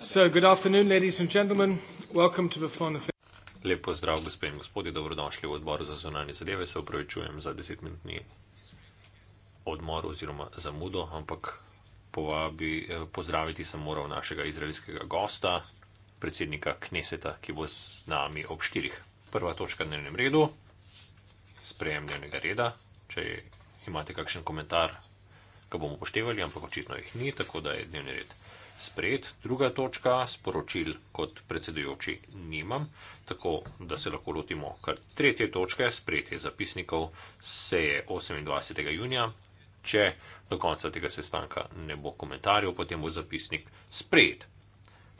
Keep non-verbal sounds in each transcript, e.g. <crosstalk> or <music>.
So, good afternoon, ladies and gentlemen. Welcome to the Foreign Affairs. Lep pozdrav, gospe in gospodje, dobrodošli v odboru za zunanje zadeve. Se upravičujem za desetminutni odmor oziroma zamudo, ampak povabi, eh, pozdraviti sem moral našega izraelskega gosta, predsednika Kneseta, ki bo z nami ob štirih. Prva točka na dnevnem redu, sprejem dnevnega reda. Če imate kakšen komentar, ga bomo poštevali, ampak očitno jih ni, tako da je dnevni red sprejet. Druga točka, sporočil kot predsedujoči nimam, tako da se lahko lotimo kar tretje točke, sprejetje zapisnikov seje 28. junija. Če do konca tega sestanka ne bo komentarjev, potem bo zapisnik sprejet.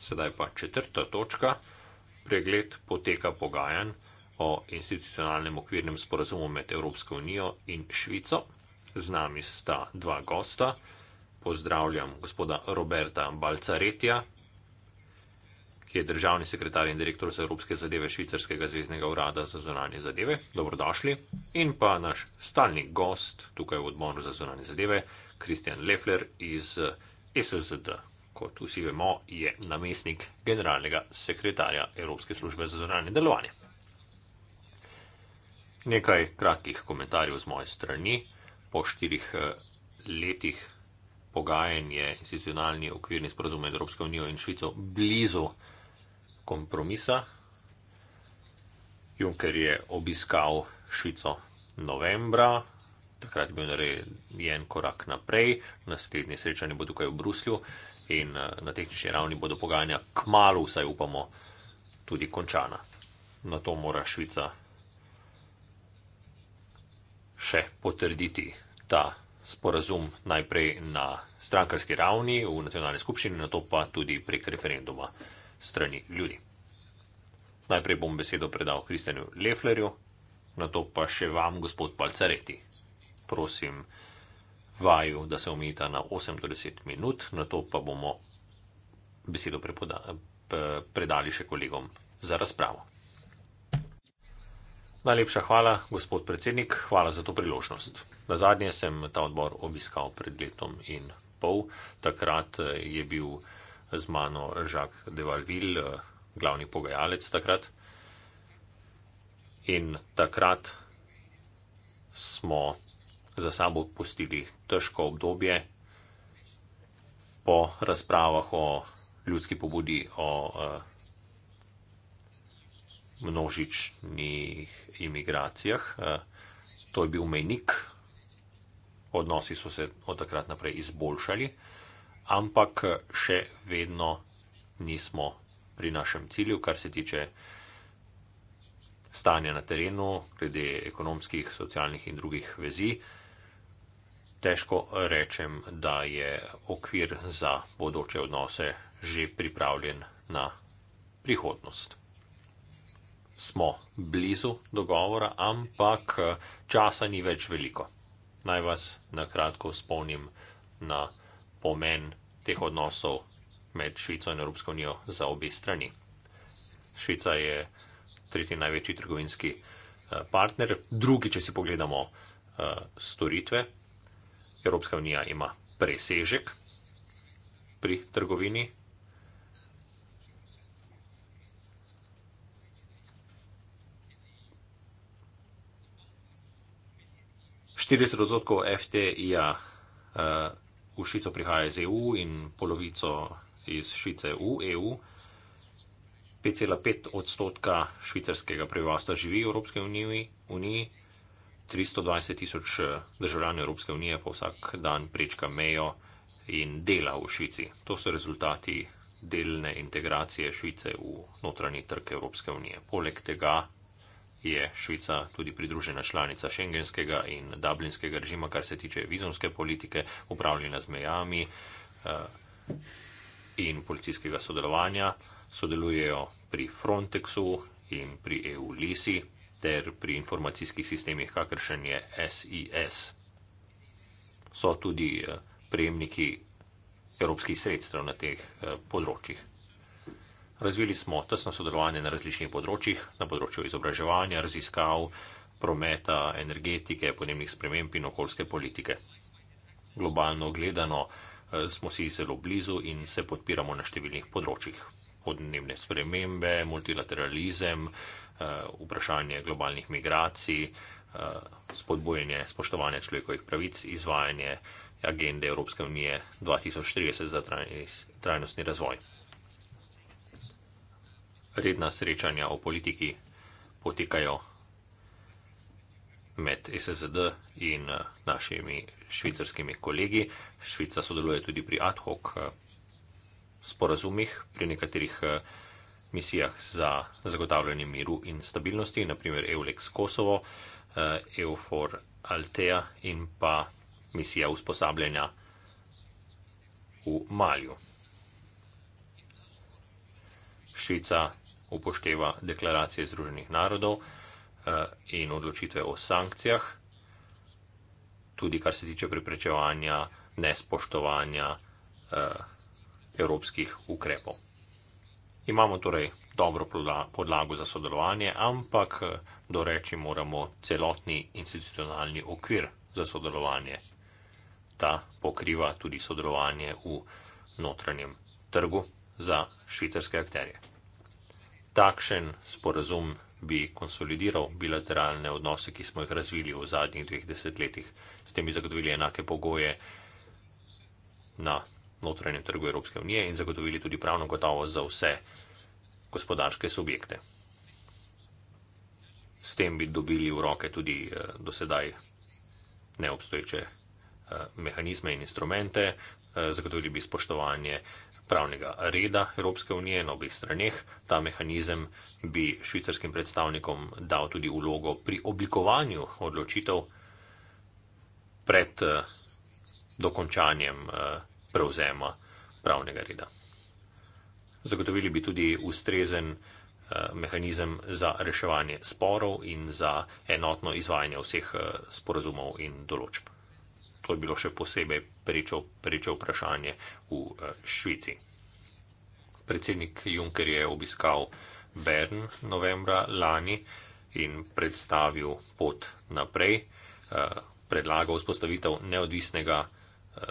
Sedaj pa četrta točka, pregled poteka pogajanj o institucionalnem okvirnem sporazumu med Evropsko unijo in Švico. Z nami sta dva gosta pozdravljam gospoda Roberta Balcaretja, ki je državni sekretar in direktor za Evropske zadeve Švicarskega zvezdnega urada za zonanje zadeve. Dobrodošli. In pa naš stalni gost tukaj v odboru za zonanje zadeve, Kristjan Lefler iz SSD. Kot vsi vemo, je namestnik generalnega sekretarja Evropske službe za zonanje delovanje. Nekaj kratkih komentarjev z moje strani. Po štirih eh, letih pogajanje, institucionalni okvirni sporozum med Evropsko unijo in Švico blizu kompromisa. Juncker je obiskal Švico novembra, takrat je bil narejen korak naprej, naslednje srečanje bo tukaj v Bruslju in eh, na tehnični ravni bodo pogajanja k malu, vsaj upamo, tudi končana. Na to mora Švica še potrditi ta sporazum najprej na strankarski ravni v nacionalni skupščini, na to pa tudi prek referenduma strani ljudi. Najprej bom besedo predal Kristjanu Leflerju, na to pa še vam, gospod Palcareti. Prosim, vaju, da se omita na 8 do 10 minut, na to pa bomo besedo prepoda, predali še kolegom za razpravo. Najlepša hvala, gospod predsednik, hvala za to priložnost. Na zadnje sem ta odbor obiskal pred letom in pol. Takrat eh, je bil z mano Jacques de Valville, eh, glavni pogajalec takrat. In takrat smo za sabo pustili težko obdobje po razpravah o ljudski pobudi o eh, množičnih imigracijah. E, to je bil menik, odnosi so se od takrat naprej izboljšali, ampak še vedno nismo pri našem cilju, kar se tiče stanja na terenu, glede ekonomskih, socialnih in drugih vezi. Težko rečem, da je okvir za bodoče odnose že pripravljen na prihodnost smo blizu dogovora, ampak eh, časa ni več veliko. Naj vas na kratko spomnim na pomen teh odnosov med Švico in Evropsko unijo za obe strani. Švica je tretji največji trgovinski eh, partner, drugi, če si pogledamo eh, storitve. Evropska unija ima presežek pri trgovini 40 odstotkov FTI-ja uh, eh, v Švico prihaja iz EU in polovico iz Švice v EU. 5,5 odstotka švicarskega prebivalstva živi v Evropske uniji, uniji. 320 tisoč eh, državljanov Evropske unije pa vsak dan prečka mejo in dela v Švici. To so rezultati delne integracije Švice v notranji trg Evropske unije. Poleg tega je Švica tudi pridružena članica šengenskega in dublinskega režima, kar se tiče vizumske politike, upravljanja z mejami eh, in policijskega sodelovanja. Sodelujejo pri Frontexu in pri EU-Lisi ter pri informacijskih sistemih, kakršen je SIS. So tudi eh, prejemniki evropskih sredstev na teh eh, področjih. Razvili smo tesno sodelovanje na različnih področjih, na področju izobraževanja, raziskav, prometa, energetike, podnebnih sprememb in okoljske politike. Globalno gledano eh, smo si zelo blizu in se podpiramo na številnih področjih. Podnebne spremembe, multilateralizem, eh, vprašanje globalnih migracij, eh, spodbojanje spoštovanja človekovih pravic, izvajanje agende Evropske unije 2030 za trajnostni razvoj redna srečanja o politiki potekajo med SSD in eh, našimi švicarskimi kolegi. Švica sodeluje tudi pri ad hoc eh, sporazumih, pri nekaterih eh, misijah za zagotavljanje miru in stabilnosti, naprimer EULEX Kosovo, EUFOR Altea in pa misija usposabljanja v Malju. Švica upošteva deklaracije Združenih narodov eh, in odločitve o sankcijah, tudi kar se tiče preprečevanja nespoštovanja eh, evropskih ukrepov. Imamo torej dobro podlago za sodelovanje, ampak eh, doreči moramo celotni institucionalni okvir za sodelovanje. Ta pokriva tudi sodelovanje v notranjem trgu za švicarske akterje takšen sporazum bi konsolidiral bilateralne odnose, ki smo jih razvili v zadnjih dveh desetletjih. S tem bi zagotovili enake pogoje na notranjem trgu Evropske unije in zagotovili tudi pravno gotovost za vse gospodarske subjekte. S tem bi dobili v roke tudi eh, dosedaj neobstoječe eh, mehanizme in instrumente, eh, zagotovili bi spoštovanje pravnega reda Evropske unije na obeh straneh. Ta mehanizem bi švicarskim predstavnikom dal tudi ulogo pri oblikovanju odločitev pred eh, dokončanjem eh, prevzema pravnega reda. Zagotovili bi tudi ustrezen eh, mehanizem za reševanje sporov in za enotno izvajanje vseh sporazumov in določb. To je bilo še posebej prečo vprašanje v eh, Švici. Predsednik Juncker je obiskal Bern novembra lani in predstavil pot naprej, eh, predlagal vzpostavitev neodvisnega eh,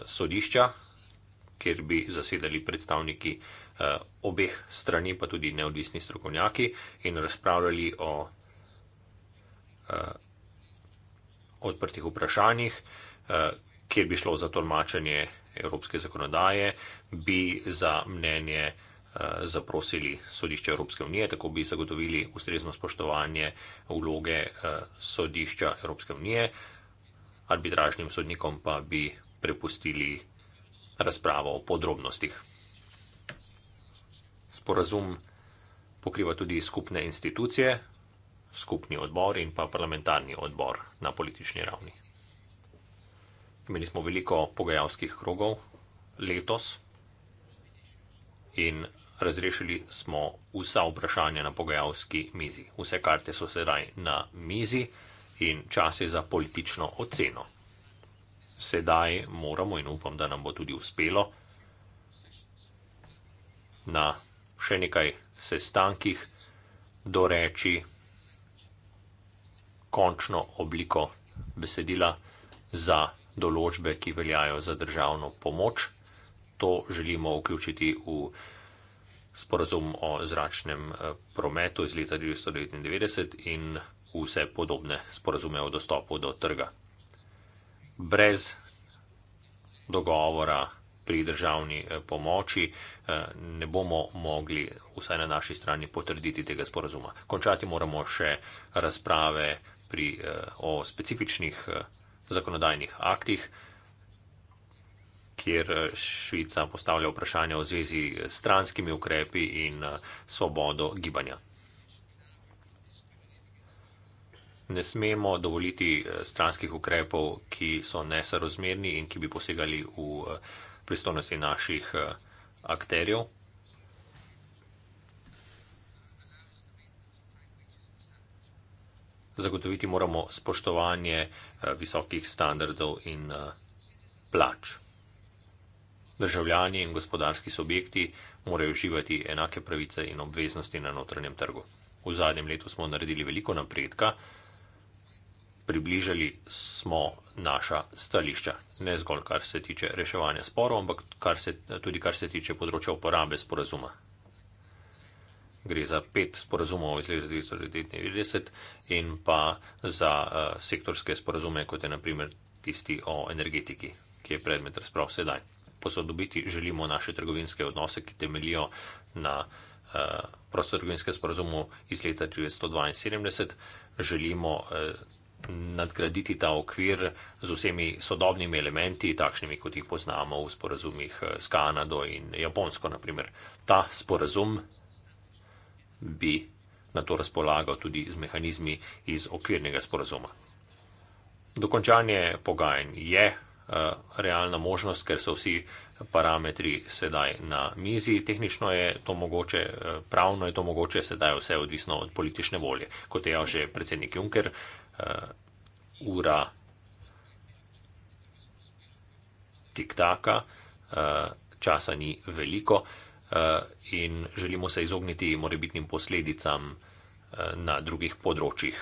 sodišča, kjer bi zasedali predstavniki obeh strani, pa tudi neodvisni strokovnjaki in razpravljali o odprtih vprašanjih, kjer bi šlo za tolmačenje evropske zakonodaje, bi za mnenje eh, zaprosili sodišče Evropske unije, tako bi zagotovili ustrezno spoštovanje vloge eh, sodišča Evropske unije, arbitražnim sodnikom pa bi prepustili razpravo o podrobnostih. Sporazum pokriva tudi skupne institucije, skupni odbor in pa parlamentarni odbor na politični ravni. Imeli smo veliko pogajalskih krogov letos in razrešili smo vsa vprašanja na pogajalski mizi. Vse karte so sedaj na mizi in čas je za politično oceno. Sedaj moramo in upam, da nam bo tudi uspelo na še nekaj sestankih doreči končno obliko besedila za določbe, ki veljajo za državno pomoč. To želimo vključiti v sporazum o zračnem eh, prometu iz leta 1999 in vse podobne sporazume o dostopu do trga. Brez dogovora pri državni eh, pomoči eh, ne bomo mogli vsaj na naši strani potrditi tega sporazuma. Končati moramo še razprave pri, o specifičnih zakonodajnih aktih, kjer eh, Švica postavlja vprašanja v zvezi s stranskimi ukrepi in eh, svobodo gibanja. Ne smemo dovoliti eh, stranskih ukrepov, ki so nesorozmerni in ki bi posegali v pristojnosti naših akterjev. zagotoviti moramo spoštovanje eh, visokih standardov in eh, plač. Državljani in gospodarski subjekti morajo uživati enake pravice in obveznosti na notranjem trgu. V zadnjem letu smo naredili veliko napredka, približali smo naša stališča, ne zgolj kar se tiče reševanja sporov, ampak kar se, tudi kar se tiče področja uporabe sporazuma gre za pet sporazumov iz leta 1999 in pa za uh, sektorske sporazume, kot je naprimer tisti o energetiki, ki je predmet razprav sedaj. Posodobiti želimo naše trgovinske odnose, ki temelijo na uh, eh, prostotrgovinske sporazumu iz leta 1972. Želimo uh, nadgraditi ta okvir z vsemi sodobnimi elementi, takšnimi, kot jih poznamo v sporazumih s Kanado in Japonsko. Naprimer. Ta sporazum bi na to razpolagal tudi z mehanizmi iz okvirnega sporazuma. Dokončanje pogajanj je uh, realna možnost, ker so vsi parametri sedaj na mizi. Tehnično je to mogoče, eh, pravno je to mogoče, sedaj vse je odvisno od politične volje. Kot je že predsednik Juncker, uh, ura tiktaka, uh, časa ni veliko. Uh, Eh, in želimo se izogniti morebitnim posledicam eh, na drugih področjih.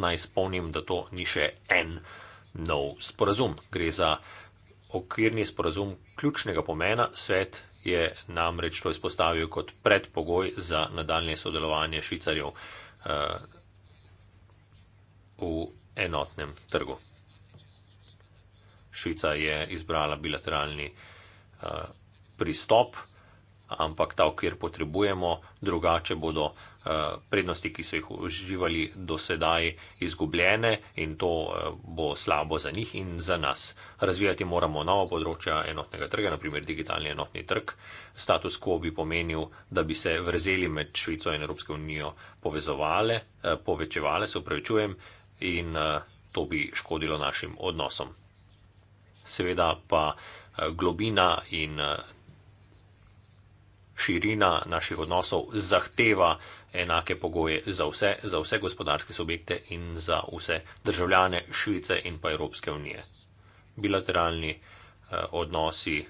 Naj spomnim, da to ni še en nov sporazum. Gre za okvirni sporazum ključnega pomena. Svet je namreč to izpostavil kot predpogoj za nadaljne sodelovanje švicarjev eh, v enotnem trgu. Švica je izbrala bilateralni sporazum pristop, ampak ta okvir potrebujemo, drugače bodo eh, prednosti, ki so jih uživali do sedaj, izgubljene in to eh, bo slabo za njih in za nas. Razvijati moramo novo področje enotnega trga, naprimer digitalni enotni trg. Status quo bi pomenil, da bi se vrzeli med Švico in Evropsko unijo povezovale, eh, povečevale, se upravičujem, in to bi škodilo našim odnosom. Seveda pa globina in eh, širina naših odnosov zahteva enake pogoje za vse, za vse gospodarske subjekte in za vse državljane Švice in pa Evropske unije. Bilateralni eh, odnosi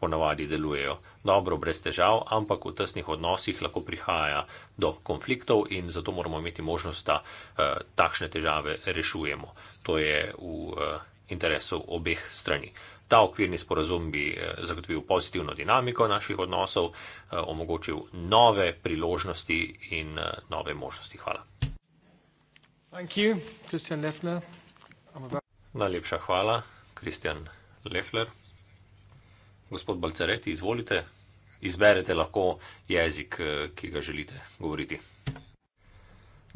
ponavadi delujejo dobro, brez težav, ampak v tesnih odnosih lahko prihaja do konfliktov in zato moramo imeti možnost, da eh, takšne težave rešujemo. To je v interesov obeh strani. Ta okvirni sporazum bi eh, zagotovil pozitivno dinamiko naših odnosov, eh, omogočil nove priložnosti in eh, nove možnosti. Hvala. Najlepša hvala, Kristjan Lefler. Gospod Balcereti, izvolite, izberete lahko jezik, ki ga želite govoriti.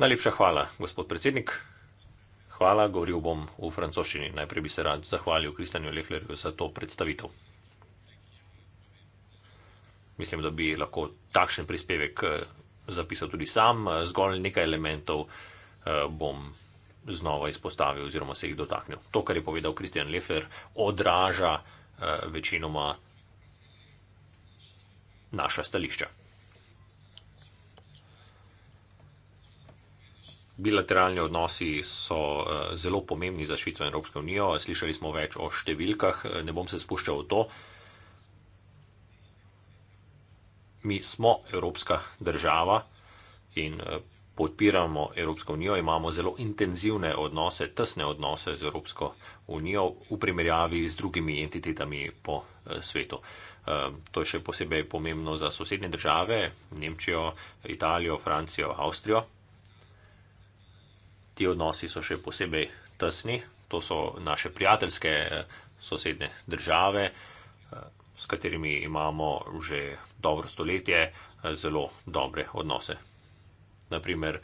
Najlepša hvala, gospod predsednik. Hvala, govoril bom v francoščini. Najprej bi se rad zahvalil Kristjanu Leflerju za to predstavitev. Mislim, da bi lahko takšen prispevek eh, zapisal tudi sam, zgolj nekaj elementov eh, bom znova izpostavil oziroma se jih dotaknil. To, kar je povedal Kristjan Leffler, odraža eh, večinoma naša stališča. Bilateralni odnosi so eh, zelo pomembni za Švico in Evropsko unijo. Slišali smo več o številkah, eh, ne bom se spuščal v to. Mi smo evropska država in eh, podpiramo Evropsko unijo, imamo zelo intenzivne odnose, tesne odnose z Evropsko unijo v primerjavi z drugimi entitetami po svetu. To je še posebej pomembno za sosednje države, Nemčijo, Italijo, Francijo, Avstrijo ti odnosi so še posebej tesni, to so naše prijateljske eh, sosedne države, eh, s katerimi imamo že dobro stoletje eh, zelo dobre odnose. Naprimer,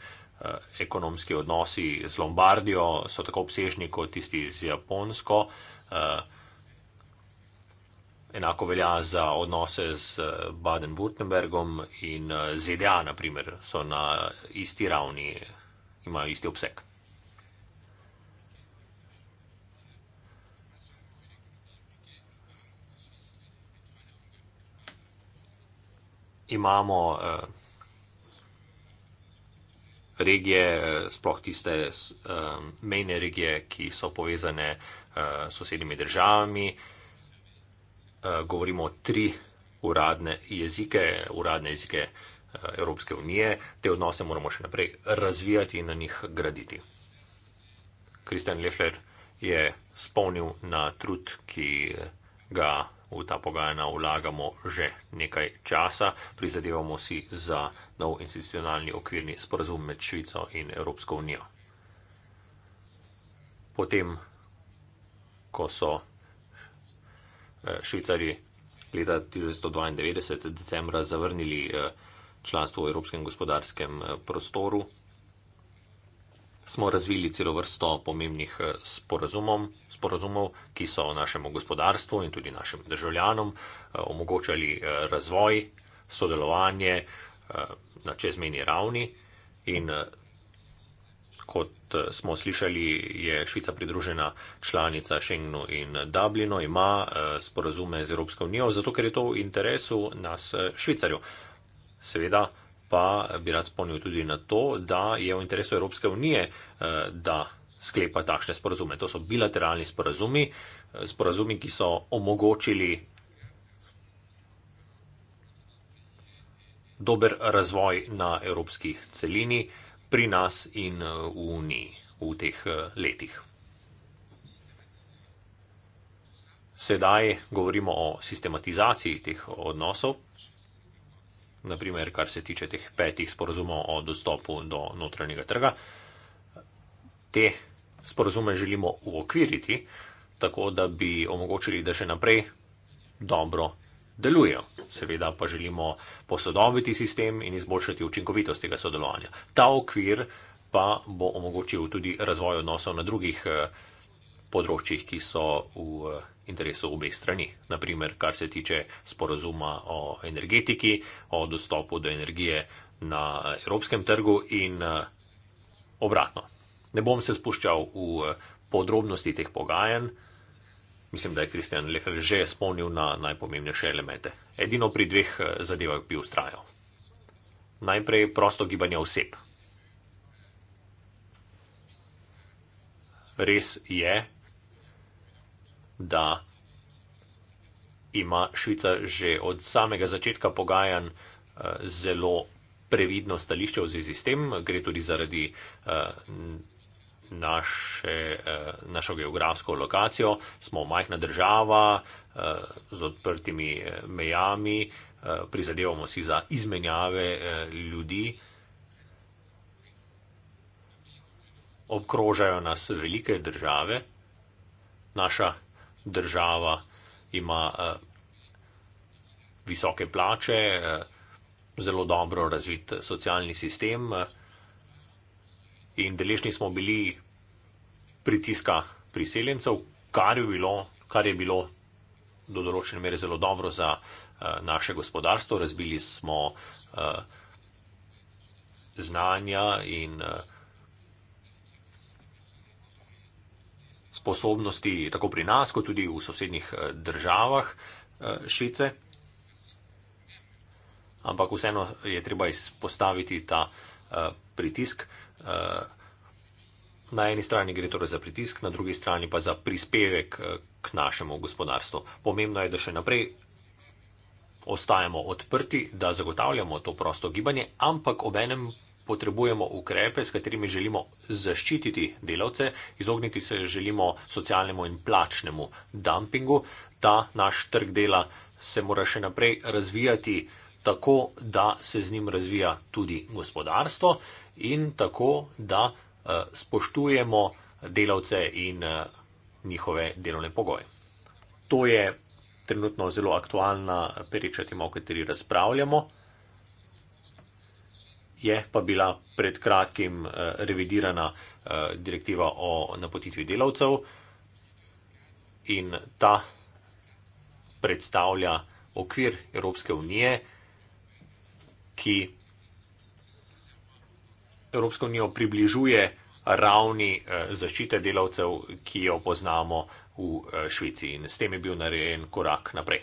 ekonomski odnosi z Lombardijo so tako obsežni kot tisti z Japonsko. Enako velja za odnose z Baden-Württembergom in ZDA, naprimer, so na isti ravni imajo isti obseg. Imamo eh, regije, eh, sploh tiste eh, mejne regije, ki so povezane eh, s sosednjimi državami. Eh, govorimo o tri uradne jezike, uradne jezike eh, Evropske unije, te odnose moramo še naprej razvijati in na njih graditi. Kristjan Lefler je spomnil na trud, ki ga v ta pogajanja vlagamo že nekaj časa. Prizadevamo si za nov institucionalni okvirni sporazum med Švico in Evropsko unijo. Potem, ko so eh, švicari leta 1992 decembra zavrnili eh, članstvo v Evropskem gospodarskem eh, prostoru, smo razvili celo vrsto pomembnih eh, sporazumov, ki so našemu gospodarstvu in tudi našim državljanom eh, omogočali razvoj, sodelovanje na čezmeni ravni in kot smo slišali, je Švica pridružena članica Schengenu in Dublinu, ima sporazume z Evropsko unijo, zato ker je to v interesu nas švicarjev seveda pa bi rad spomnil tudi na to, da je v interesu Evropske unije, eh, da sklepa takšne sporazume. To so bilateralni sporazumi, eh, sporazumi, ki so omogočili dober razvoj na evropski celini pri nas in eh, v Uniji v teh letih. Sedaj govorimo o sistematizaciji teh odnosov naprimer, kar se tiče teh petih sporozumov o dostopu do notranjega trga. Te sporozume želimo uokviriti tako, da bi omogočili, da še naprej dobro delujejo. Seveda pa želimo posodobiti sistem in izboljšati učinkovitost tega sodelovanja. Ta okvir pa bo omogočil tudi razvoj odnosov na drugih eh, področjih, ki so v interesov obeh strani. Naprimer, kar se tiče sporazuma o energetiki, o dostopu do energije na evropskem trgu in eh, obratno. Ne bom se spuščal v eh, podrobnosti teh pogajanj. Mislim, da je Kristjan Lefer že spomnil na najpomembnejše elemente. Edino pri dveh eh, zadevah bi ustrajal. Najprej prosto gibanje oseb. Res je, da ima Švica že od samega začetka pogajanj eh, zelo previdno stališče v zvezi s tem. Gre tudi zaradi eh, naše, eh, našo geografsko lokacijo. Smo majhna država z odprtimi mejami, prizadevamo si za izmenjave ljudi. Obkrožajo nas velike države, naša država ima uh, visoke plače, uh, zelo dobro razvit socialni sistem uh, in deležni smo bili pritiska priseljencev, kar je bilo, kar je bilo do določene mere zelo dobro za uh, naše gospodarstvo. Razbili smo uh, znanja in uh, sposobnosti, tako pri nas, kot tudi v sosednjih eh, državah eh, Švice. Ampak vseeno je treba izpostaviti ta eh, pritisk. Na eni strani gre torej za pritisk, na drugi strani pa za prispevek k našemu gospodarstvu. Pomembno je, da še naprej ostajamo odprti, da zagotavljamo to prosto gibanje, ampak ob enem potrebujemo ukrepe, s katerimi želimo zaščititi delavce, izogniti se želimo socialnemu in plačnemu dumpingu. Ta naš trg dela se mora še naprej razvijati tako, da se z njim razvija tudi gospodarstvo in tako, da eh, spoštujemo delavce in eh, njihove delovne pogoje. To je trenutno zelo aktualna periča tema, o kateri razpravljamo je pa bila pred kratkim eh, revidirana eh, direktiva o napotitvi delavcev in ta predstavlja okvir Evropske unije, ki Evropsko unijo približuje ravni eh, zaščite delavcev, ki jo poznamo v Švici in s tem je bil narejen korak naprej.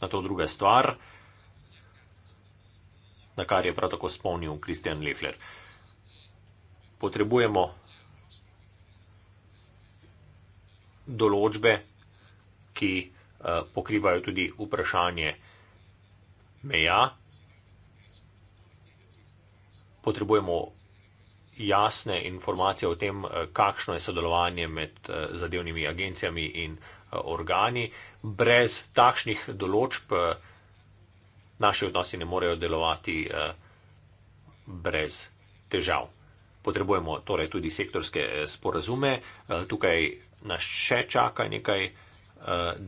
Na to druga stvar je, na kar je prav tako spomnil Kristjan Lefler. Potrebujemo določbe, ki eh, pokrivajo tudi vprašanje meja, potrebujemo jasne informacije o tem, eh, kakšno je sodelovanje med eh, zadevnimi agencijami in organi. Brez takšnih določb, naši odnosi ne morejo delovati eh, brez težav. Potrebujemo torej tudi sektorske eh, sporazume. Eh, tukaj nas še čaka nekaj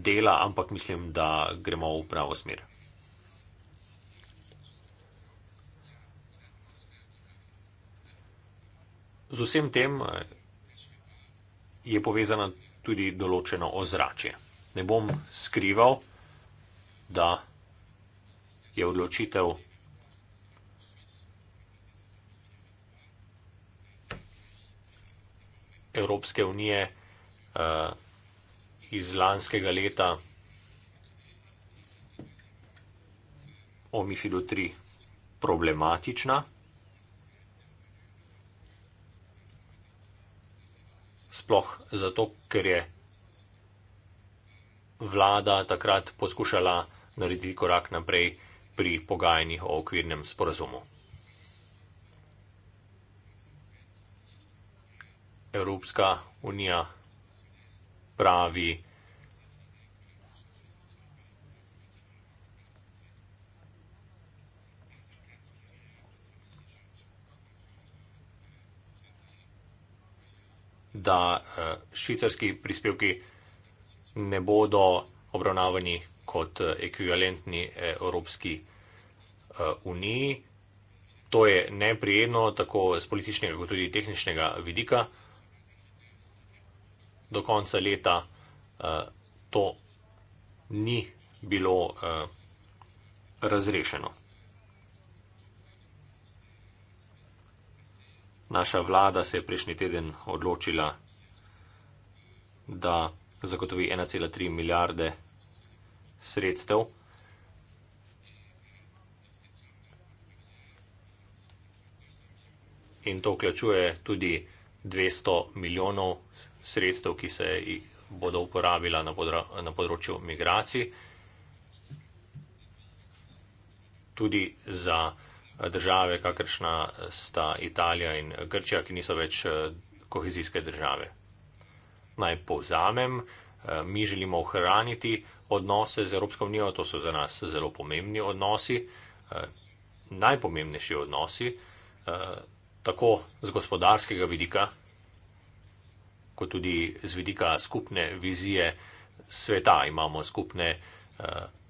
dela, ampak mislim, da gremo v pravo smer. Z vsem tem je povezana tudi določeno ozračje. Ne bom skrival, da je je odločitev. Evropske unije uh, iz lanskega leta o Mifidu 3 problematična. Sploh zato, ker je vlada takrat poskušala narediti korak naprej uh, pri pogajanjih o okvirnem sporazumu. Evropska unija pravi, da eh, švicarski prispevki ne bodo obravnavani kot eh, ekvivalentni eh, evropski prispevki. Eh, uniji. To je neprijetno, tako z političnega, kot tudi tehničnega vidika. Do konca leta uh, to ni bilo uh, razrešeno. Naša vlada se je prejšnji teden odločila, da zagotovi 1,3 milijarde sredstev. in to vključuje tudi 200 milijonov sredstev, ki se bodo uporabila na, podro, na področju migracij, tudi za države, kakršna sta Italija in Grčija, ki niso več eh, kohezijske države. Naj povzamem, eh, mi želimo ohraniti odnose z Evropsko unijo, to so za nas zelo pomembni odnosi, eh, najpomembnejši odnosi tako z gospodarskega vidika, kot tudi z vidika skupne vizije sveta. Imamo skupne eh,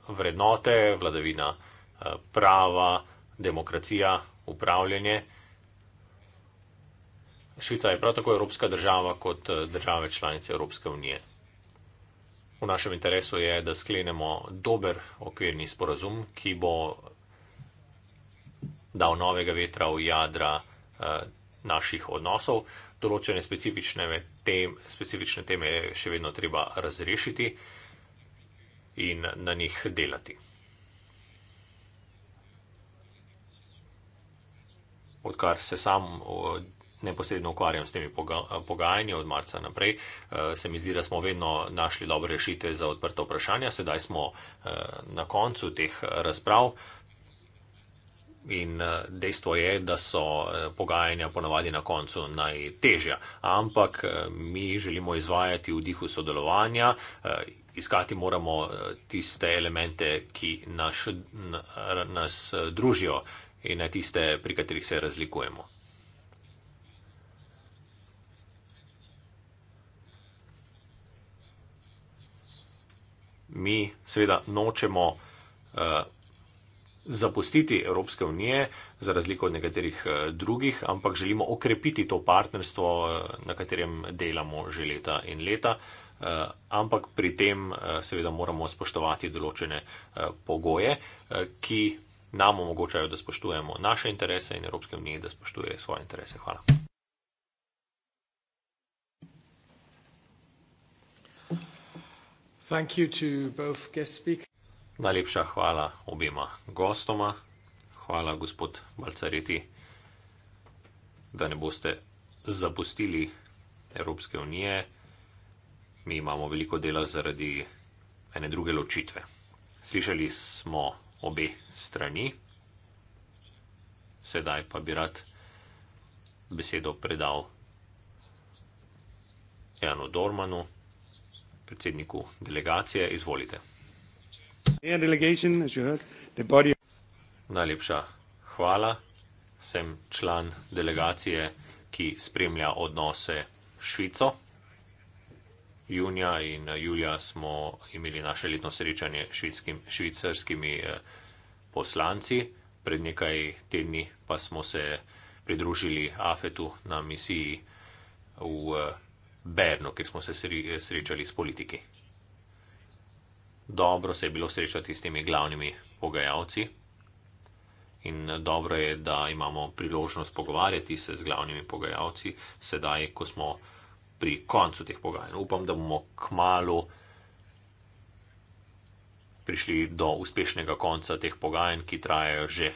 vrednote, vladavina eh, prava, demokracija, upravljanje. Švica je prav tako evropska država kot eh, države članice Evropske unije. V našem interesu je, da sklenemo dober okvirni sporazum, ki bo dal novega vetra v jadra. Eh, naših odnosov. Določene specifične, tem, specifične teme je še vedno treba razrešiti in na njih delati. Odkar se sam eh, neposredno ukvarjam s temi pogajanji od marca naprej, eh, se mi zdi, da smo vedno našli dobre rešitve za odprta vprašanja. Sedaj smo na koncu teh razprav. In eh, dejstvo je, da so eh, pogajanja ponavadi na koncu najtežja. Ampak eh, mi želimo izvajati v dihu sodelovanja, iskati moramo tiste elemente, ki naš, nas družijo in ne tiste, pri katerih se razlikujemo. Mi seveda nočemo zapustiti Evropske unije, za razliko od nekaterih eh, drugih, ampak želimo okrepiti to partnerstvo, eh, na katerem delamo že leta in leta. Eh, ampak pri tem seveda moramo spoštovati določene pogoje, ki nam omogočajo, da spoštujemo naše interese in Evropske unije, da spoštuje svoje interese. Hvala. Thank you to both guest speakers. Najlepša hvala obima gostoma. Hvala, gospod Balcareti, da ne boste zapustili Evropske unije. Mi imamo veliko dela zaradi ene druge ločitve. Slišali smo obe strani, sedaj pa bi rad besedo predal Janu Dormanu, predsedniku delegacije. Izvolite. Najlepša hvala. Sem član delegacije, ki spremlja odnose Švico. Junija in julija smo imeli naše letno srečanje s švicarskimi eh, poslanci, pred nekaj tedni pa smo se pridružili AFET-u na misiji v eh, Bernu, kjer smo se srečali s politiki dobro se je bilo srečati s temi glavnimi pogajalci in dobro je, da imamo priložnost pogovarjati se z glavnimi pogajalci, sedaj, ko smo pri koncu teh pogajanj. Upam, da bomo k malu prišli do uspešnega konca teh pogajanj, ki trajajo že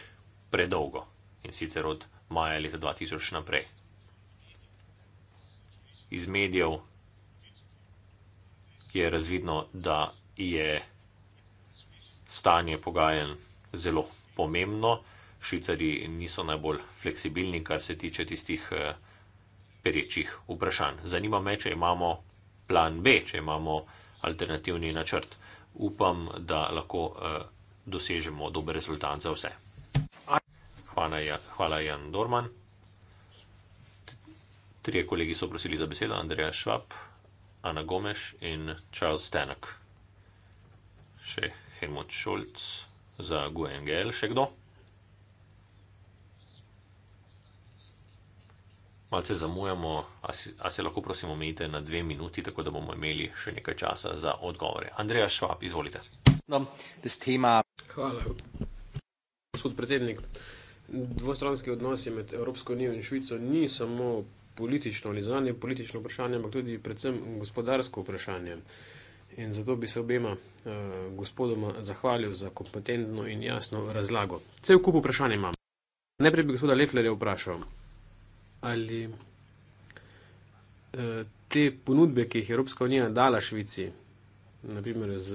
predolgo in sicer od maja leta 2000 naprej. Iz medijev je razvidno, da je stanje pogajen zelo pomembno. Švicari niso najbolj fleksibilni, kar se tiče tistih eh, perečih vprašanj. Zanima me, če imamo plan B, če imamo alternativni načrt. Upam, da lahko eh, dosežemo dober rezultat za vse. Hvala, ja-, hvala Jan Dorman. Trije kolegi so prosili za besedo, Andreja Švab, Ana Gomeš in Charles Stanek še Helmut Schulz za Guengel, še kdo? Malce zamujamo, a se lahko prosim omejite na dve minuti, tako da bomo imeli še nekaj časa za odgovore. Andreja Švab, izvolite. No, Hvala. Gospod predsednik, dvostranski odnosi med Evropsko unijo in Švico ni samo politično ali zvanje politično vprašanje, ampak tudi predvsem gospodarsko vprašanje. Uh, in zato bi se obema uh, gospodoma zahvalil za kompetentno in jasno razlago. Cel kup vprašanj imam. Najprej bi gospoda Leflerja vprašal, ali uh, te ponudbe, ki jih je Evropska unija dala Švici, naprimer z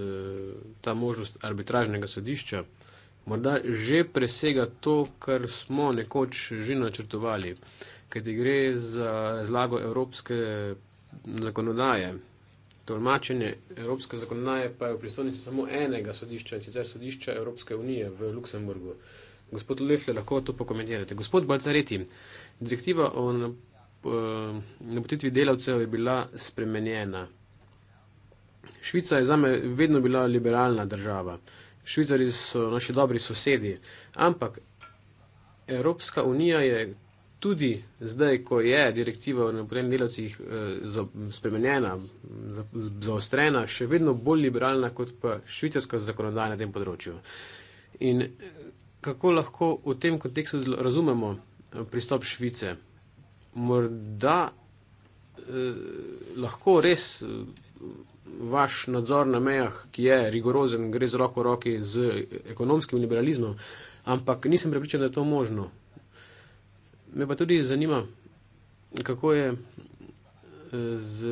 ta možnost arbitražnega sodišča, morda že presega to, kar smo nekoč že načrtovali, kajti gre za razlago evropske zakonodaje, tolmačenje evropske zakonodaje pa je v pristojnosti samo enega sodišča in sicer sodišča Evropske unije v Luksemburgu. Gospod Lefle, lahko to pokomentirate. Gospod Balcareti, direktiva o napotitvi delavcev je bila spremenjena. Švica je zame vedno bila liberalna država. Švicari so naši dobri sosedi. Ampak Evropska unija je tudi zdaj, ko je direktiva o napotenih delavcih eh, spremenjena, zaostrena, še vedno bolj liberalna kot pa švicarska zakonodaja na tem področju. In eh, kako lahko v tem kontekstu razumemo eh, pristop Švice? Morda eh, lahko res vaš nadzor na mejah, ki je rigorozen, gre z roko v roki z ekonomskim liberalizmom, ampak nisem prepričan, da je to možno. Me pa tudi zanima, kako je eh, z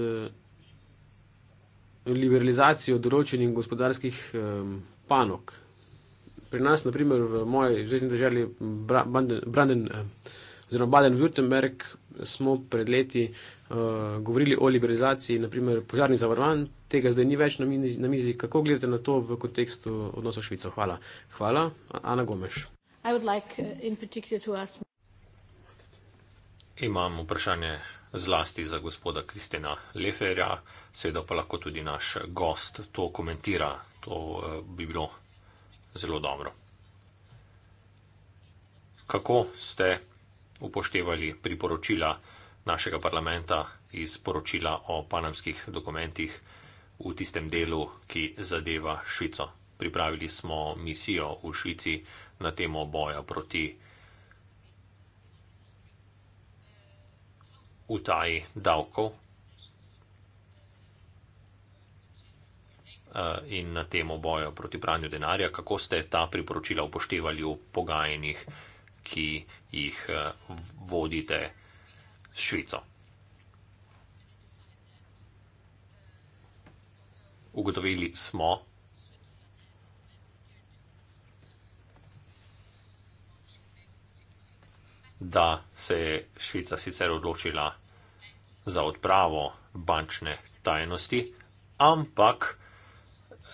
liberalizacijo določenih gospodarskih panok. Pri nas, na primer, v moji zvezdni državi Branden, eh, oziroma Baden-Württemberg, smo pred leti uh, govorili o liberalizaciji, naprimer, požarnih zavarovanj, tega zdaj ni več na mizi, na mizi. Kako gledate na to v kontekstu odnosa Švico? Hvala. Hvala, Ana Gomeš imam vprašanje zlasti za gospoda Kristina Leferja, seveda pa lahko tudi naš gost to komentira. To eh, bi bilo zelo dobro. Kako ste upoštevali priporočila našega parlamenta iz poročila o panamskih dokumentih v tistem delu, ki zadeva Švico? Pripravili smo misijo v Švici na temo boja proti. utaji davkov eh, in na temo boja proti pranju denarja, kako ste ta priporočila upoštevali v pogajanjih, ki jih eh, vodite s Švico. Ugotovili smo, da se je Švica sicer odločila za odpravo bančne tajnosti, ampak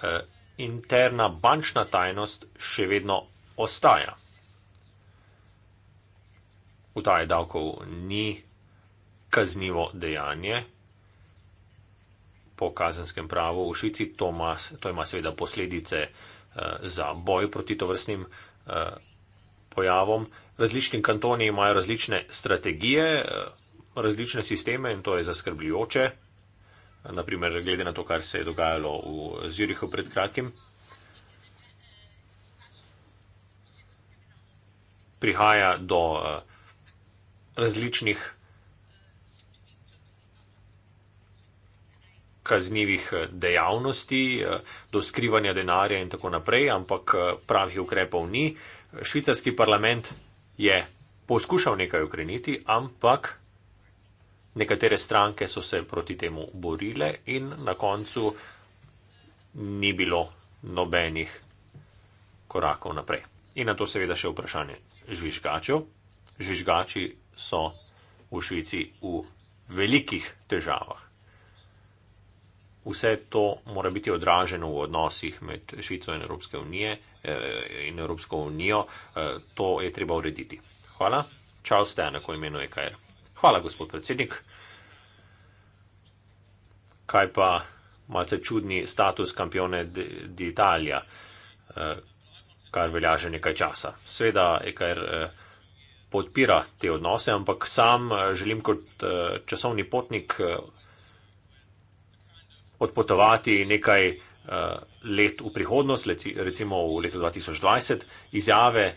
eh, interna bančna tajnost še vedno ostaja. Utaje davkov ni kaznivo dejanje. Po kazenskem pravu v Švici to ima, to ima seveda posledice eh, za boj proti tovrstnim eh, pojavom. Različni kantoni imajo različne strategije, različne sisteme in to je zaskrbljujoče. Naprimer, glede na to, kar se je dogajalo v Zürichu pred kratkim. Prihaja do različnih kaznjivih dejavnosti, do skrivanja denarja in tako naprej, ampak pravih ukrepov ni švicarski parlament je poskušal nekaj ukreniti, ampak nekatere stranke so se proti temu borile in na koncu ni bilo nobenih korakov naprej. In na to seveda še vprašanje žvižgačev. Žvižgači so v Švici v velikih težavah. Vse to mora biti odraženo v odnosih med Švico in Evropske unije. Eh, in Evropsko unijo, eh, to je treba urediti. Hvala. Čau ste, enako imenuje KR. Hvala, gospod predsednik. Kaj pa malce čudni status kampione d'Italia, eh, kar velja že nekaj časa. Sveda je KR podpira te odnose, ampak sam želim kot časovni potnik odpotovati nekaj let v prihodnost, recimo v letu 2020, izjave,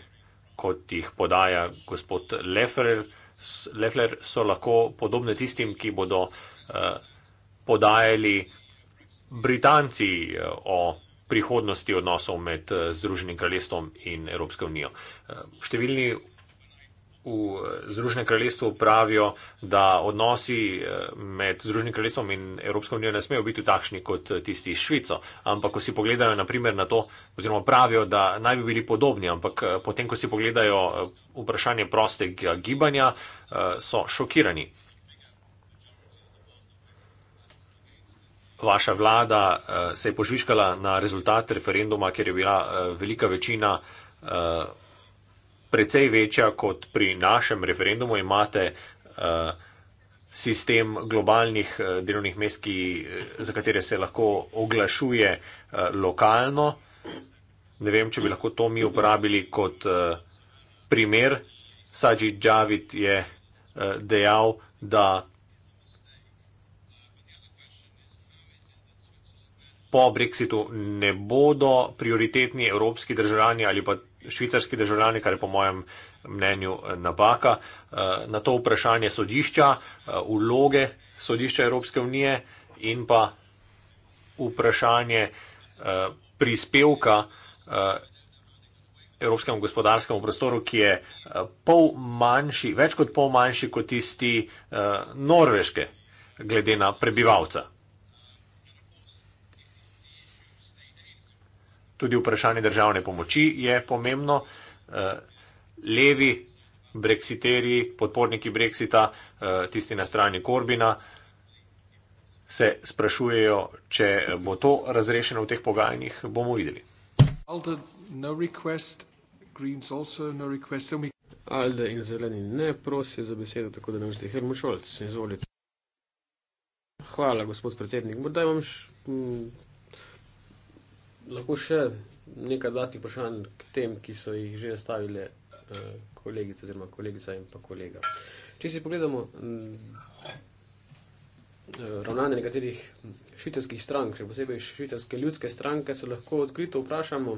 kot jih podaja gospod Leffler, Leffler so lahko podobne tistim, ki bodo eh, podajali Britanci eh, o prihodnosti odnosov med eh, Združenim kraljestvom in Evropsko unijo. Številni v eh, Združenem kraljestvu pravijo, da odnosi eh, med Združenim kraljestvom in Evropsko unijo ne smejo biti takšni kot eh, tisti s Švico. Ampak, ko si pogledajo naprimer na to, oziroma pravijo, da naj bi bili podobni, ampak potem, ko si pogledajo vprašanje prostega gibanja, so šokirani. Vaša vlada se je požviškala na rezultat referenduma, ker je bila velika večina precej večja kot pri našem referendumu. Imate uh, sistem globalnih uh, delovnih mest, ki, eh, za katere se lahko oglašuje uh, lokalno. Ne vem, če bi lahko to mi uporabili kot uh, primer. Sajid Javid je uh, dejal, da po Brexitu ne bodo prioritetni evropski državljani ali pa švicarski državljani, kar je po mojem mnenju eh, napaka. Eh, na to vprašanje sodišča, uloge eh, sodišča Evropske unije in pa vprašanje prispevka Evropskemu gospodarskemu prostoru, ki je pol manjši, več kot pol manjši kot tisti norveške, glede na prebivalca. Tudi vprašanje državne pomoči je pomembno. Eh, levi breksiteri, podporniki breksita, eh, tisti na strani Korbina, se sprašujejo, če bo to razrešeno v teh pogajanjih, bomo videli. Alde, no request, Greens also no request. Alde in zeleni ne prosijo za besedo, tako da ne vrste Helmut Scholz, izvolite. Hvala, gospod predsednik. Bodaj vam lahko še nekaj dodatnih vprašanj k tem, ki so jih že stavile eh, kolegice oziroma kolegica in pa kolega. Če si pogledamo mm, eh, ravnanje nekaterih švicarskih strank, še posebej švicarske ljudske stranke, se lahko odkrito vprašamo,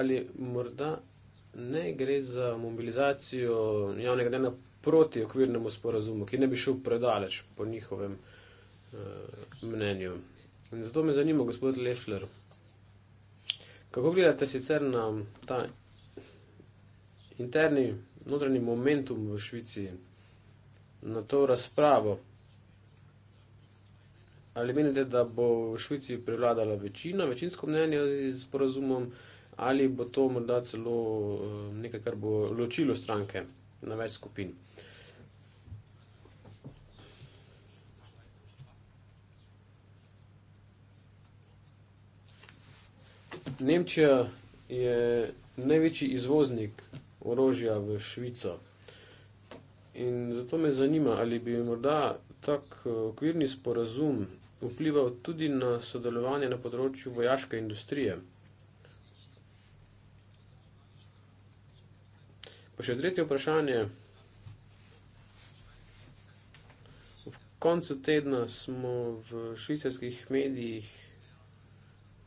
ali morda ne gre za mobilizacijo javnega dena proti okvirnemu sporazumu, ki ne bi šel predaleč po njihovem eh, mnenju. In zato me zanima, gospod Lefler, kako gledate sicer na ta interni, notranji momentum v Švici, na to razpravo? Ali menite, da bo v Švici prevladala večina, večinsko mnenje z porazumom, ali bo to morda celo eh, nekaj, kar bo ločilo stranke na več skupin? Uh, Nemčija je največji izvoznik orožja v Švico. In zato me zanima, ali bi morda tak eh, okvirni sporazum vplival tudi na sodelovanje na področju vojaške industrije. Pa še tretje vprašanje. V koncu tedna smo v švicarskih medijih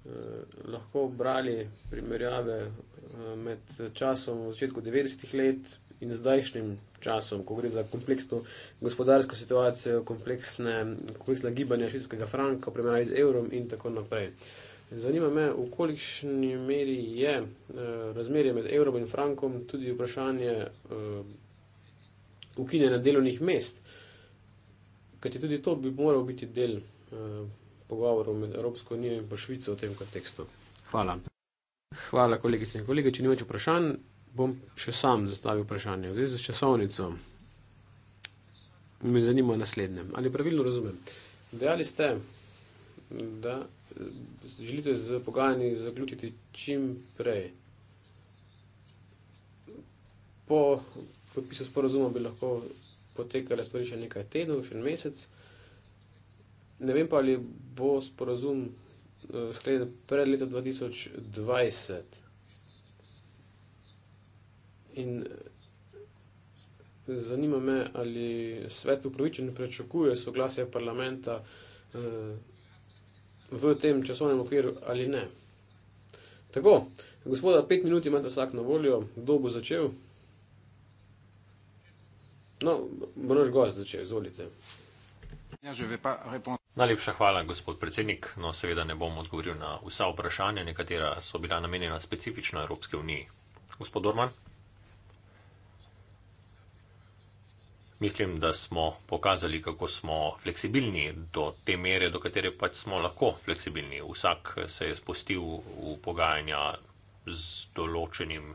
Eh, lahko brali primerjave eh, med časom v začetku 90-ih let in zdajšnjim časom, ko gre za kompleksno gospodarsko situacijo, kompleksne, kompleksna gibanja švicarskega franka, primerjavi z evrom in tako naprej. Zanima me, v kolikšni meri je eh, razmerje med evrom in frankom tudi vprašanje ukinjanja delovnih mest, kajti tudi to bi moral biti del pogovorov med Evropsko unijo in pa Švico v tem kontekstu. Hvala. Hvala, kolegice in kolege. Če nimate vprašanj, bom še sam zastavil vprašanje. Zdaj, za časovnico me zanima naslednje. Ali pravilno razumem? Dejali ste, da eh, želite z pogajanji zaključiti čim prej. Po podpisu sporozuma bi lahko potekale stvari še nekaj tednov, še en mesec ne vem pa, ali bo sporazum uh, sklenjen pred letom 2020. In eh, zanima me, ali svet upravičeno prečakuje soglasje parlamenta uh, v tem časovnem okviru ali ne. Tako, gospoda, pet minut imate vsak na voljo, kdo bo začel? No, bo naš gost začel, izvolite. Ja, že ve pa, repon. Najlepša hvala, gospod predsednik. No, seveda ne bom odgovoril na vsa vprašanja, nekatera so bila namenjena specifično Evropske uniji. Gospod Orman? Mislim, da smo pokazali, kako smo fleksibilni do te mere, do katere pač smo lahko fleksibilni. Vsak se je spustil v pogajanja z določenim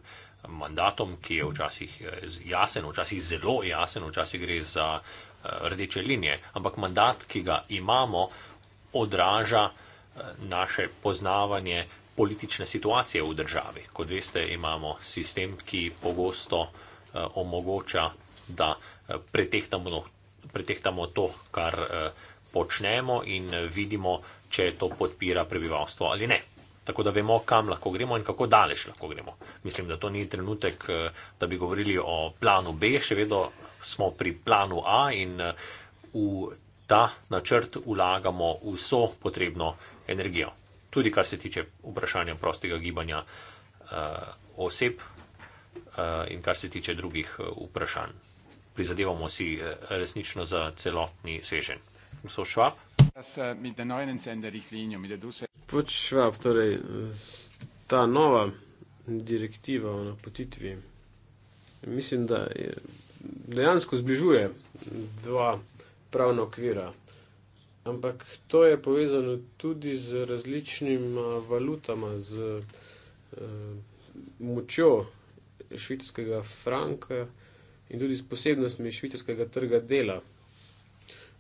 mandatom, ki je včasih eh, jasen, včasih zelo jasen, včasih gre za uh, Eh, rdeče linije, ampak mandat, ki ga imamo, odraža eh, naše poznavanje politične situacije v državi. Kot veste, imamo sistem, ki pogosto eh, omogoča, da pretehtamo, no, pretehtamo to, kar počnemo in vidimo, če to podpira prebivalstvo ali ne. Tako da vemo, kam lahko gremo in kako daleč lahko gremo. Mislim, da to ni trenutek, da bi govorili o planu B, še vedno smo pri planu A in eh, v ta načrt vlagamo vso potrebno energijo. Tudi kar se tiče vprašanja prostega gibanja uh, oseb uh, in kar se tiče drugih vprašanj. Prizadevamo si resnično za celotni svežen. Gospod Švab? Pod Švab, torej ta nova direktiva o napotitvi, mislim, da je dejansko zbližuje dva pravna okvira. Ampak to je povezano tudi z različnimi valutami, z eh, močjo švicarskega franka in tudi s posebnostmi švicarskega trga dela.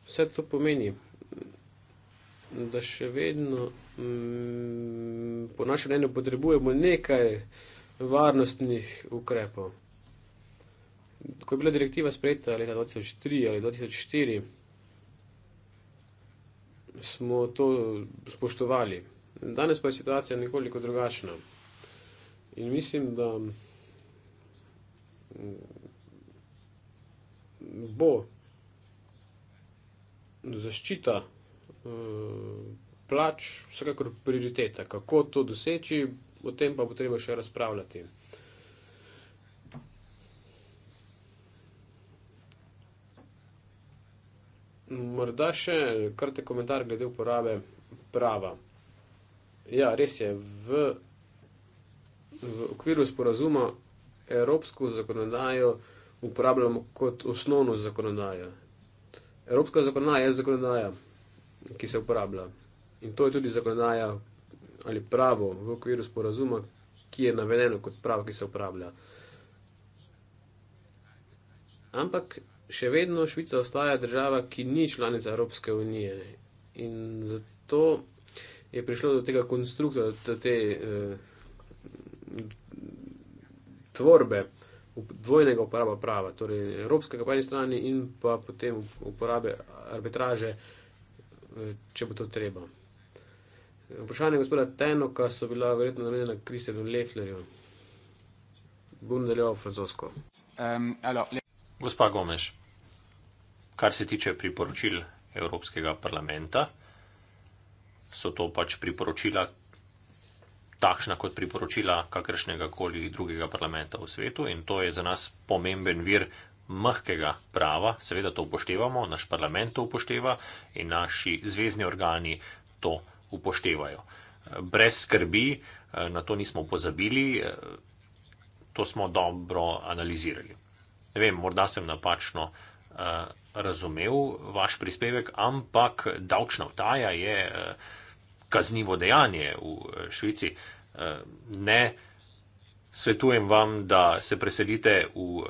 Vse to pomeni, da še vedno mm, po našem mnenju potrebujemo nekaj varnostnih ukrepov ko je bila direktiva sprejeta leta 2003 ali 2004, smo to spoštovali. Danes pa je situacija nekoliko drugačna. In mislim, da bo zaščita eh, plač vsekakor prioriteta. Kako to doseči, o tem pa bo treba še razpravljati. Morda še kratki komentar glede uporabe prava. Ja, res je, v, v okviru sporazuma evropsko zakonodajo uporabljamo kot osnovno zakonodajo. Evropska zakonodaja je zakonodaja, ki se uporablja. In to je tudi zakonodaja ali pravo v okviru sporazuma, ki je navedeno kot pravo, ki se uporablja. Ampak še vedno Švica ostaja država, ki ni članica Evropske unije. In zato je prišlo do tega konstrukta, do te eh, tvorbe dvojnega uporaba prava, torej evropskega po eni strani in pa potem uporabe arbitraže, eh, če bo to treba. Vprašanje gospoda Tenoka so bila verjetno namenjena Kristjanu Lehlerju. Bom nadaljeval francosko. Um, Gospa Gomeš. Kar se tiče priporočil Evropskega parlamenta, so to pač priporočila takšna kot priporočila kakršnega koli drugega parlamenta v svetu in to je za nas pomemben vir mehkega prava. Seveda to upoštevamo, naš parlament to upošteva in naši zvezdni organi to upoštevajo. Brez skrbi eh, na to nismo pozabili, eh, to smo dobro analizirali. Ne vem, morda sem napačno. Eh, razumel vaš prispevek, ampak davčna vtaja je eh, kaznivo dejanje v eh, Švici. Ne svetujem vam, da se preselite v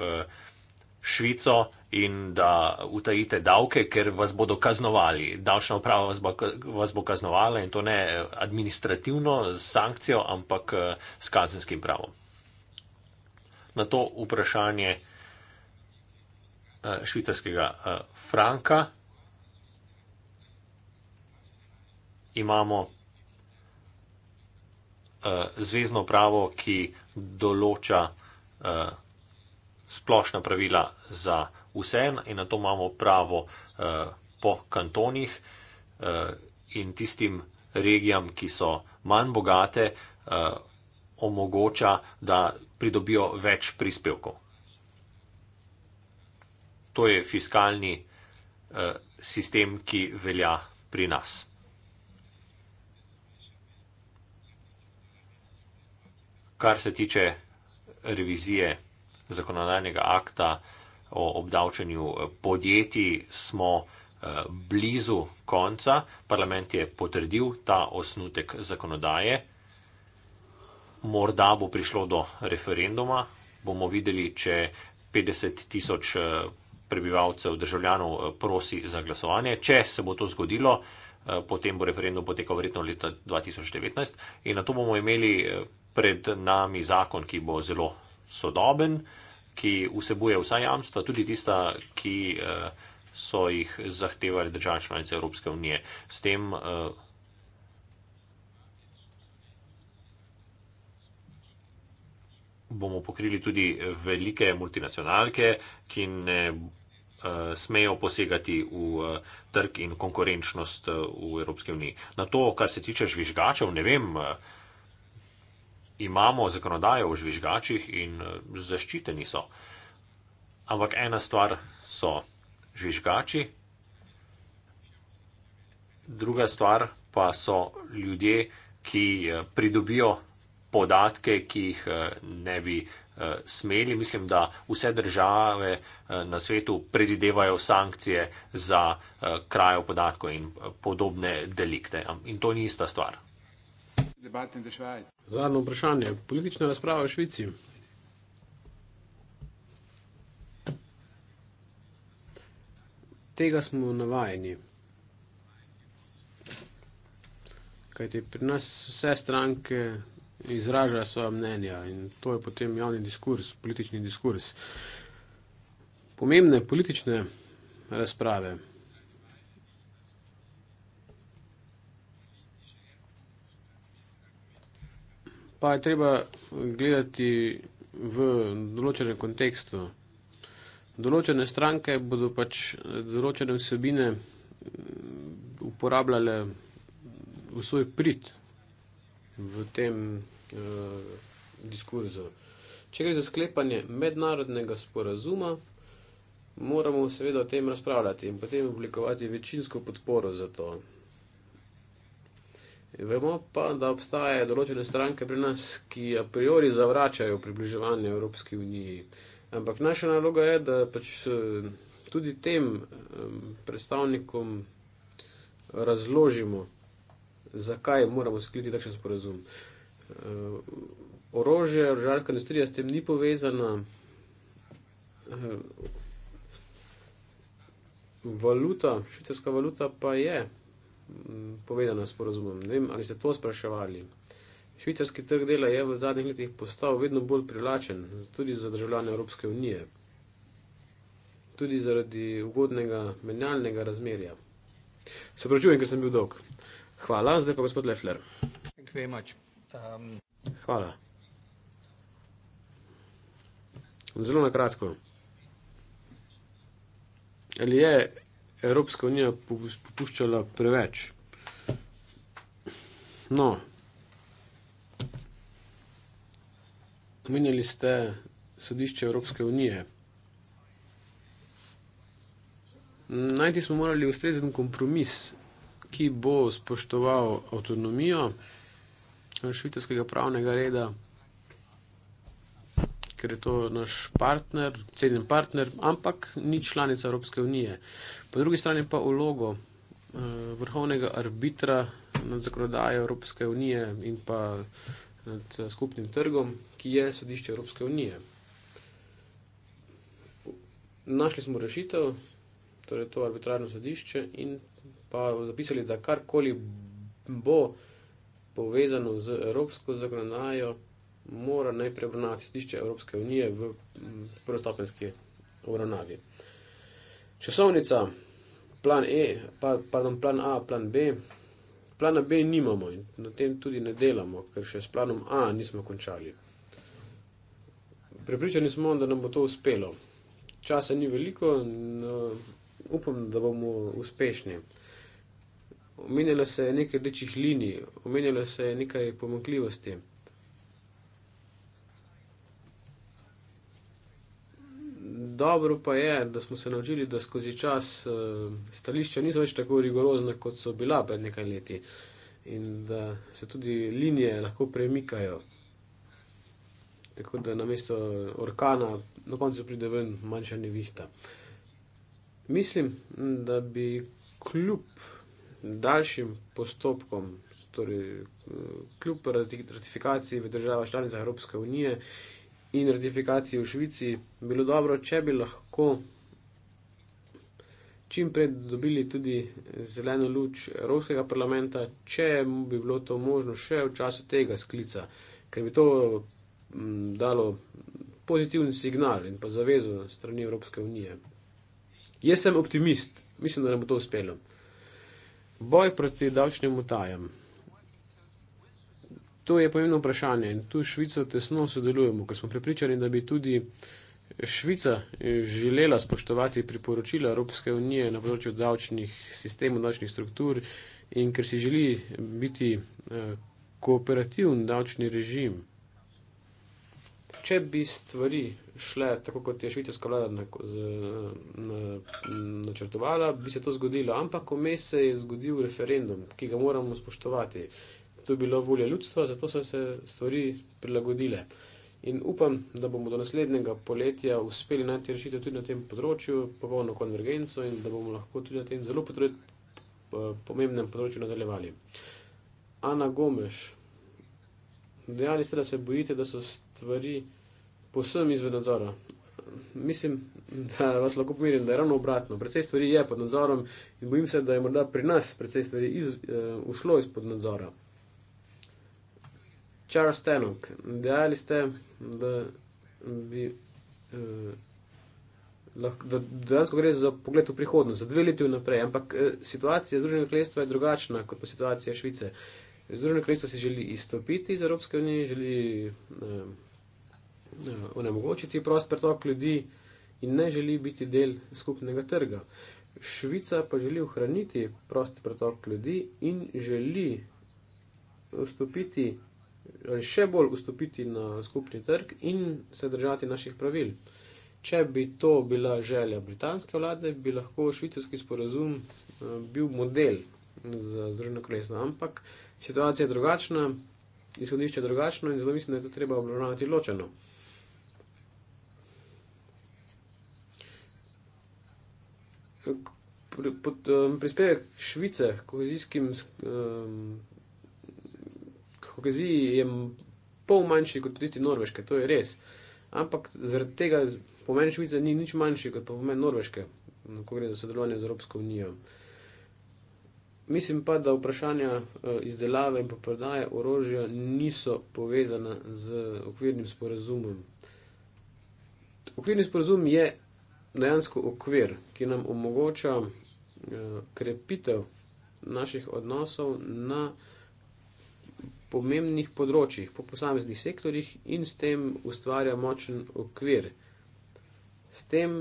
Švico in da utajite davke, ker vas bodo kaznovali. Davčna uprava vas bo, vas bo kaznovala in to ne administrativno s sankcijo, ampak s kazenskim pravom. Na to vprašanje. Eh, švicarskega eh, franka. Imamo eh, zvezdno pravo, ki določa splošna pravila za vse, in na to imamo pravo po kantonih in tistim regijam, ki so manj bogate, omogoča, da pridobijo več prispevkov. To je fiskalni eh, sistem, ki velja pri nas. Kar se tiče revizije zakonodajnega akta o obdavčanju eh, podjetij, smo eh, blizu konca. Parlament je potrdil ta osnutek zakonodaje. Morda bo prišlo do referenduma. Bomo videli, če 50 tisoč prebivalcev, državljanov eh, prosi za glasovanje. Če se bo to zgodilo, eh, potem bo referendum potekal verjetno leta 2019 in na to bomo imeli eh, pred nami zakon, ki bo zelo sodoben, ki vsebuje vsa jamstva, tudi tista, ki so jih zahtevali države članice Evropske unije. S tem bomo pokrili tudi velike multinacionalke, ki ne bodo Eh, smejo posegati v eh, trg in konkurenčnost eh, v Evropski uniji. Na to, kar se tiče žvižgačev, ne vem, imamo zakonodajo o žvižgačih in zaščiteni so. Ampak ena stvar so žvižgači, druga stvar pa so ljudje, ki pridobijo podatke, ki jih eh, ne bi eh, smeli. Mislim, da vse države eh, na svetu predidevajo sankcije za krajo podatkov in podobne delikte. In to ni ista stvar. Zadnje vprašanje. Politična razprava v Švici. Tega smo navajeni. Kajti pri nas vse stranke izražajo svoje mnenja in to je potem javni diskurs, politični diskurs. Pomembne politične razprave. Pa je treba gledati v določenem kontekstu. Določene stranke bodo pač določene vsebine mm, uporabljale v svoj prid v tem Eh, diskurzov. Če gre za sklepanje mednarodnega sporazuma, moramo seveda o tem razpravljati in potem oblikovati večinsko podporo za to. Vemo pa, da obstajajo določene stranke pri nas, ki a priori zavračajo približevanje Evropski uniji. Ampak naša naloga je, da pač eh, tudi tem predstavnikom razložimo, zakaj moramo skliti takšen sporazum. Uh, Uh, orožje, orožarska industrija s tem ni povezana. Uh, valuta, švicarska valuta pa je um, povezana s porozumom. Ne vem, ali ste to spraševali. Švicarski trg dela je v zadnjih letih postal vedno bolj privlačen, tudi za državljane Evropske unije, tudi zaradi ugodnega menjalnega razmerja. Se pravčujem, ker sem bil dolg. Hvala, zdaj pa gospod Lefler. Thank you very much. Um... Hvala. Zelo na kratko. Ali je Evropska unija popuščala preveč? No, omenjali ste sodišče Evropske unije. Najti smo morali ustrezen kompromis, ki bo spoštoval avtonomijo švicarskega pravnega reda, ker je to naš partner, cenjen partner, ampak ni članica Evropske unije. Po drugi strani pa ulogo eh, vrhovnega arbitra nad zakonodajo Evropske unije in pa nad eh, skupnim trgom, ki je sodišče Evropske unije. Našli smo rešitev, torej to arbitrarno sodišče, in pa zapisali, da karkoli bo povezano z evropsko zagonajo, mora najprej obravnavati stišče Evropske unije v prvostopenski obravnavi. Časovnica, plan, e, pa, pardon, plan A, plan B. Plana B nimamo in na tem tudi ne delamo, ker še s planom A nismo končali. Prepričani smo, da nam bo to uspelo. Časa ni veliko in no, uh, upam, da bomo uspešni omenjalo se je nekaj rdečih linij, omenjalo se je nekaj pomakljivosti. Dobro pa je, da smo se naučili, da skozi čas eh, stališča niso več tako rigorozna, kot so bila pred nekaj leti in da se tudi linije lahko premikajo. Tako da na mesto orkana na koncu pride ven manjša nevihta. Mislim, da bi kljub daljšim postopkom, torej eh, kljub ratifikaciji v državah članicah Evropske unije in ratifikaciji v Švici, bilo dobro, če bi lahko čim prej dobili tudi zeleno luč Evropskega parlamenta, če bi bilo to možno še v času tega sklica, ker bi to mm, dalo pozitiven signal in pa zavezo strani Evropske unije. Jaz sem optimist, mislim, da nam bo to uspelo. Boj proti davčnim utajam. To je pomembno vprašanje in tu Švico tesno sodelujemo, ker smo prepričani, da bi tudi Švica eh, želela spoštovati priporočila Evropske unije na področju davčnih sistemov, davčnih struktur in ker si želi biti eh, kooperativen davčni režim če bi stvari šle tako, kot je švicarska vlada načrtovala, bi se to zgodilo. Ampak vmes se je zgodil referendum, ki ga moramo spoštovati. To je bilo volje ljudstva, zato so se stvari prilagodile. In upam, da bomo do naslednjega poletja uspeli najti rešitev tudi na tem področju, popolno konvergenco in da bomo lahko tudi na tem zelo potrebnem področju nadaljevali. Ana Gomes, dejali ste, da se bojite, da so stvari posebno izven nadzora. Mislim, da vas lahko pomirim, da je ravno obratno. Predvsej stvari je pod nadzorom in bojim se, da je morda pri nas predvsej stvari iz, eh, ušlo izpod nadzora. Charles Tenok, dejali ste, da bi. Eh, Da dejansko gre za pogled v prihodnost, za dve leti vnaprej, ampak eh, situacija Združenega kraljestva je drugačna kot pa situacija Švice. Uh, Združeno kraljestvo si želi izstopiti iz Evropske unije, želi eh, eh, onemogočiti um, um, prost pretok ljudi in ne želi biti del skupnega trga. Švica pa želi ohraniti prost pretok ljudi in želi vstopiti ali še bolj vstopiti na skupni trg in se držati naših pravil. Če bi to bila želja britanske vlade, bi lahko švicarski sporazum eh, bil model za Združeno kraljestvo, ampak situacija je drugačna, izhodišče je drugačno in zelo mislim, da je to treba obravnavati ločeno. Um, prispevek Švice k kohezijskim um, koheziji je pol manjši kot tisti norveške, to je res. Ampak zaradi tega pomen Švice ni nič manjši kot pomen norveške, ko gre za sodelovanje z Evropsko unijo. Mislim pa, da vprašanja eh, izdelave in prodaje orožja niso povezana z okvirnim sporazumom. Okvirni sporazum je dejansko okvir, ki nam omogoča eh, krepitev naših odnosov na pomembnih področjih, po posameznih sektorjih in s tem ustvarja močen okvir. S tem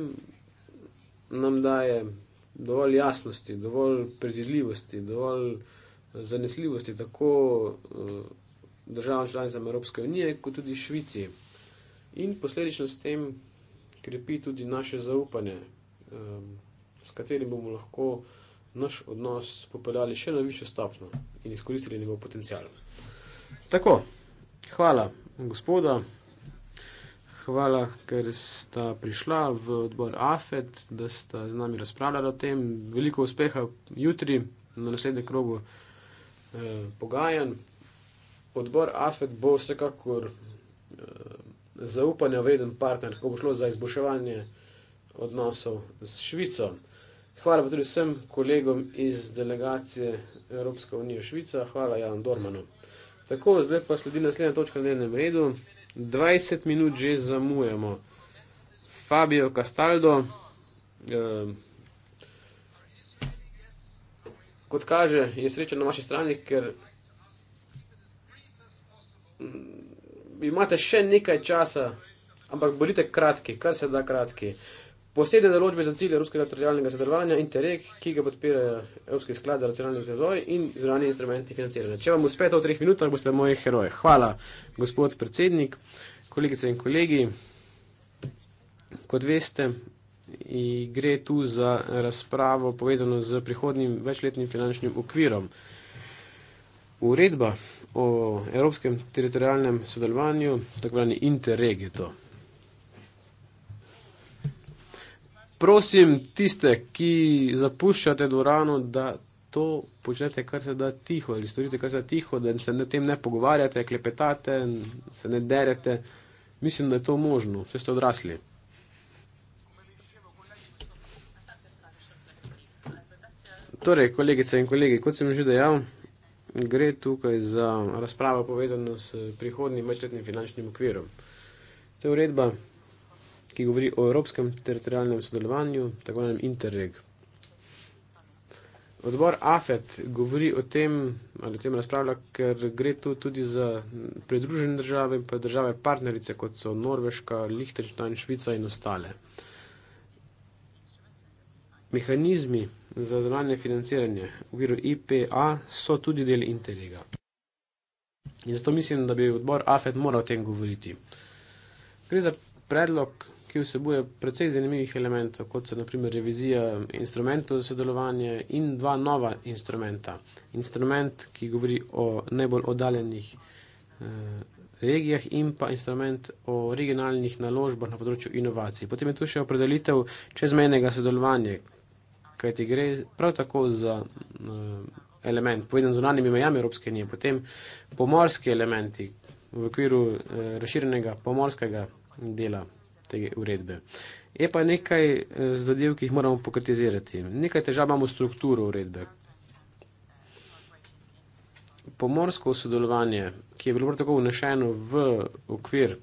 nam daje dovolj jasnosti, dovolj predvidljivosti, dovolj eh, zanesljivosti, tako eh, državam članicam Evropske unije, kot tudi Švici. In posledično s tem krepi tudi naše zaupanje, eh, s katerim bomo lahko naš odnos popeljali še na višjo stopno in izkoristili njegov potencial. Tako, hvala gospoda hvala, ker sta prišla v odbor AFED, da sta z nami razpravljala o tem. Veliko uspeha jutri na naslednjem krogu eh, pogajan. Odbor AFED bo vsekakor eh, zaupanja vreden partner, ko bo šlo za izboljševanje odnosov s Švico. Hvala pa tudi vsem kolegom iz delegacije Evropske unije Švica, hvala Jan Dormanu. Tako, zdaj pa sledi naslednja točka na dnevnem redu. 20 minut že zamujamo. Fabio Castaldo, eh, kot kaže, je srečen na vaši strani, ker mm, imate še nekaj časa, ampak bodite kratki, kar se da kratki. Eh, posede določbe za cilje ruskega teritorijalnega zadrvanja in tereg, ki ga podpira Evropski sklad za racionalni razvoj in zunanje instrumenti financiranja. Če vam uspe to v treh minutah, boste moji heroji. Hvala, gospod predsednik, kolegice in kolegi. Kot veste, gre tu za razpravo povezano z prihodnim večletnim finančnim okvirom. Uredba o evropskem teritorijalnem sodelovanju, tako imenovani interreg je to. prosim tiste, ki zapuščate dvorano, da to počnete kar se da tiho ali storite kar se da tiho, da se na tem ne pogovarjate, klepetate, se ne derete. Mislim, da je to možno, vse ste odrasli. Torej, kolegice in kolegi, kot sem že dejal, gre tukaj za razpravo povezano s prihodnim večletnim finančnim okvirom. To je uredba, ki govori o evropskem teritorijalnem sodelovanju, tako imenem Interreg. Odbor AFET govori o tem, ali o tem razpravlja, ker gre tu tudi za predružene države in pa države partnerice, kot so Norveška, Lichtenstein, Švica in ostale. Mehanizmi za zonalne financiranje v viru IPA so tudi del Interrega. In zato mislim, da bi odbor AFET moral o tem govoriti. Gre za predlog ki vsebuje precej zanimivih elementov, kot so naprimer revizija instrumentov za sodelovanje in dva nova instrumenta. Instrument, ki govori o najbolj oddaljenih eh, regijah in pa instrument o regionalnih naložbah na področju inovacij. Potem je tu še opredelitev čezmejnega sodelovanja, kajti gre prav tako za eh, element, povezan z zunanimi mejami Evropske unije, potem pomorski elementi v okviru eh, razširjenega pomorskega dela te uredbe. Je pa nekaj eh, zadev, ki jih moramo pokritizirati. Nekaj težav imamo v strukturo uredbe. Pomorsko sodelovanje, ki je bilo prav tako vnešeno v okvir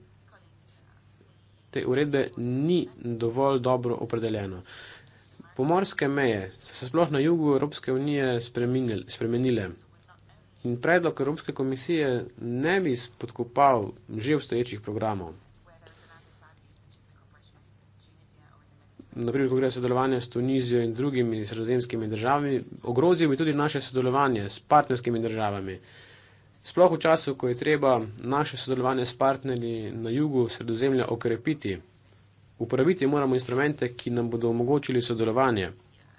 te uredbe, ni dovolj dobro opredeljeno. Pomorske meje so se sploh na jugu Evropske unije spremenile. In predlog Evropske komisije ne bi spodkopal že obstoječih programov. naprimer, ko gre sodelovanje s Tunizijo in drugimi sredozemskimi državami, ogrozil bi tudi naše sodelovanje s partnerskimi državami. Sploh v času, ko je treba naše sodelovanje s partnerji na jugu sredozemlja okrepiti, uporabiti moramo instrumente, ki nam bodo omogočili sodelovanje,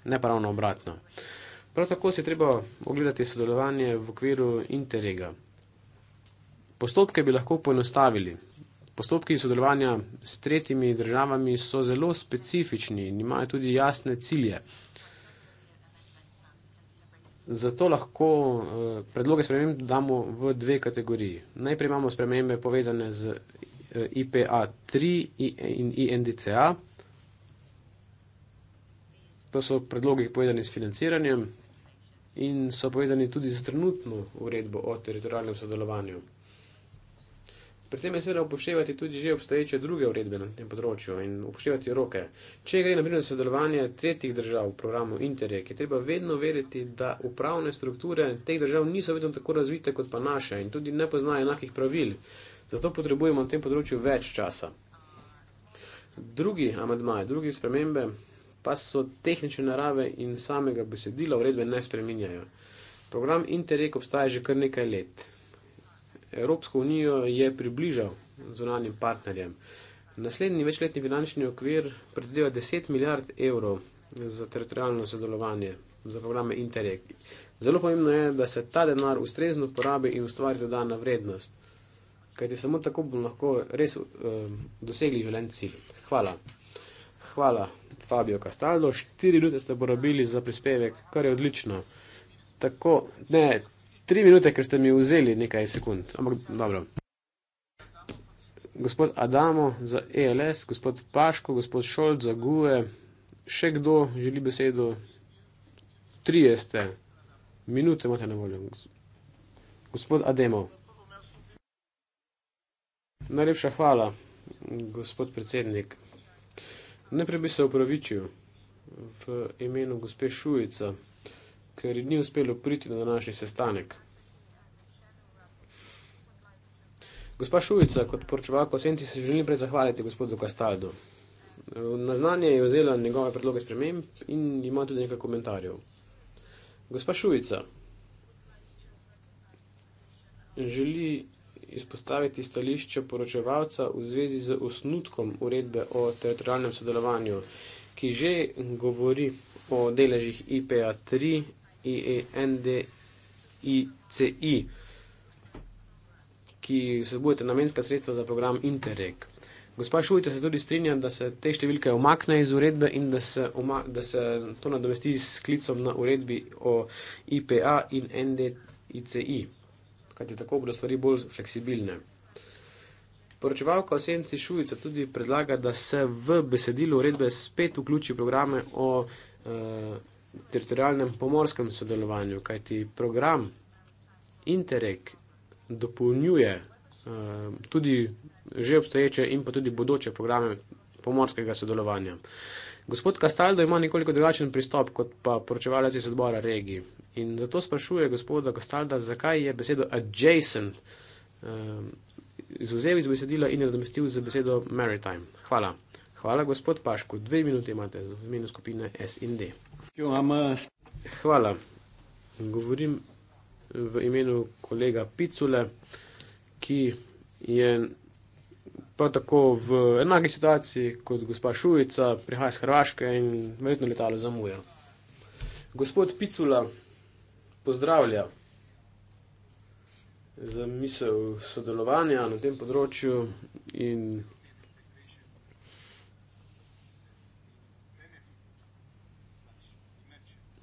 ne pa ravno obratno. Prav tako se je treba ogledati sodelovanje v okviru interega. Postopke bi lahko poenostavili, Postopki sodelovanja s tretjimi državami so zelo specifični in imajo tudi jasne cilje. Zato lahko eh, predloge sprememb damo v dve kategoriji. Najprej imamo spremembe povezane z eh, IPA3 in INDCA. To so predloge povezane s financiranjem in so povezani tudi z trenutno uredbo o teritorijalnem sodelovanju. Pri tem je seveda upoštevati tudi že obstoječe druge uredbe na tem področju in upoštevati roke. Če gre na primer sodelovanje tretjih držav v programu Interreg, je treba vedno vedeti, da upravne strukture teh držav niso vedno tako razvite kot pa naše in tudi ne poznajo enakih pravil. Zato potrebujemo na tem področju več časa. Drugi amadmaj, drugi spremembe pa so tehnične narave in samega besedila uredbe ne spreminjajo. Program Interreg obstaja že kar nekaj let. Evropsko unijo je približal zunanjim partnerjem. Naslednji večletni finančni okvir predvideva 10 milijard evrov za teritorijalno sodelovanje, za programe Interreg. Zelo pomembno je, da se ta denar ustrezno porabi in ustvari dodana vrednost, kajti samo tako bomo lahko res um, dosegli želen cilj. Hvala. Hvala, Fabio Castaldo. Štiri minute ste porabili za prispevek, kar je odlično. Tako, ne, tri minute, ker ste mi vzeli nekaj sekund. Ampak dobro. Gospod Adamo za ELS, gospod Paško, gospod Šold za GUE, še kdo želi besedo? Trije ste, minute imate na voljo. Gospod Ademo. Najlepša hvala, gospod predsednik. Najprej bi se opravičil v imenu gospe Šujica. Uh, ker ni uspelo priti na današnji sestanek. Gospa Šujica, kot poročevalka Senci, se želim prej zahvaliti gospodu Kastaldu. Na znanje je vzela njegove predloge sprememb in ima tudi nekaj komentarjev. Gospa Šujica želi izpostaviti stališče poročevalca v zvezi z osnutkom uredbe o teritorijalnem sodelovanju, ki že govori o deležih IPA 3 I e, e N D I C I, ki vsebujete namenska sredstva za program Interreg. Gospa Šuljica se tudi strinja, da se te številke omakne iz uredbe in da se, da se to nadomesti s klicom na uredbi o IPA in NDICI, kajti tako bodo stvari bolj fleksibilne. Poročevalka Osenci Šuljica tudi predlaga, da se v besedilu uredbe spet vključi programe o eh, teritorijalnem pomorskem sodelovanju, kajti program Interreg dopolnjuje eh, tudi že obstoječe in pa tudi bodoče programe pomorskega sodelovanja. Gospod Kastaldo ima nekoliko drugačen pristop kot pa poročevalec iz odbora regij. In zato sprašuje gospoda Kastalda, zakaj je besedo adjacent izuzel eh, iz besedila in je nadomestil z besedo maritime. Hvala. Hvala, gospod Paško. Dve minute imate v imenu skupine S&D. Hvala. Govorim v imenu kolega Picule, ki je prav tako v enaki situaciji kot gospa Šujica, prihaja iz Hrvaške in verjetno letalo zamuja. Gospod Picula pozdravlja za misel sodelovanja na tem področju in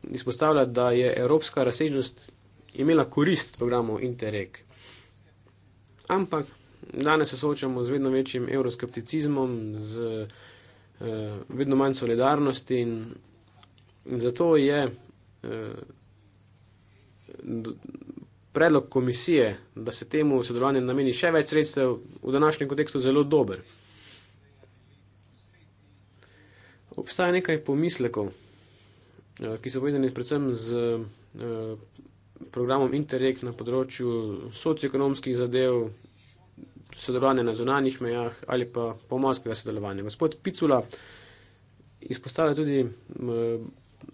izpostavlja, da je evropska razsežnost imela korist programu Interreg. Ampak danes se soočamo z vedno večjim euroskepticizmom, z eh, vedno manj solidarnosti in zato je eh, do, predlog komisije, da se temu sodelovanju nameni še več sredstev, v današnjem kontekstu zelo dober. Obstaja nekaj pomislekov. Eh, ki so povezani predvsem z eh, programom Interreg na področju socioekonomskih zadev, sodelovanja na zonanih mejah ali pa pomorskega sodelovanja. Gospod Picula izpostavlja tudi eh,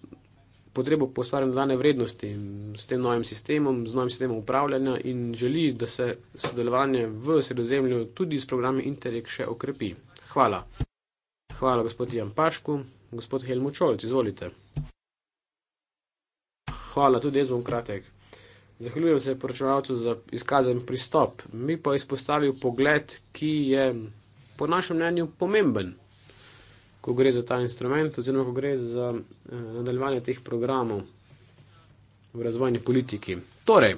potrebo po stvarjanju dodane vrednosti s tem novim sistemom, z novim sistemom upravljanja in želi, da se sodelovanje v sredozemlju tudi s programi Interreg še okrepi. Hvala. Hvala gospod Jan Pašku, gospod Helmut Šolc, izvolite. Hvala, tudi jaz bom kratek. Zahvaljujem se poročevalcu za izkazen pristop. Mi pa izpostavil pogled, ki je po našem mnenju pomemben, ko gre za ta instrument oziroma ko gre za eh, nadaljevanje teh programov v razvojni politiki. Torej,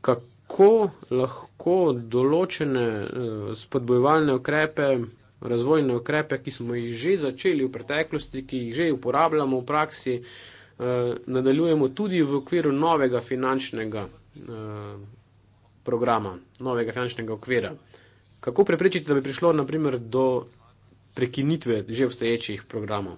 kako lahko določene eh, spodbojevalne ukrepe, razvojne ukrepe, ki smo jih že začeli v preteklosti, ki jih že uporabljamo v praksi, Eh, nadaljujemo tudi v okviru novega finančnega eh, programa, novega finančnega okvira. Kako preprečiti, da bi prišlo naprimer do prekinitve že obstoječih programov?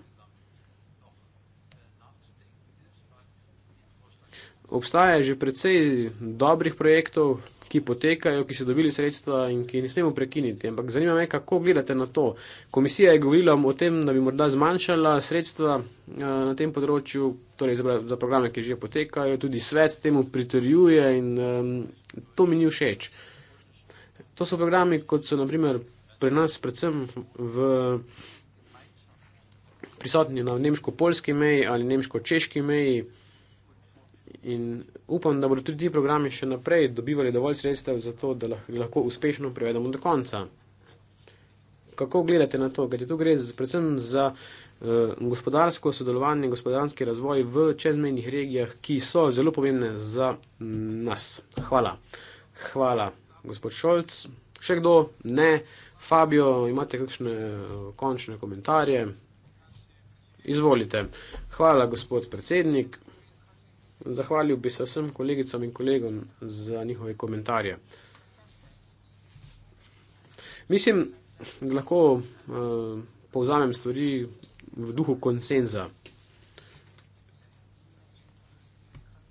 Obstaja že precej dobrih projektov, ki potekajo, ki so dobili sredstva in ki ne smemo prekiniti. Ampak zanima me, kako gledate na to. Komisija je govorila o tem, da bi morda zmanjšala sredstva eh, na tem področju, torej za, za programe, ki že potekajo, tudi svet temu pritrjuje in um, to mi ni všeč. To so programi, kot so naprimer pri nas, predvsem v. Prisotni na nemško-polski meji ali nemško-češki meji, in upam, da bodo tudi ti programi še naprej dobivali dovolj sredstev za to, da lahko uspešno privedemo do konca. Kako gledate na to? Ker tu gre predvsem za eh, gospodarsko sodelovanje, gospodarski razvoj v čezmejnih regijah, ki so zelo pomembne za mm, nas. Hvala. Hvala, gospod Šolc. Še kdo? Ne. Fabio, imate kakšne eh, končne komentarje? Izvolite. Hvala, gospod predsednik. Zahvalil bi se vsem kolegicam in kolegom za njihove komentarje. Mislim, da lahko uh, povzamem stvari v duhu konsenza.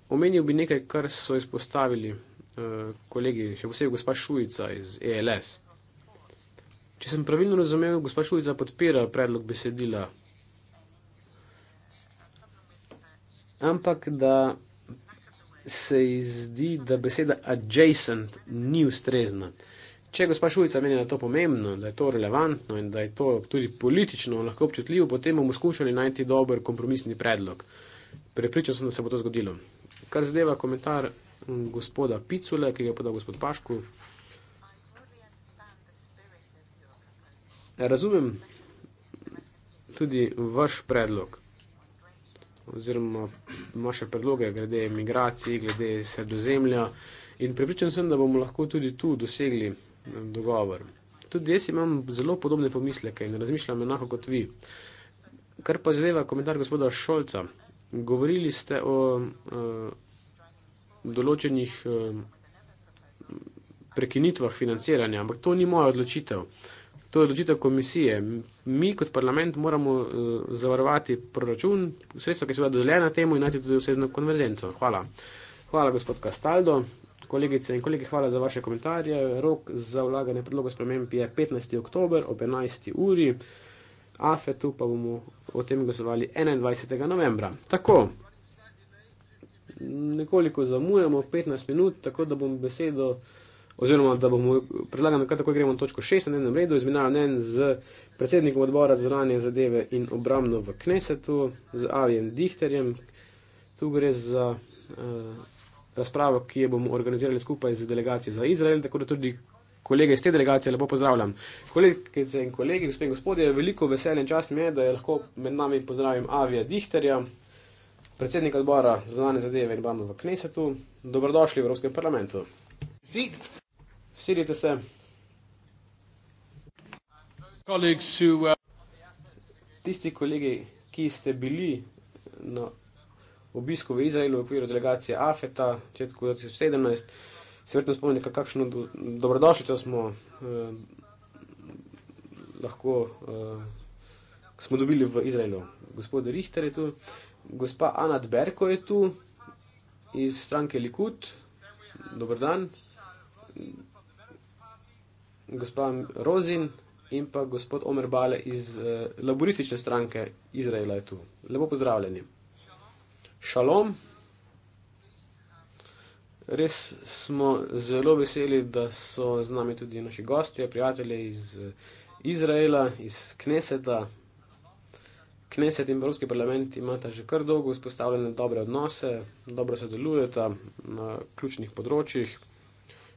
Omenil bi nekaj, kar so izpostavili uh, kolegi, še posebej gospa Šujica iz ELS. Če sem pravilno razumel, gospa Šujica podpira predlog besedila ampak da se ji zdi, da beseda adjacent ni ustrezna. Če gospa Šuljica meni, da je to pomembno, da je to relevantno in da je to tudi politično lahko občutljivo, potem bomo skušali najti dober kompromisni predlog. Prepričan sem, da se bo to zgodilo. Kar zadeva komentar gospoda Picule, ki ga je podal gospod Pašku. Razumem tudi vaš predlog oziroma vaše predloge glede migracij, glede sredozemlja in pripričan sem, da bomo lahko tudi tu dosegli eh, dogovor. Tudi jaz imam zelo podobne pomisleke in razmišljam enako kot vi. Kar pa zadeva komentar gospoda Šolca, govorili ste o uh, določenih uh, prekinitvah financiranja, ampak to ni moja odločitev. Uh, To je odločitev komisije. Mi kot parlament moramo uh, zavarovati proračun, sredstva, ki so bila dozvoljena temu in najti tudi vsezno konverzenco. Hvala. Hvala, gospod Kastaldo. Kolegice in kolegi, hvala za vaše komentarje. Rok za vlaganje predloga sprememb je 15. oktober ob 11. uri. Afetu pa bomo o tem glasovali 21. novembra. Tako, nekoliko zamujamo, 15 minut, tako da bom besedo oziroma da bomo predlagali, da takoj gremo na točko 6 na enem redu, izmenjava mnen z predsednikom odbora za zvonanje zadeve in obramno v Knesetu, z Avijem Dihterjem. Tu gre za uh, razpravo, ki jo bomo organizirali skupaj z delegacijo za Izrael, tako da tudi kolege iz te delegacije lepo pozdravljam. Kolegice in kolegi, gospod in gospodje, veliko veselje in čast mi je, da je lahko med nami pozdravim Avija Dihterja. Predsednik odbora za zvane zadeve in bamo v Knesetu, dobrodošli v Evropskem parlamentu. Si. Sedite se. Uh, Tisti kolegi, ki ste bili na obisku v Izraelu v okviru delegacije AFETA v začetku 2017, se verjetno spomnite, kakšno do, dobrodošljico smo eh, lahko eh, smo dobili v Izraelu. Gospod Richter je tu, gospa Anad Berko je tu iz stranke Likud. Dobrodan gospa Rozin in pa gospod Omer Bale iz eh, laboristične stranke Izraela je tu. Lepo pozdravljeni. Šalom. Res smo zelo veseli, da so z nami tudi naši gostje, prijatelje iz eh, Izraela, iz Kneseta. Kneset in Evropski parlament imata že kar dolgo vzpostavljene dobre odnose, dobro sodelujeta na ključnih področjih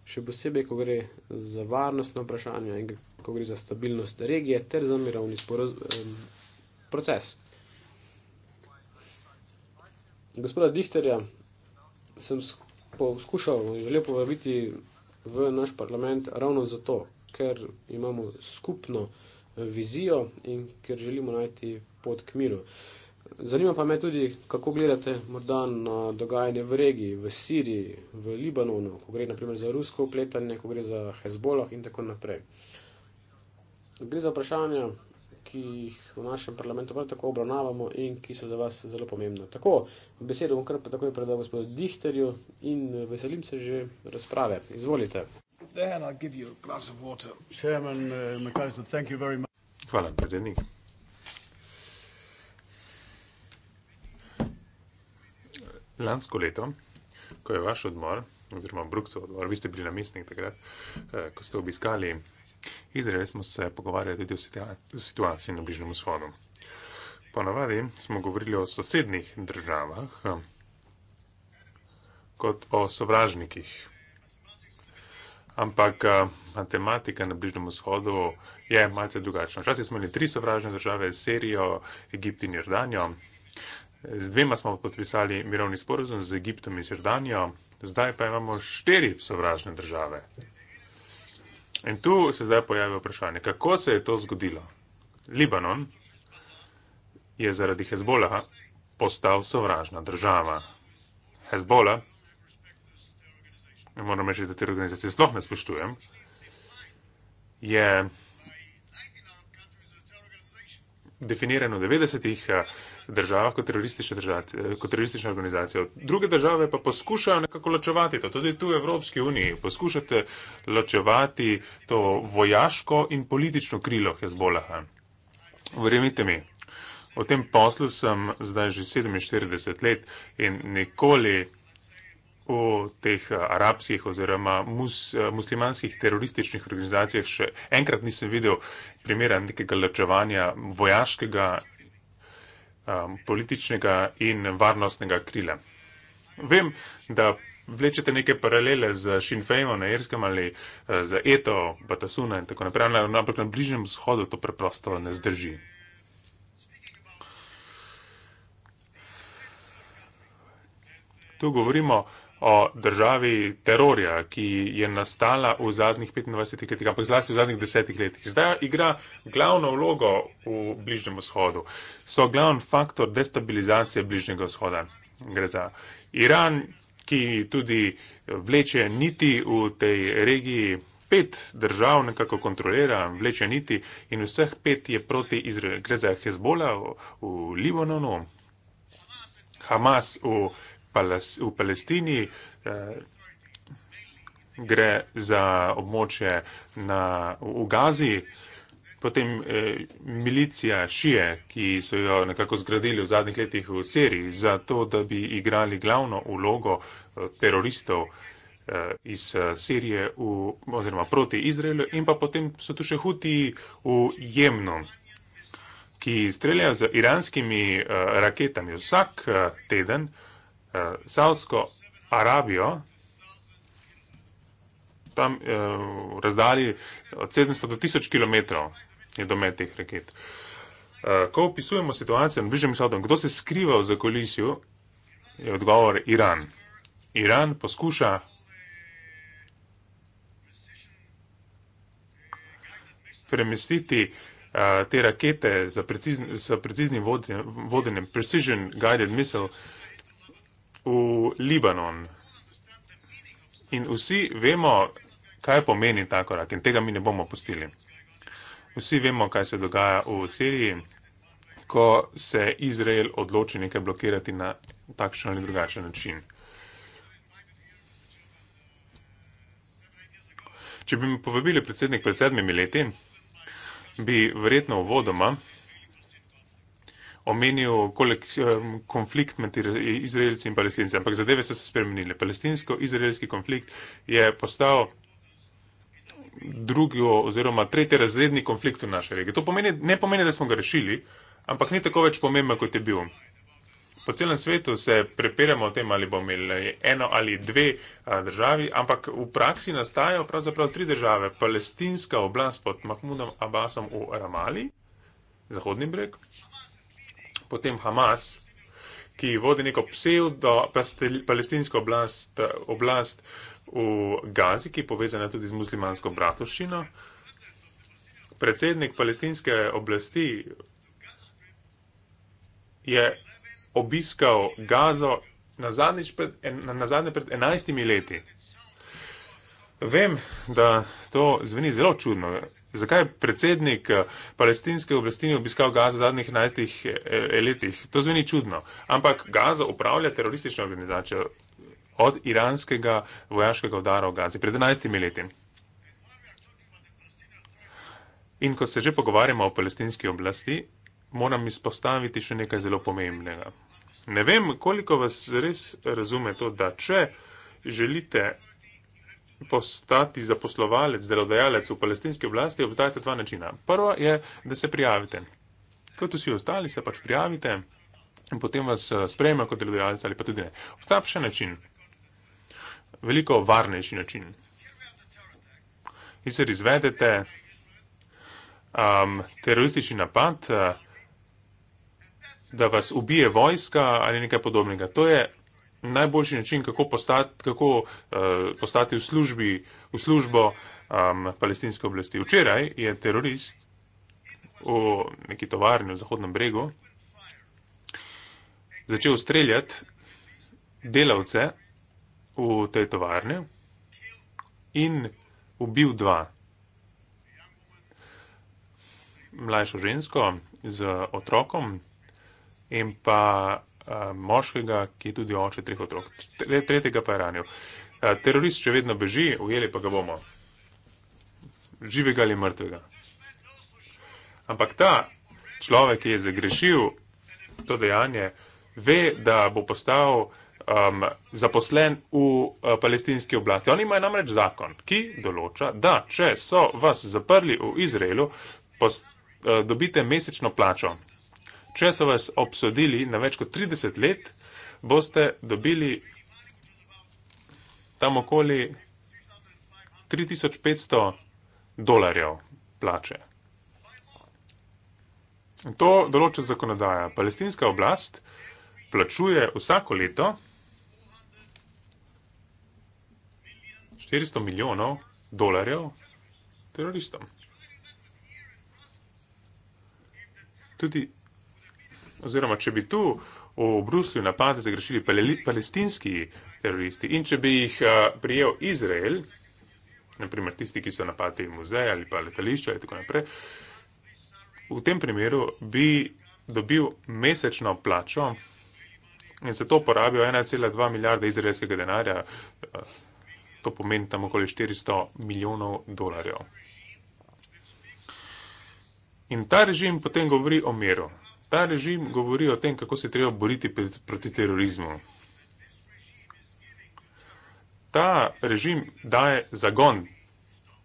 še posebej, ko gre za varnostno vprašanje in ko gre za stabilnost regije ter za mirovni sporoz, eh, proces. Gospoda Dihterja sem poskušal in želel povabiti v naš parlament ravno zato, ker imamo skupno eh, vizijo in ker želimo najti pot k miru. Eh, Zanima pa me tudi, kako gledate morda na dogajanje v regiji, v Siriji, v Libanonu, ko gre naprimer za rusko upletanje, ko gre za Hezbolah in tako naprej. Gre za vprašanja, ki jih v našem parlamentu prav tako obravnavamo in ki so za vas zelo pomembna. Tako, besedo bom kar pa takoj predal gospodu Dihterju in veselim se že razprave. Izvolite. Then I'll give you a glass of water. Chairman uh, McAllister, thank you very much. Hvala, predsednik. Lansko leto, ko je vaš odmor, oziroma Bruksov odmor, vi ste bili na mestnik takrat, eh, ko ste obiskali Izrael, smo se pogovarjali tudi o situa situaciji na Bližnjem vzhodu. Ponovadi smo govorili o sosednih državah eh, kot o sovražnikih. Ampak eh, matematika na Bližnjem vzhodu je malce drugačna. Včasih smo imeli tri sovražne države, Serijo, Egipt in Jordanijo. Z dvema smo podpisali mirovni sporozum z Egiptom in Jordanijo, zdaj pa imamo štiri sovražne države. In tu se zdaj pojavi vprašanje, kako se je to zgodilo. Libanon je zaradi Hezbola postal sovražna država. Hezbola, moram reči, da te organizacije sploh ne spoštujem, je definirano v 90-ih državah kot teroristične, države, kot teroristične organizacije. Druge države pa poskušajo nekako ločevati to, tudi tu v Evropski uniji poskušate ločevati to vojaško in politično krilo Hezbolaha. Verjemite mi, o tem poslu sem zdaj že 47 let in nikoli v teh arabskih oziroma mus, muslimanskih terorističnih organizacijah še enkrat nisem videl primera nekega ločevanja vojaškega um, političnega in varnostnega krila. Vem, da vlečete neke paralele z Sinn Feinom na Irskem ali uh, z Eto, Batasuna in tako naprej, ampak na Bližnjem vzhodu to preprosto ne zdrži. Tu govorimo o državi terorja, ki je nastala v zadnjih 25 letih, ampak zlasti v zadnjih desetih letih. Zdaj igra glavno vlogo v Bližnjem vzhodu. So glavn faktor destabilizacije Bližnjega vzhoda. Gre za Iran, ki tudi vleče niti v tej regiji. Pet držav nekako kontrolira, vleče niti in vseh pet je proti Izraelu. Gre za Hezbola v, v Libanonu, Hamas v v Palestini, eh, gre za območje na, v Gazi, potem eh, milicija Šije, ki so jo nekako zgradili v zadnjih letih v Siriji, zato da bi igrali glavno ulogo eh, teroristov iz Sirije v, oziroma proti Izraelu in pa potem so tu še huti v Jemnu ki streljajo z iranskimi uh, raketami vsak uh, teden uh, eh, Saudsko Arabijo, tam eh, razdalji od 700 do 1000 km je domet teh raket. Eh, ko opisujemo situacijo na bližnjem vzhodu, kdo se skriva v zakolisju, je odgovor Iran. Iran poskuša. Premestiti uh, te rakete za precizni, preciznim vodenjem, precision guided missile, uh, v Libanon. In vsi vemo, kaj pomeni ta korak in tega mi ne bomo pustili. Vsi vemo, kaj se dogaja v Siriji, ko se Izrael odloči nekaj blokirati na takšen ali drugačen način. Če bi me povabili predsednik pred sedmimi leti, bi verjetno v vodoma omenil konflikt med izraelci in palestinci, ampak zadeve so se spremenile. Palestinsko-izraelski konflikt je postal drugi oziroma tretji razredni konflikt v naši regiji. To pomeni, ne pomeni, da smo ga rešili, ampak ni tako več pomembno, kot je bil. Po celem svetu se prepiramo o tem, ali bomo imeli eno ali dve državi, ampak v praksi nastajajo pravzaprav tri države. Palestinska oblast pod Mahmudom Abbasom v Ramali, Zahodni breg, potem Hamas, ki vodi neko pseudo palestinsko oblast, oblast v Gazi, ki je povezana tudi z muslimansko bratovščino. Predsednik palestinske oblasti je obiskal Gazo pred, en, na zadnje pred enajstimi leti. Vem, da to zveni zelo čudno, Zakaj je predsednik eh, palestinske oblasti obiskal Gaza v zadnjih 11 eh, eh, letih? To zveni čudno. Ampak Gaza upravlja teroristično organizacijo od iranskega vojaškega udara v Gazi pred 11 leti. In ko se že pogovarjamo o palestinski oblasti, moram izpostaviti še nekaj zelo pomembnega. Ne vem, koliko vas res razume to, da če želite postati zaposlovalec, delodajalec v palestinski oblasti, obstajata dva načina. Prvo je, da se prijavite. Kot vsi ostali, se pač prijavite in potem vas eh, sprejme kot delodajalca ali pa tudi ne. Obstaja še način, veliko varnejši način. In se izvedete um, teroristični napad, eh, da vas ubije vojska ali nekaj podobnega. To je najboljši način, kako postati, kako, uh, postati v, službi, v službo um, palestinske oblasti. Včeraj je terorist v neki tovarni v Zahodnem bregu začel streljati delavce v tej tovarni in ubil dva. Mlajšo žensko z otrokom in pa Eh, moškega, ki je tudi oče treh otrok. Tre, tretjega pa je ranil. Eh, terorist še vedno beži, ujeli pa ga bomo. Živega ali mrtvega. Ampak ta človek, ki je zagrešil to dejanje, ve, da bo postal um, zaposlen v uh, palestinski oblasti. Oni imajo namreč zakon, ki določa, da če so vas zaprli v Izraelu, post, uh, dobite mesečno plačo. Če so vas obsodili na več kot 30 let, boste dobili tam okoli 3500 dolarjev plače. To določa zakonodaja. Palestinska oblast plačuje vsako leto 400 milijonov dolarjev teroristom. Tudi oziroma če bi tu v Bruslju napade zagrešili palestinski teroristi in če bi jih eh, prijel Izrael, naprimer tisti, ki so napadli muzej ali pa letališče ali tako naprej, v tem primeru bi dobil mesečno plačo in se to porabijo 1,2 milijarda izraelskega denarja, eh, to pomeni tam okoli 400 milijonov dolarjev. In ta režim potem govori o miru. Ta režim govori o tem, kako se treba boriti proti terorizmu. Ta režim daje zagon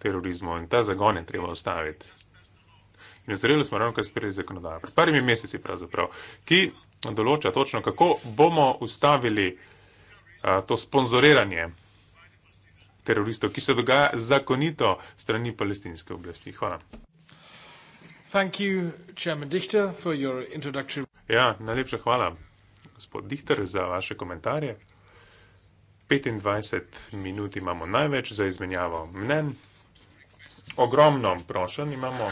terorizmu in ta zagon je treba ustaviti. In v Izraelu smo ravno kar sprejeli zakonodajo, pred parimi meseci pravzaprav, ki določa točno, kako bomo ustavili a, to sponzoriranje teroristov, ki se dogaja zakonito strani palestinske oblasti. Hvala. Thank you, Chairman Dichter, for your introduction. Ja, najlepša hvala, gospod Dichter, za vaše komentarje. 25 minut imamo največ za izmenjavo mnen. Ogromno prošen imamo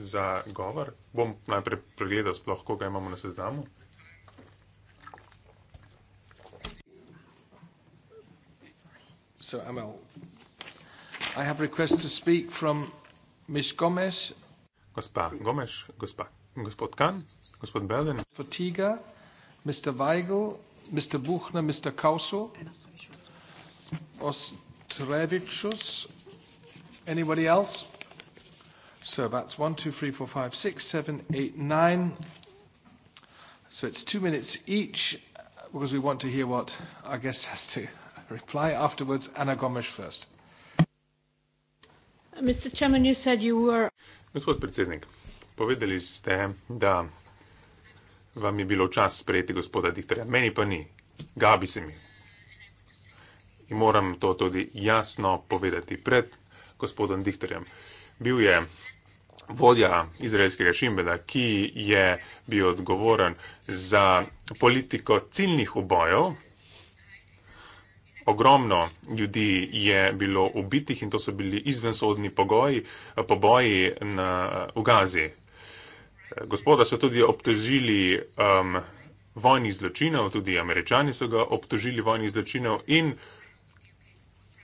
za govor. Bom najprej pregledal sploh, koga imamo na seznamu. So, Amel, I have request to speak from Ms. Gomez gospa Gomes, gospa, gospod Kan, gospod Belden. Gospod Tiga, Mr. Weigl, Mr. Buchner, Mr. Kausu, Ostrevičus, anybody else? So that's one, two, three, four, five, six, seven, eight, nine. So it's two minutes each because we want to hear what our guest has to <laughs> reply afterwards. Anna Gomes first. Chairman, were... Gospod predsednik, povedali ste, da vam je bilo čas sprejeti gospoda diktarja. Meni pa ni. Gabi se mi. In moram to tudi jasno povedati pred gospodom diktarjem. Bil je vodja izraelskega šimbeda, ki je bil odgovoren za politiko ciljnih ubojov Ogromno ljudi je bilo ubitih in to so bili izvensodni pogoji, eh, poboji na, eh, v Gazi. Eh, gospoda so tudi obtožili um, vojnih zločinov, tudi američani so ga obtožili vojnih zločinov in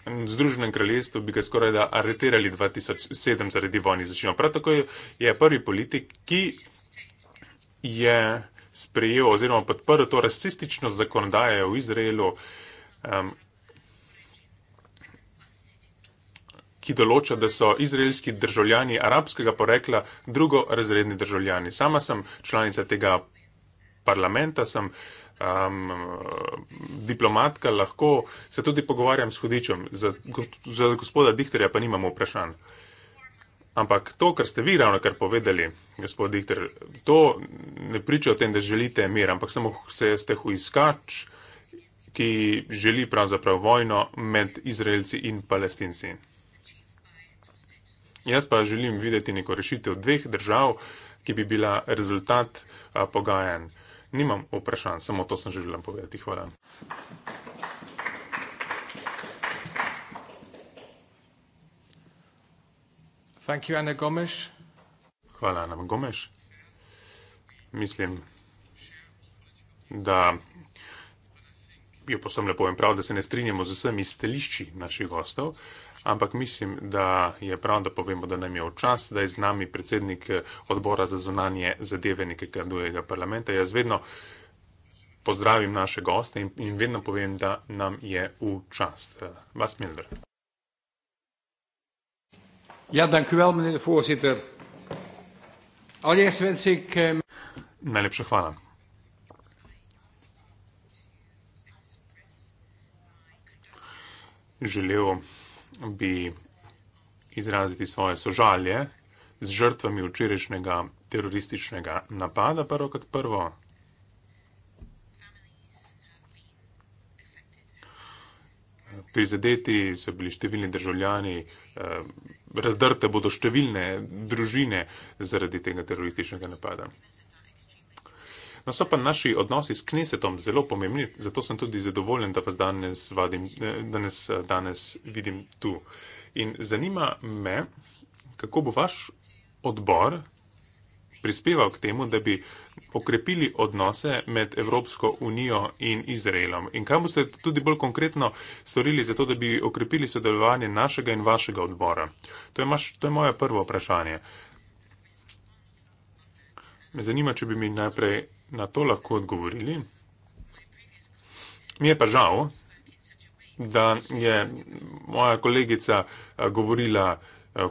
v Združenem kraljestvu bi ga skoraj da areterali 2007 zaradi vojnih zločinov. Prav tako je prvi politik, ki je sprejel oziroma podprl to rasistično zakonodajo v Izraelu. Um, ki določa, da so izraelski državljani arabskega porekla drugorazredni državljani. Sama sem članica tega parlamenta, sem um, diplomatka, lahko se tudi pogovarjam s hudičem, za, za gospoda Dihterja pa nimamo vprašanj. Ampak to, kar ste vi ravno kar povedali, gospod Dihter, to ne priča o tem, da želite mir, ampak samo se ste huiskač, ki želi pravzaprav vojno med Izraelci in palestinci. Jaz pa želim videti neko rešitev dveh držav, ki bi bila rezultat a, pogajan. Nimam vprašanj, samo to sem želela povedati. Hvala. You, Hvala, Ana Gomes. Mislim, da jo posem lepo in prav, da se ne strinjamo z vsemi stališči naših gostov. Uh, ampak mislim, da je prav, da povemo, da nam je v čas, da je z nami predsednik eh, odbora za zunanje zadeve nekega drugega parlamenta. Jaz vedno pozdravim naše goste in, in vedno povem, da nam je v čas. Eh, vas, Milder. Ja, dankjewel, meneer de voorzitter. Allereerst wens ik. Eh, Najlepša hvala. Želel bi izraziti svoje sožalje z žrtvami včerajšnjega terorističnega napada, prvo kot prvo. Prizadeti so bili številni državljani, eh, razdrte bodo številne družine zaradi tega terorističnega napada. No, so pa naši odnosi s knesetom zelo pomembni, zato sem tudi zadovoljen, da vas danes, vadim, eh, danes, eh, danes vidim tu. In zanima me, kako bo vaš odbor prispeval k temu, da bi okrepili odnose med Evropsko unijo in Izraelom. In kaj boste tudi bolj konkretno storili za to, da bi okrepili sodelovanje našega in vašega odbora? To je, maš, to je moje prvo vprašanje. Me zanima, če bi mi najprej na to lahko odgovorili. Mi je pa žal, da je moja kolegica govorila,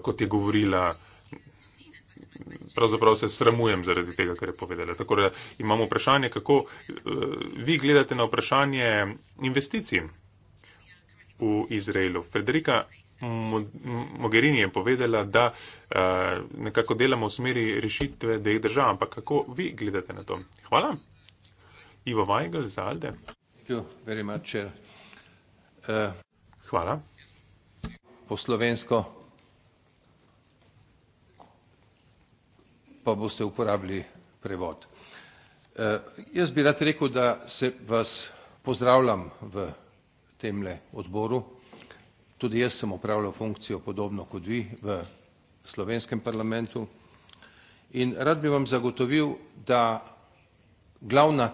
kot je govorila, pravzaprav se sramujem zaradi tega, kar je povedala. Tako da imamo vprašanje, kako e, vi gledate na vprašanje investicij v Izraelu. Frederika, Mogherini je povedala, da eh, nekako delamo v smeri rešitve dveh držav, ampak kako vi gledate na to? Hvala. Ivo Vajgel za Alde. Uh, Hvala. Po slovensko pa boste uporabili prevod. Uh, jaz bi rad rekel, da se vas pozdravljam v temle odboru Tudi jaz sem upravljal funkcijo podobno kot vi v slovenskem parlamentu in rad bi vam zagotovil, da glavna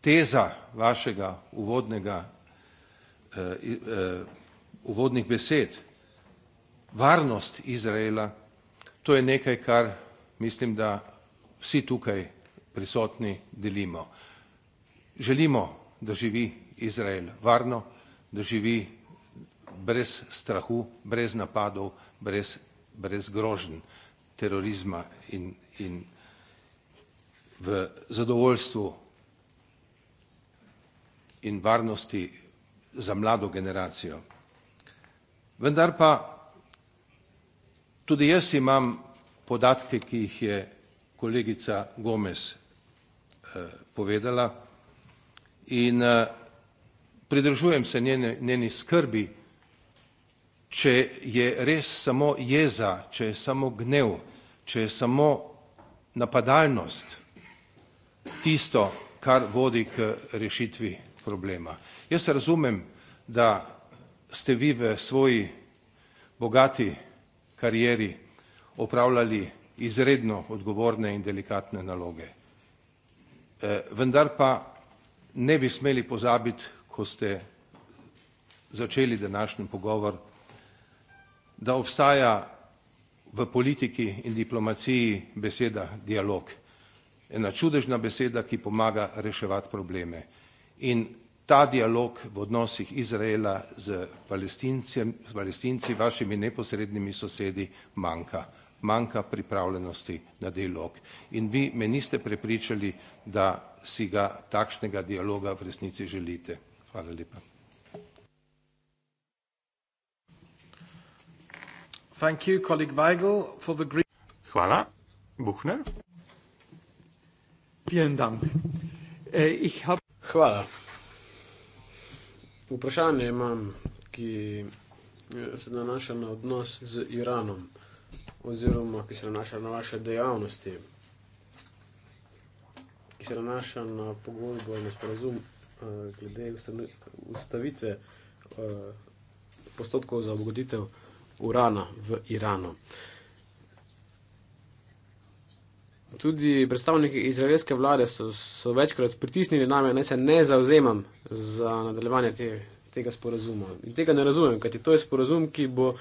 teza vašega uvodnega, eh, eh, uvodnih besed, varnost Izraela, to je nekaj, kar mislim, da vsi tukaj prisotni delimo. Želimo, da živi Izrael varno, da živi brez strahu, brez napadov, brez, brez groženj, terorizma in, in v zadovoljstvu in varnosti za mlado generacijo. Vendar pa tudi jaz imam podatke, ki jih je kolegica Gomez eh, povedala in eh, pridržujem se njene, njeni skrbi če je res samo jeza, če je samo gnev, če je samo napadalnost tisto, kar vodi k rešitvi problema. Jaz razumem, da ste vi v svoji bogati karieri opravljali izredno odgovorne in delikatne naloge. E, vendar pa ne bi smeli pozabiti, ko ste začeli današnji pogovor, da obstaja v politiki in diplomaciji beseda dialog. Ena čudežna beseda, ki pomaga reševati probleme. In ta dialog v odnosih Izraela z palestinci, vašimi neposrednimi sosedi, manjka. Manjka pripravljenosti na dialog. In vi me niste prepričali, da si ga takšnega dialoga v resnici želite. Hvala lepa. Thank you, colleague Weigel, for the green... Hvala. Buchner? Vielen Dank. Äh, ich hab... Hvala. Vprašanje imam, ki eh, se nanaša na odnos z Iranom, oziroma ki se nanaša na vaše dejavnosti, ki se nanaša na pogodbo in sporazum eh, glede ustavitve eh, postopkov za obogoditev urana v Iranu. Tudi predstavniki izraelske vlade so, so večkrat pritisnili name, da se ne zauzemam za nadaljevanje te, tega sporazuma. In tega ne razumem, kajti to je sporazum, ki bo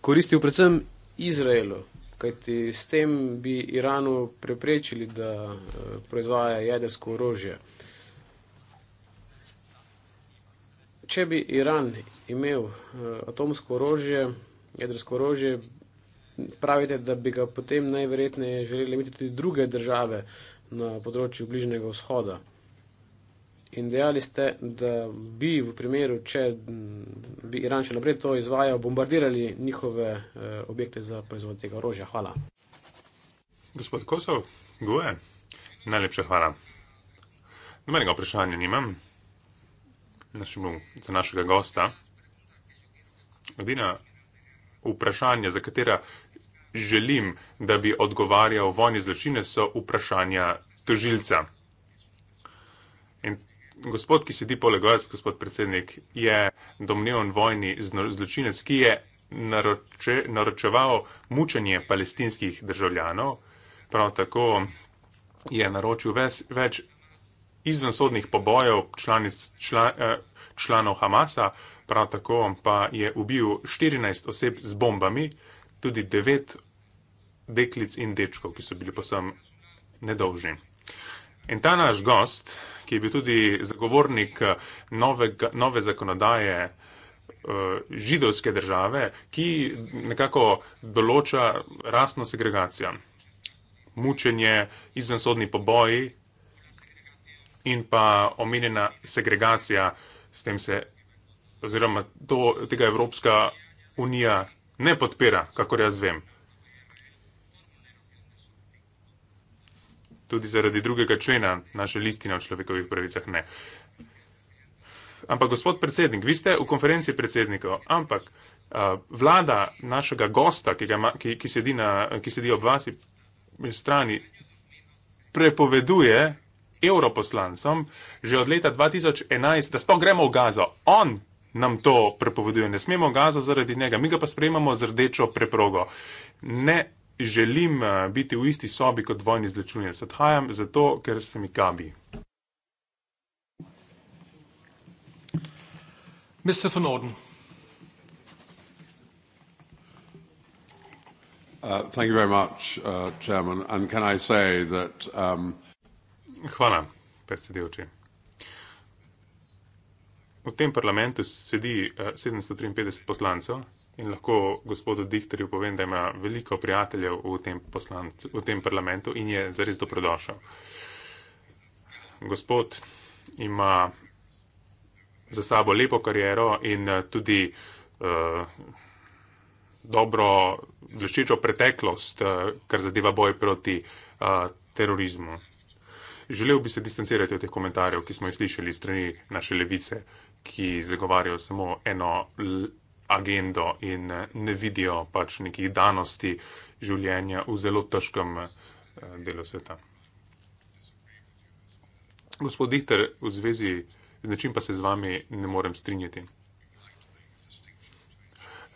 koristil predvsem Izraelu, kajti s tem bi Iranu preprečili, da eh, proizvaja jedrsko orožje. Če bi Iran imel eh, atomsko orožje, jedrsko orožje. Pravite, da bi ga potem najverjetneje želeli imeti tudi druge države na področju Bližnjega vzhoda. In dejali ste, da bi v primeru, če bi Iran še naprej to izvajal, bombardirali njihove eh, objekte za proizvod tega orožja. Hvala. Gospod Kosov, Gue, najlepša hvala. Nobenega vprašanja nimam našemu, za našega gosta. Edina vprašanja, za katera želim, da bi odgovarjal vojni zločine, so vprašanja tožilca. In gospod, ki sedi poleg vas, gospod predsednik, je domnevni vojni zločinec, ki je naroče, naročeval mučenje palestinskih državljanov, prav tako je naročil ves, več izvensodnih pobojev članic, član, eh, članov Hamasa, prav tako pa je ubil 14 oseb z bombami, tudi 9 deklic in dečkov, ki so bili posem nedolžni. In ta naš gost, ki je bil tudi zagovornik eh, nove, nove zakonodaje eh, židovske države, ki nekako določa rasno segregacijo, mučenje, izvensodni poboji in pa omenjena segregacija, s tem se oziroma to, tega Evropska unija ne podpira, kakor jaz vem. Tudi zaradi drugega člena naše listine o človekovih pravicah ne. Ampak, gospod predsednik, vi ste v konferenci predsednikov, ampak a, vlada našega gosta, ki, ga, ki, ki, sedi na, ki sedi ob vas in strani, prepoveduje evroposlancem že od leta 2011, da sploh gremo v gazo. On nam to prepoveduje. Ne smemo gazo zaradi njega, mi ga pa sprejemamo z rdečo preprogo. Ne želim eh, biti v isti sobi kot vojni zločinec. Odhajam zato, ker se mi gabi. Mr. Van Orden. Uh, thank you very much, uh, Chairman. And can I say that. Um, Hvala, predsedujoči. V tem parlamentu sedi 753 eh, poslancev in lahko gospodu Dihterju povem, da ima veliko prijateljev v tem, poslancu, v tem parlamentu in je zares dobrodošel. Gospod ima za sabo lepo kariero in eh, tudi uh, dobro bleščečo preteklost, uh, kar zadeva boj proti uh, terorizmu. Želel bi se distancirati od teh komentarjev, ki smo jih slišali strani naše levice. Uh, ki zagovarjajo samo eno agendo in ne vidijo pač nekih danosti življenja v zelo težkem eh, delu sveta. Gospod Dihter, v zvezi z nečim pa se z vami ne morem strinjati.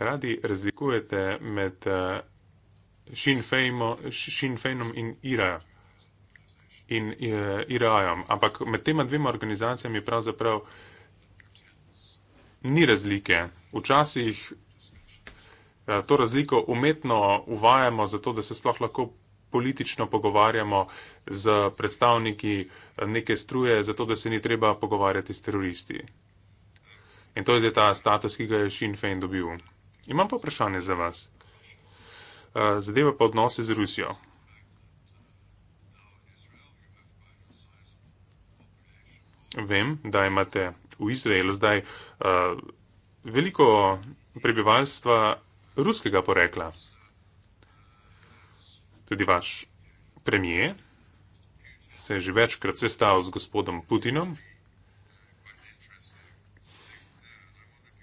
Radi razlikujete med eh, Sinn Feinom in Iraja. In eh, Irajem, ampak med tema dvema organizacijami pravzaprav uh, ni razlike. Včasih eh, to razliko umetno uvajamo, zato da se sploh lahko politično pogovarjamo z predstavniki eh, neke struje, zato da se ni treba pogovarjati s teroristi. In to je zdaj ta status, ki ga je Sinn Fein dobil. Imam pa vprašanje za vas. Eh, zadeva pa odnose z Rusijo. Vem, da imate v Izraelu zdaj uh, veliko prebivalstva ruskega porekla. Tudi vaš premijer se je že večkrat sestal z gospodom Putinom.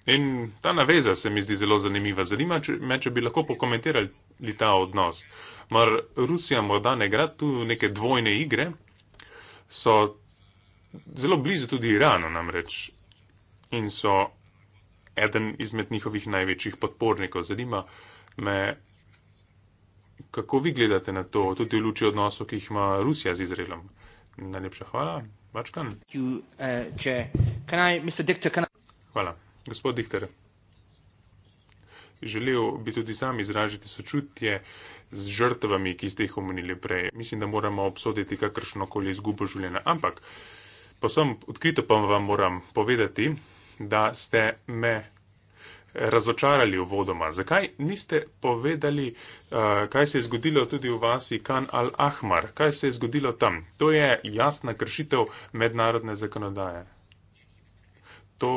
In ta naveza se mi zdi zelo zanimiva. Zanima me, če bi lahko pokomentirali ta odnos. Mar Rusija morda ne gre tu neke dvojne igre? So zelo blizu tudi Iranu namreč in so eden izmed njihovih največjih podpornikov. Zanima me, kako vi gledate na to, tudi v luči odnosov, ki jih ima Rusija z Izraelom. Najlepša hvala, Vačkan. You, uh, I, Dichter, I... Hvala, gospod Dihter. Želel bi tudi sam izražiti sočutje z žrtvami, ki ste jih omenili prej. Mislim, da moramo obsoditi kakršno koli izgubo življenja. Ampak, uh, Pa sem odkrito pa vam moram povedati, da ste me razočarali uvodoma. Zakaj niste povedali, eh, kaj se je zgodilo tudi v vasi Kan al-Ahmar? Kaj se je zgodilo tam? To je jasna kršitev mednarodne zakonodaje. To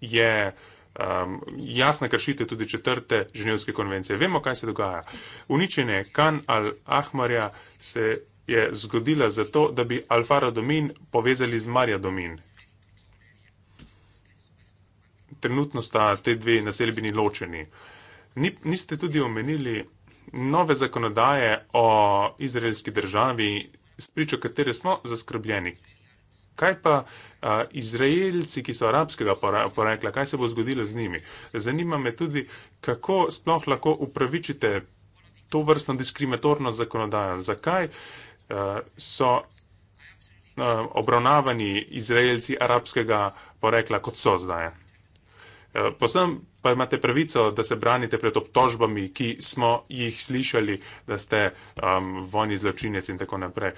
je um, jasna kršitev tudi četrte ženevske konvencije. Vemo, kaj se dogaja. Uničenje Kan al-Ahmarja se je zgodila zato, da bi Alfara Domin povezali z Marja Domin. Trenutno sta te dve naselbini ločeni. Ni, niste tudi omenili nove zakonodaje o izraelski državi, s pričo katere smo zaskrbljeni. Kaj pa a, izraelci, ki so arabskega porekla, kaj se bo zgodilo z njimi? Zanima me tudi, kako sploh lahko upravičite to vrstno diskriminatorno zakonodajo. Zakaj? Eh, so eh, obravnavani izraelci arabskega porekla, kot so zdaj. Eh, posem pa imate pravico, da se branite pred obtožbami, ki smo jih slišali, da ste um, vojni zločinec in tako naprej.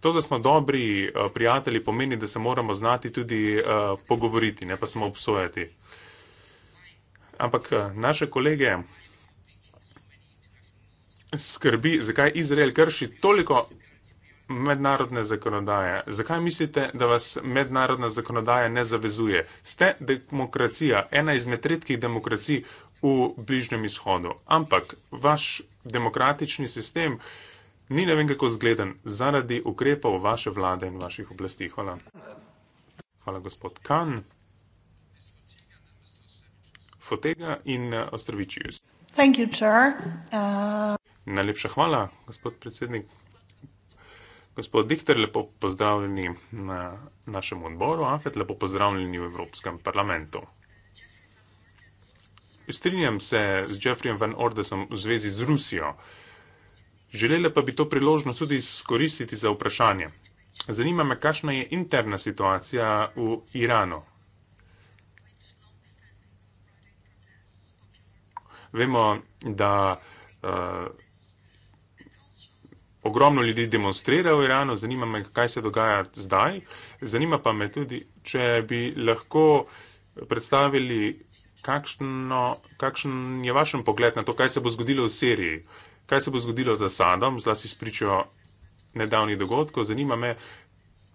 To, da smo dobri prijatelji, pomeni, da se moramo znati tudi uh, pogovoriti, ne pa samo obsojati. Ampak naše kolege skrbi, zakaj Izrael krši toliko mednarodne zakonodaje. Zakaj mislite, da vas mednarodna zakonodaja ne zavezuje? Ste demokracija, ena izmed redkih demokracij v bližnjem izhodu. Ampak vaš demokratični sistem ni ne vem kako zgleden zaradi ukrepov vaše vlade in vaših oblasti. Hvala. Hvala, gospod Kan. Fotega in eh, Ostrovičius. Thank you, Chair. Uh... Najlepša hvala, gospod predsednik. Gospod Dihter, lepo pozdravljeni na našem odboru, Afet, lepo pozdravljeni v Evropskem parlamentu. Strinjam se z Jeffrejem Van Ordesom v zvezi z Rusijo. Želela pa bi to priložnost tudi izkoristiti za vprašanje. Zanima me, kakšna je interna situacija v Iranu. Vemo, da uh, ogromno ljudi demonstrira v Iranu, zanima me, kaj se dogaja zdaj. Zanima pa me tudi, če bi lahko predstavili, kakšno, kakšen je vašen pogled na to, kaj se bo zgodilo v Siriji, kaj se bo zgodilo z Asadom, zlasti s pričo nedavnih dogodkov. Zanima me,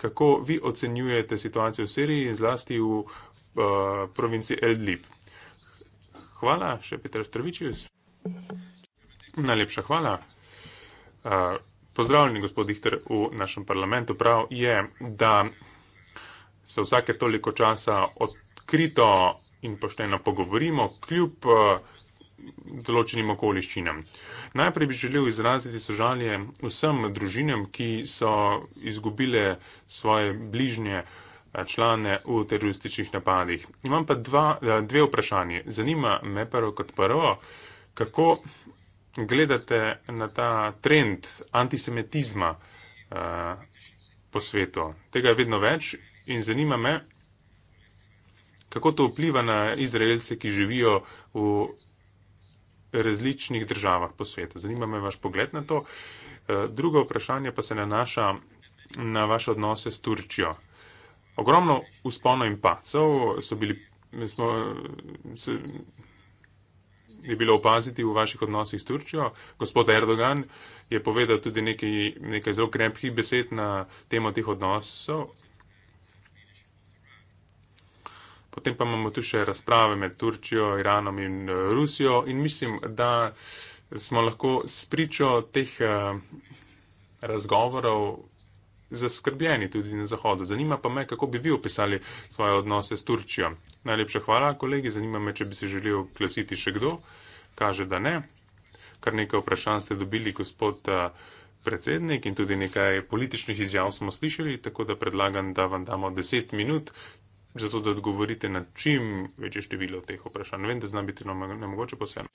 kako vi ocenjujete situacijo v Siriji in zlasti v uh, provinci Eldlib. Hvala, še Peter Strovičius. Najlepša hvala. Uh, pozdravljeni, gospod Dihter, v našem parlamentu. Prav je, da se vsake toliko časa odkrito in pošteno pogovorimo, kljub eh, določenim okoliščinam. Najprej bi želel izraziti sožalje vsem družinam, ki so izgubile svoje bližnje eh, člane v terorističnih napadih. Imam pa dva, eh, dve vprašanje. Zanima me prvo kot prvo, kako gledate na ta trend antisemitizma uh, po svetu? Tega je vedno več in zanima me, kako to vpliva na izraelce, ki živijo v različnih državah po svetu. Zanima me vaš pogled na to. Uh, drugo vprašanje pa se nanaša na vaše odnose s Turčijo. Ogromno uspono in pacov so bili. Smo, se, je bilo opaziti v vaših odnosih s Turčijo. Gospod Erdogan je povedal tudi nekaj, nekaj zelo krempih besed na temo teh odnosov. Potem pa imamo tu še razprave med Turčijo, Iranom in eh, Rusijo in mislim, da smo lahko spričo teh uh, razgovorov zaskrbljeni tudi na Zahodu. Zanima pa me, kako bi vi opisali svoje odnose s Turčijo. Najlepša hvala, kolegi. Zanima me, če bi se želel klasiti še kdo. Kaže, da ne. Kar nekaj vprašanj ste dobili, gospod eh, predsednik, in tudi nekaj političnih izjav smo slišali, tako da predlagam, da vam damo deset minut. Zato, da odgovorite na čim večje število teh vprašanj. Vem, da znam biti nemogoče posebno.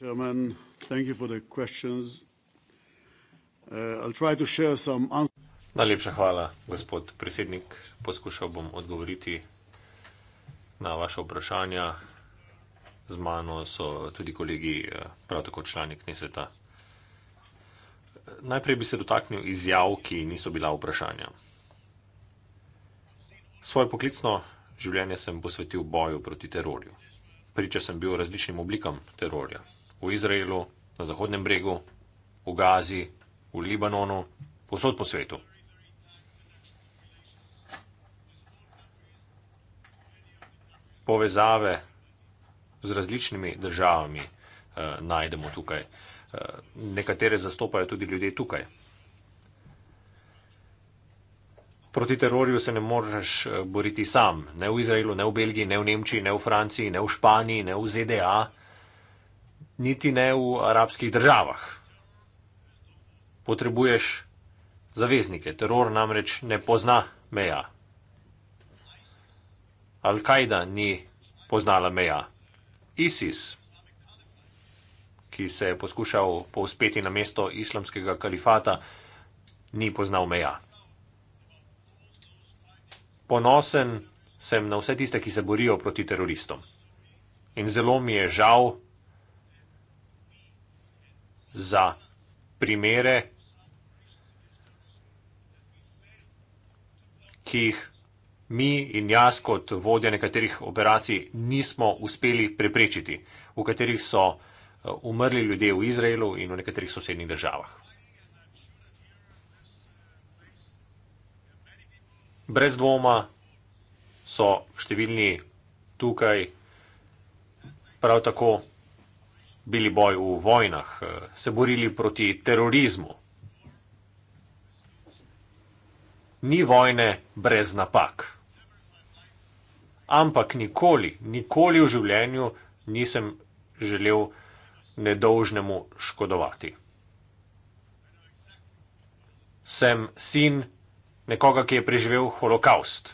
Najlepša hvala, gospod predsednik. Poskušal bom odgovoriti na vaše vprašanja. Z mano so tudi kolegi, eh, prav tako člani Kneseta. Najprej bi se dotaknil izjav, ki niso bila vprašanja. Svoje poklicno življenje sem posvetil boju proti terorju. Priča sem bil različnim oblikam terorja. V Izraelu, na Zahodnem bregu, v Gazi, v Libanonu, povsod po svetu. povezave z različnimi državami eh, najdemo tukaj. Eh, nekatere zastopajo tudi ljudje tukaj. Proti terorju se ne moreš eh, boriti sam. Ne v Izraelu, ne v Belgiji, ne v Nemčiji, ne v Franciji, ne v Španiji, ne v ZDA, niti ne v arabskih državah. Potrebuješ zaveznike. Teror namreč ne pozna meja. Al-Kaida ni poznala meja. ISIS, ki se je poskušal povzpeti na mesto islamskega kalifata, ni poznal meja. Ponosen sem na vse tiste, ki se borijo proti teroristom. In zelo mi je žal za primere, ki jih mi in jaz kot vodja nekaterih operacij nismo uspeli preprečiti, v katerih so eh, umrli ljudje v Izraelu in v nekaterih sosednjih državah. Brez dvoma so številni tukaj prav tako bili boj v vojnah, eh, se borili proti terorizmu. Ni vojne brez napak. Ampak nikoli, nikoli v življenju nisem želel nedolžnemu škodovati. Sem sin nekoga, ki je preživel holokaust.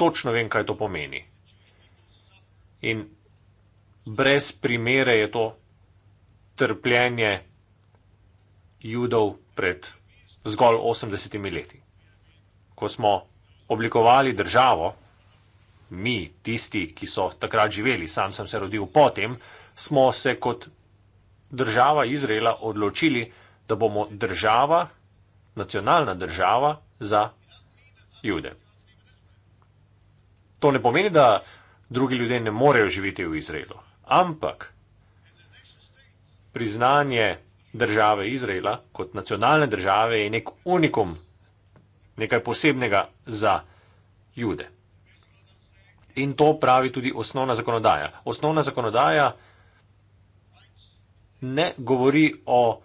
Točno vem, kaj to pomeni. In brez primere je to trpljenje judov pred zgolj 80 leti. Ko smo oblikovali državo, mi, tisti, ki so takrat živeli, sam sem se rodil potem, smo se kot država Izraela odločili, da bomo država, nacionalna država za jude. To ne pomeni, da drugi ljudje ne morejo živeti v Izraelu, ampak priznanje države Izraela kot nacionalne države je nek unikum, nekaj posebnega za jude. In to pravi tudi osnovna zakonodaja. Osnovna zakonodaja ne govori o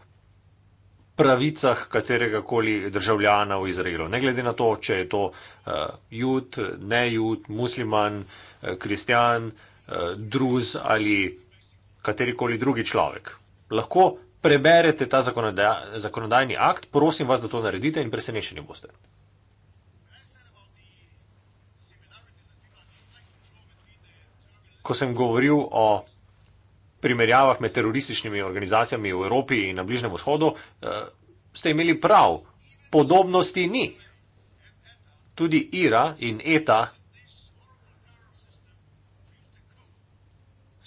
pravicah katerega koli državljana v Izraelu. Ne glede na to, če je to uh, jud, ne jud, musliman, eh, kristjan, uh, uh, druz ali katerikoli drugi človek. Lahko preberete ta zakonodajni akt, prosim vas, da to naredite in presenečeni boste. ko sem govoril o primerjavah med terorističnimi organizacijami v Evropi in na Bližnem vzhodu, eh, ste imeli prav. Podobnosti ni. Tudi IRA in ETA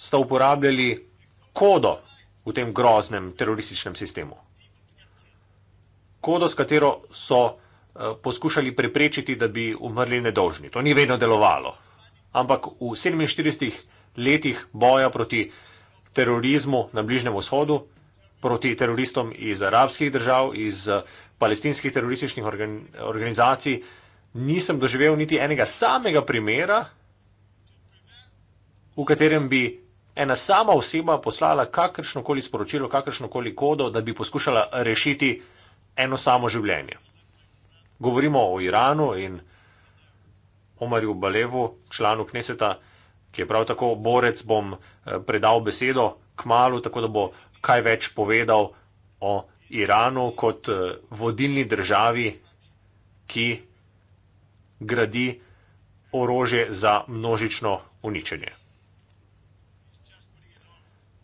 sta uporabljali kodo v tem groznem terorističnem sistemu. Kodo, s katero so eh, poskušali preprečiti, da bi umrli nedolžni. To ni vedno delovalo. Ampak v 47 letih boja proti terorizmu na Bližnem vzhodu, proti teroristom iz arabskih držav, iz eh, palestinskih terorističnih organizacij, nisem doživel niti enega samega primera, v katerem bi ena sama oseba poslala kakršnokoli sporočilo, kakršnokoli kodo, da bi poskušala rešiti eno samo življenje. Govorimo o Iranu in Omarju Balevu, članu Kneseta, ki je prav tako borec, bom eh, predal besedo k malu, tako da bo kaj več povedal o Iranu kot eh, vodilni državi, ki gradi orožje za množično uničenje.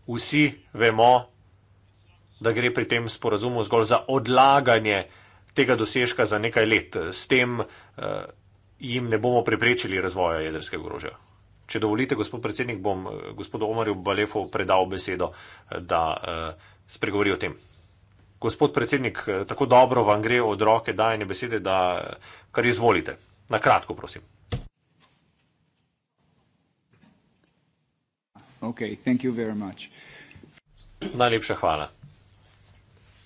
Vsi vemo, da gre pri tem sporazumu zgolj za odlaganje tega dosežka za nekaj let. S tem eh, jim ne bomo preprečili razvoja jedrskega orožja. Če dovolite, gospod predsednik, bom eh, gospodu Omarju Balefu predal besedo, eh, da eh, spregovori o tem. Gospod predsednik, tako dobro vam gre od roke dajanje besede, da kar izvolite. Na kratko, prosim. Okay, thank you very much. Najlepša hvala.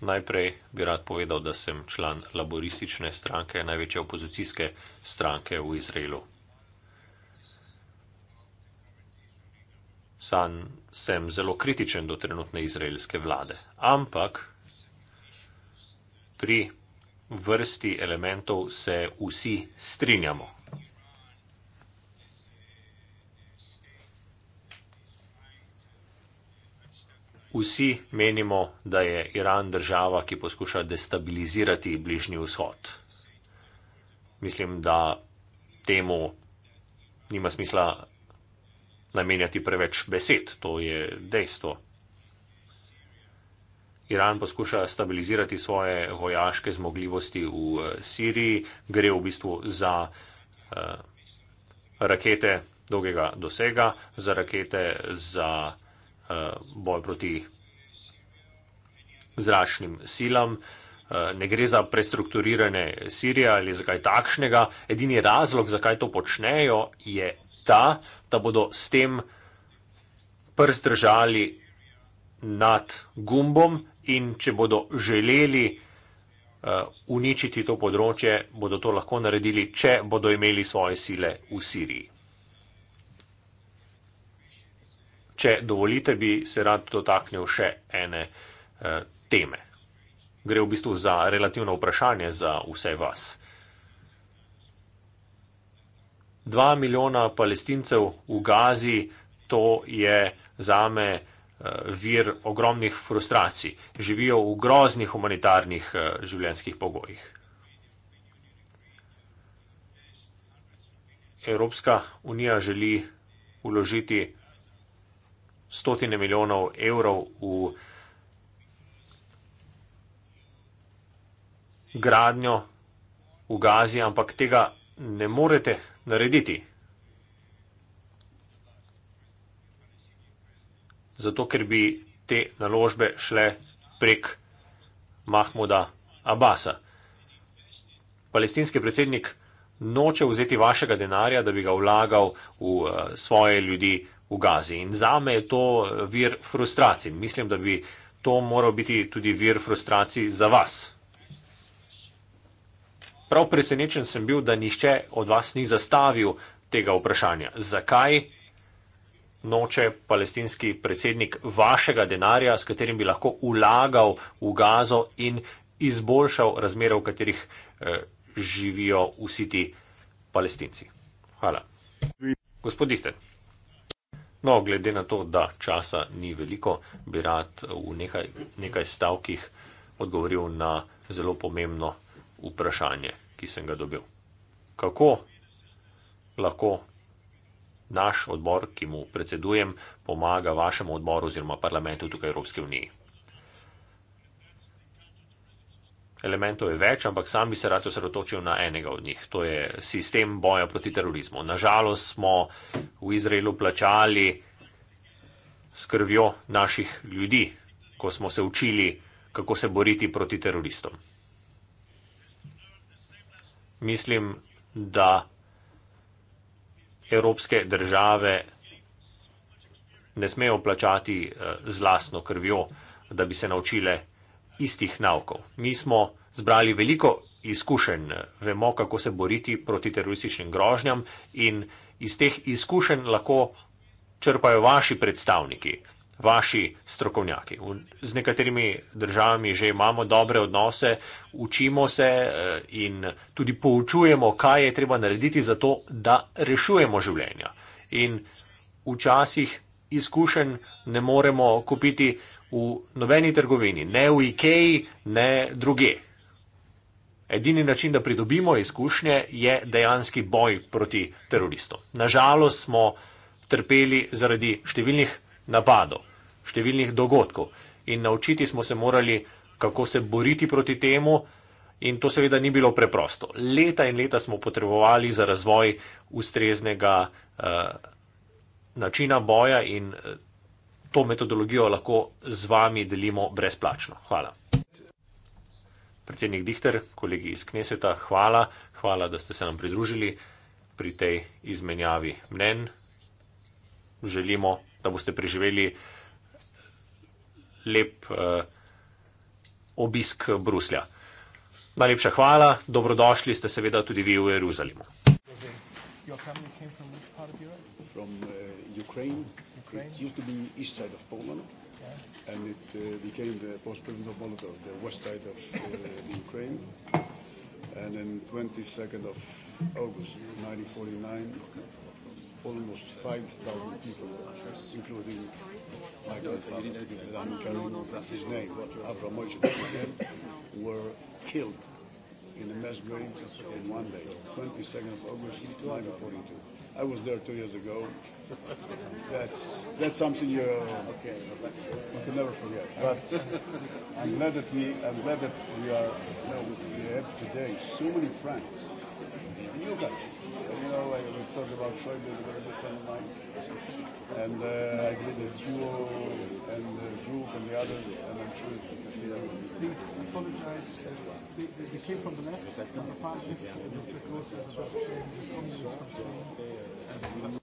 Najprej bi rad povedal, da sem član laboristične stranke, največje opozicijske stranke v Izraelu. sam sem zelo kritičen do trenutne izraelske vlade. Ampak pri vrsti elementov se vsi strinjamo. Vsi menimo, da je Iran država, ki poskuša destabilizirati bližnji vzhod. Mislim, da temu nima smisla namenjati preveč besed, to je dejstvo. Iran poskuša stabilizirati svoje vojaške zmogljivosti v eh, Siriji, gre v bistvu za uh, rakete dolgega dosega, za rakete za uh, boj proti zračnim silam. Ne gre za prestrukturiranje Sirije ali za kaj takšnega. Edini razlog, zakaj to počnejo, je ta, da bodo s tem prst držali nad gumbom in če bodo želeli uh, uničiti to področje, bodo to lahko naredili, če bodo imeli svoje sile v Siriji. Če dovolite, bi se rad dotaknil še ene uh, teme. Gre v bistvu za relativno vprašanje za vse vas. Dva milijona palestincev v Gazi, to je zame eh, vir ogromnih frustracij. Živijo v groznih humanitarnih eh, življenjskih pogojih. Evropska unija želi uložiti stotine milijonov evrov v gradnjo v Gazi, ampak tega ne morete narediti. Zato, ker bi te naložbe šle prek Mahmuda Abasa. Palestinski predsednik noče vzeti vašega denarja, da bi ga vlagal v eh, svoje ljudi v Gazi. In za me je to eh, vir frustracij. Mislim, da bi to moral biti tudi vir frustracij za vas. Prav presenečen sem bil, da nihče od vas ni zastavil tega vprašanja. Zakaj noče palestinski predsednik vašega denarja, s katerim bi lahko ulagal v gazo in izboljšal razmere, v katerih eh, živijo vsi ti palestinci? Hvala. Gospod Dihten. No, glede na to, da časa ni veliko, bi rad v nekaj, nekaj stavkih odgovoril na zelo pomembno vprašanje ki sem ga dobil. Kako lahko naš odbor, ki mu predsedujem, pomaga vašemu odboru oziroma parlamentu tukaj v Evropski uniji? Elementov je več, ampak sam bi se rad osredotočil na enega od njih. To je sistem boja proti terorizmu. Nažalost smo v Izraelu plačali skrvjo naših ljudi, ko smo se učili, kako se boriti proti teroristom mislim, da evropske države ne smejo plačati eh, z lastno krvjo, da bi se naučile istih navkov. Mi smo zbrali veliko izkušenj, vemo, kako se boriti proti terorističnim grožnjam in iz teh izkušenj lahko črpajo vaši predstavniki vaši strokovnjaki. Z nekaterimi državami že imamo dobre odnose, učimo se eh, in tudi poučujemo, kaj je treba narediti za to, da rešujemo življenja. In včasih izkušenj ne moremo kupiti v nobeni trgovini, ne v IKEA, ne druge. Edini način, da pridobimo izkušnje, je dejanski boj proti teroristom. Nažalost smo trpeli zaradi številnih napadov, številnih dogodkov. In naučiti smo se morali, kako se boriti proti temu, in to seveda ni bilo preprosto. Leta in leta smo potrebovali za razvoj ustreznega uh, načina boja in eh, to metodologijo lahko z vami delimo brezplačno. Hvala. Predsednik Dihter, kolegi iz Kneseta, hvala, hvala, da ste se nam pridružili pri tej izmenjavi mnen. Želimo da boste preživeli lep uh, obisk Bruslja. Najlepša hvala, dobrodošli ste seveda tudi vi v Jeruzalemu. Eh, and it uh, became the post-president of Molotov, the west side of uh, Ukraine. And then 22nd of August 1949 almost 5,000 people, including my grandfather, and I'm carrying his name, Avram Moshe, were killed in a mass grave in one day, 22nd of August 1942. I was there two years ago. That's that's something you, uh, you can never forget. But I'm glad that we I'm glad that we are you know, we have today so many friends. And you guys talked about Schäuble's very good friend of mine. And uh, I agree that you and the uh, group and the others, and I'm sure it's because they are. Please apologize. They, they came from the left, number five, Mr. Kosa, the left.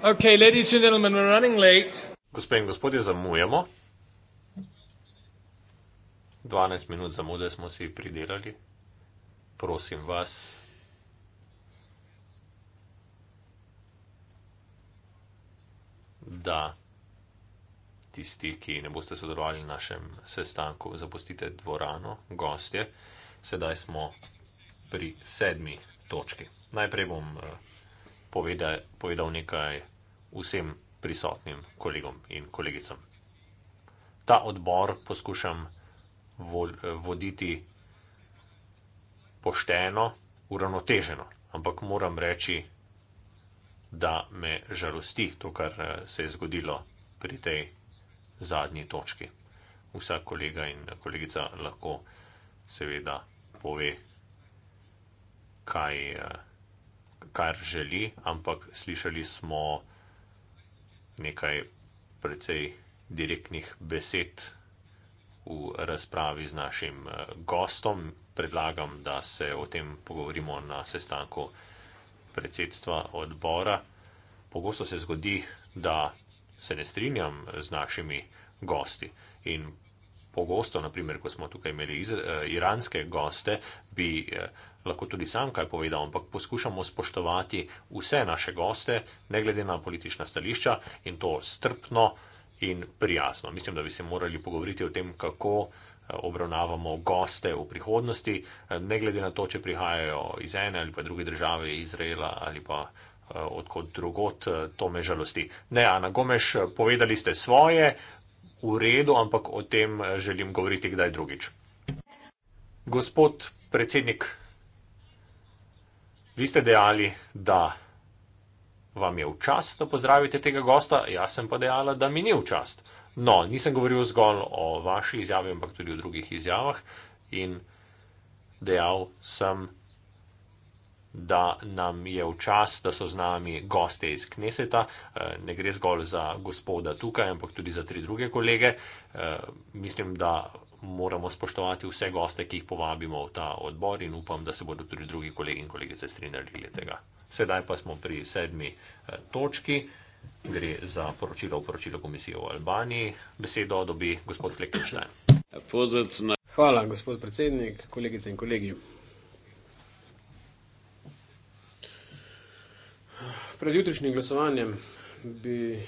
Okay, ladies and gentlemen, we're running late. Gospe in gospodje, zamujamo. 12 minut zamude smo si pridelali. Prosim vas. Da tisti, ki ne boste sodelovali na našem sestanku, zapustite dvorano, gostje. Sedaj smo pri sedmi točki. Najprej bom. Uh, poveda, povedal nekaj vsem prisotnim kolegom in kolegicam. Ta odbor poskušam vol, voditi pošteno, uravnoteženo, ampak moram reči, da me žalosti to, kar se je zgodilo pri tej zadnji točki. Vsak kolega in kolegica lahko seveda pove, kaj je kar želi, ampak slišali smo nekaj precej direktnih besed v razpravi z našim eh, gostom. Predlagam, da se o tem pogovorimo na sestanku predsedstva odbora. Pogosto se zgodi, da se ne strinjam z našimi gosti. In pogosto, naprimer, ko smo tukaj imeli eh, iranske goste, bi eh, lahko tudi sam kaj povedal, ampak poskušamo spoštovati vse naše goste, ne glede na politična stališča in to strpno in prijazno. Mislim, da bi se morali pogovoriti o tem, kako eh, obravnavamo goste v prihodnosti, eh, ne glede na to, če prihajajo iz ene ali pa druge države, Izraela ali pa eh, odkot drugot, to me žalosti. Ne, Ana Gomeš, povedali ste svoje, v redu, ampak o tem želim govoriti kdaj drugič. Gospod predsednik Vi ste dejali, da vam je v čast, da pozdravite tega gosta, jaz sem pa dejala, da mi ni v čast. No, nisem govoril zgolj o vaši izjavi, ampak tudi o drugih izjavah in dejal sem, da nam je v čast, da so z nami goste iz Kneseta, eh, ne gre zgolj za gospoda tukaj, ampak tudi za tri druge kolege. Eh, mislim, da moramo spoštovati vse goste, ki jih povabimo v ta odbor in upam, da se bodo tudi drugi kolegi in kolegice strinjali glede tega. Sedaj pa smo pri sedmi eh, točki, gre za poročilo v poročilo komisije v Albaniji. Besedo dobi gospod Flekenstein. Hvala, gospod predsednik, kolegice in kolegi. Pred jutrišnjim glasovanjem bi eh,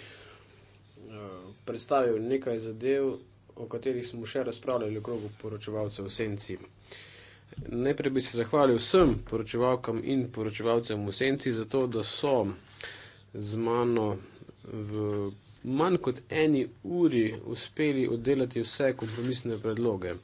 predstavil nekaj zadev, o katerih smo še razpravljali v krogu poročevalcev v Senci. Najprej bi se zahvalil vsem poročevalkam in poročevalcem v Senci za to, da so z mano v manj kot eni uri uspeli oddelati vse kompromisne predloge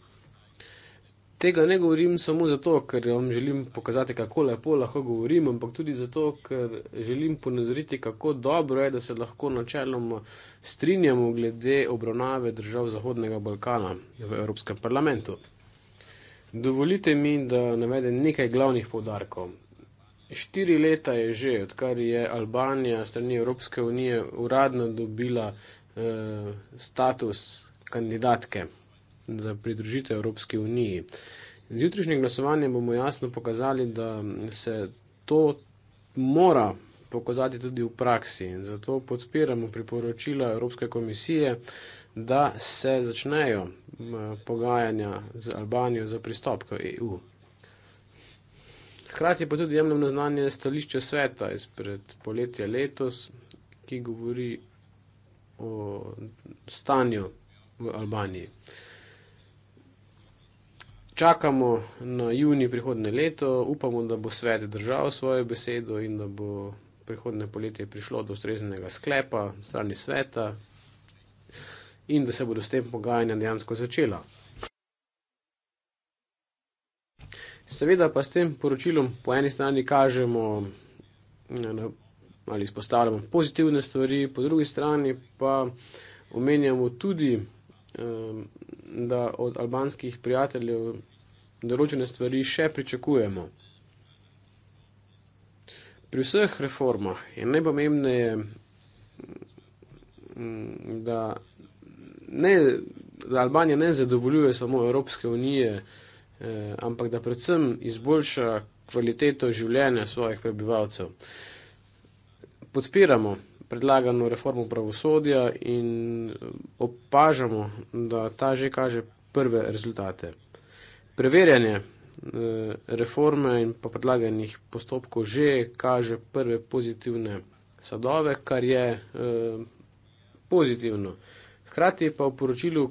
tega ne govorim samo zato, ker vam želim pokazati, kako lepo lahko govorim, ampak tudi zato, ker želim ponazoriti, kako dobro je, da se lahko načeloma strinjamo glede obravnave držav Zahodnega Balkana v Evropskem parlamentu. Dovolite mi, da navedem nekaj glavnih povdarkov. Štiri leta je že, odkar je Albanija strani Evropske unije uradno dobila eh, status kandidatke za pridružitev Evropski uniji. Z jutrišnjim glasovanjem bomo jasno pokazali, da se to mora pokazati tudi v praksi. Zato podpiramo priporočila Evropske komisije, da se začnejo pogajanja z Albanijo za pristop k EU. Hkrati pa tudi jemljem na znanje stališče sveta izpred poletja letos, ki govori o stanju v Albaniji čakamo na juni prihodne leto, upamo, da bo svet držal svojo besedo in da bo prihodne poletje prišlo do ustreznega sklepa strani sveta in da se bodo s tem pogajanja dejansko začela. Seveda pa s tem poročilom po eni strani kažemo ali izpostavljamo pozitivne stvari, po drugi strani pa omenjamo tudi da od albanskih prijateljev določene stvari še pričakujemo. Pri vseh reformah je najpomembnejše, mm, da, da Albanija ne zadovoljuje samo Evropske unije, eh, ampak da predvsem izboljša kvaliteto življenja svojih prebivalcev. Podpiramo predlagano reformo pravosodja in eh, opažamo, da ta že kaže prve rezultate. Preverjanje eh, reforme in pa predlaganih postopkov že kaže prve pozitivne sadove, kar je eh, pozitivno. Hkrati pa v poročilu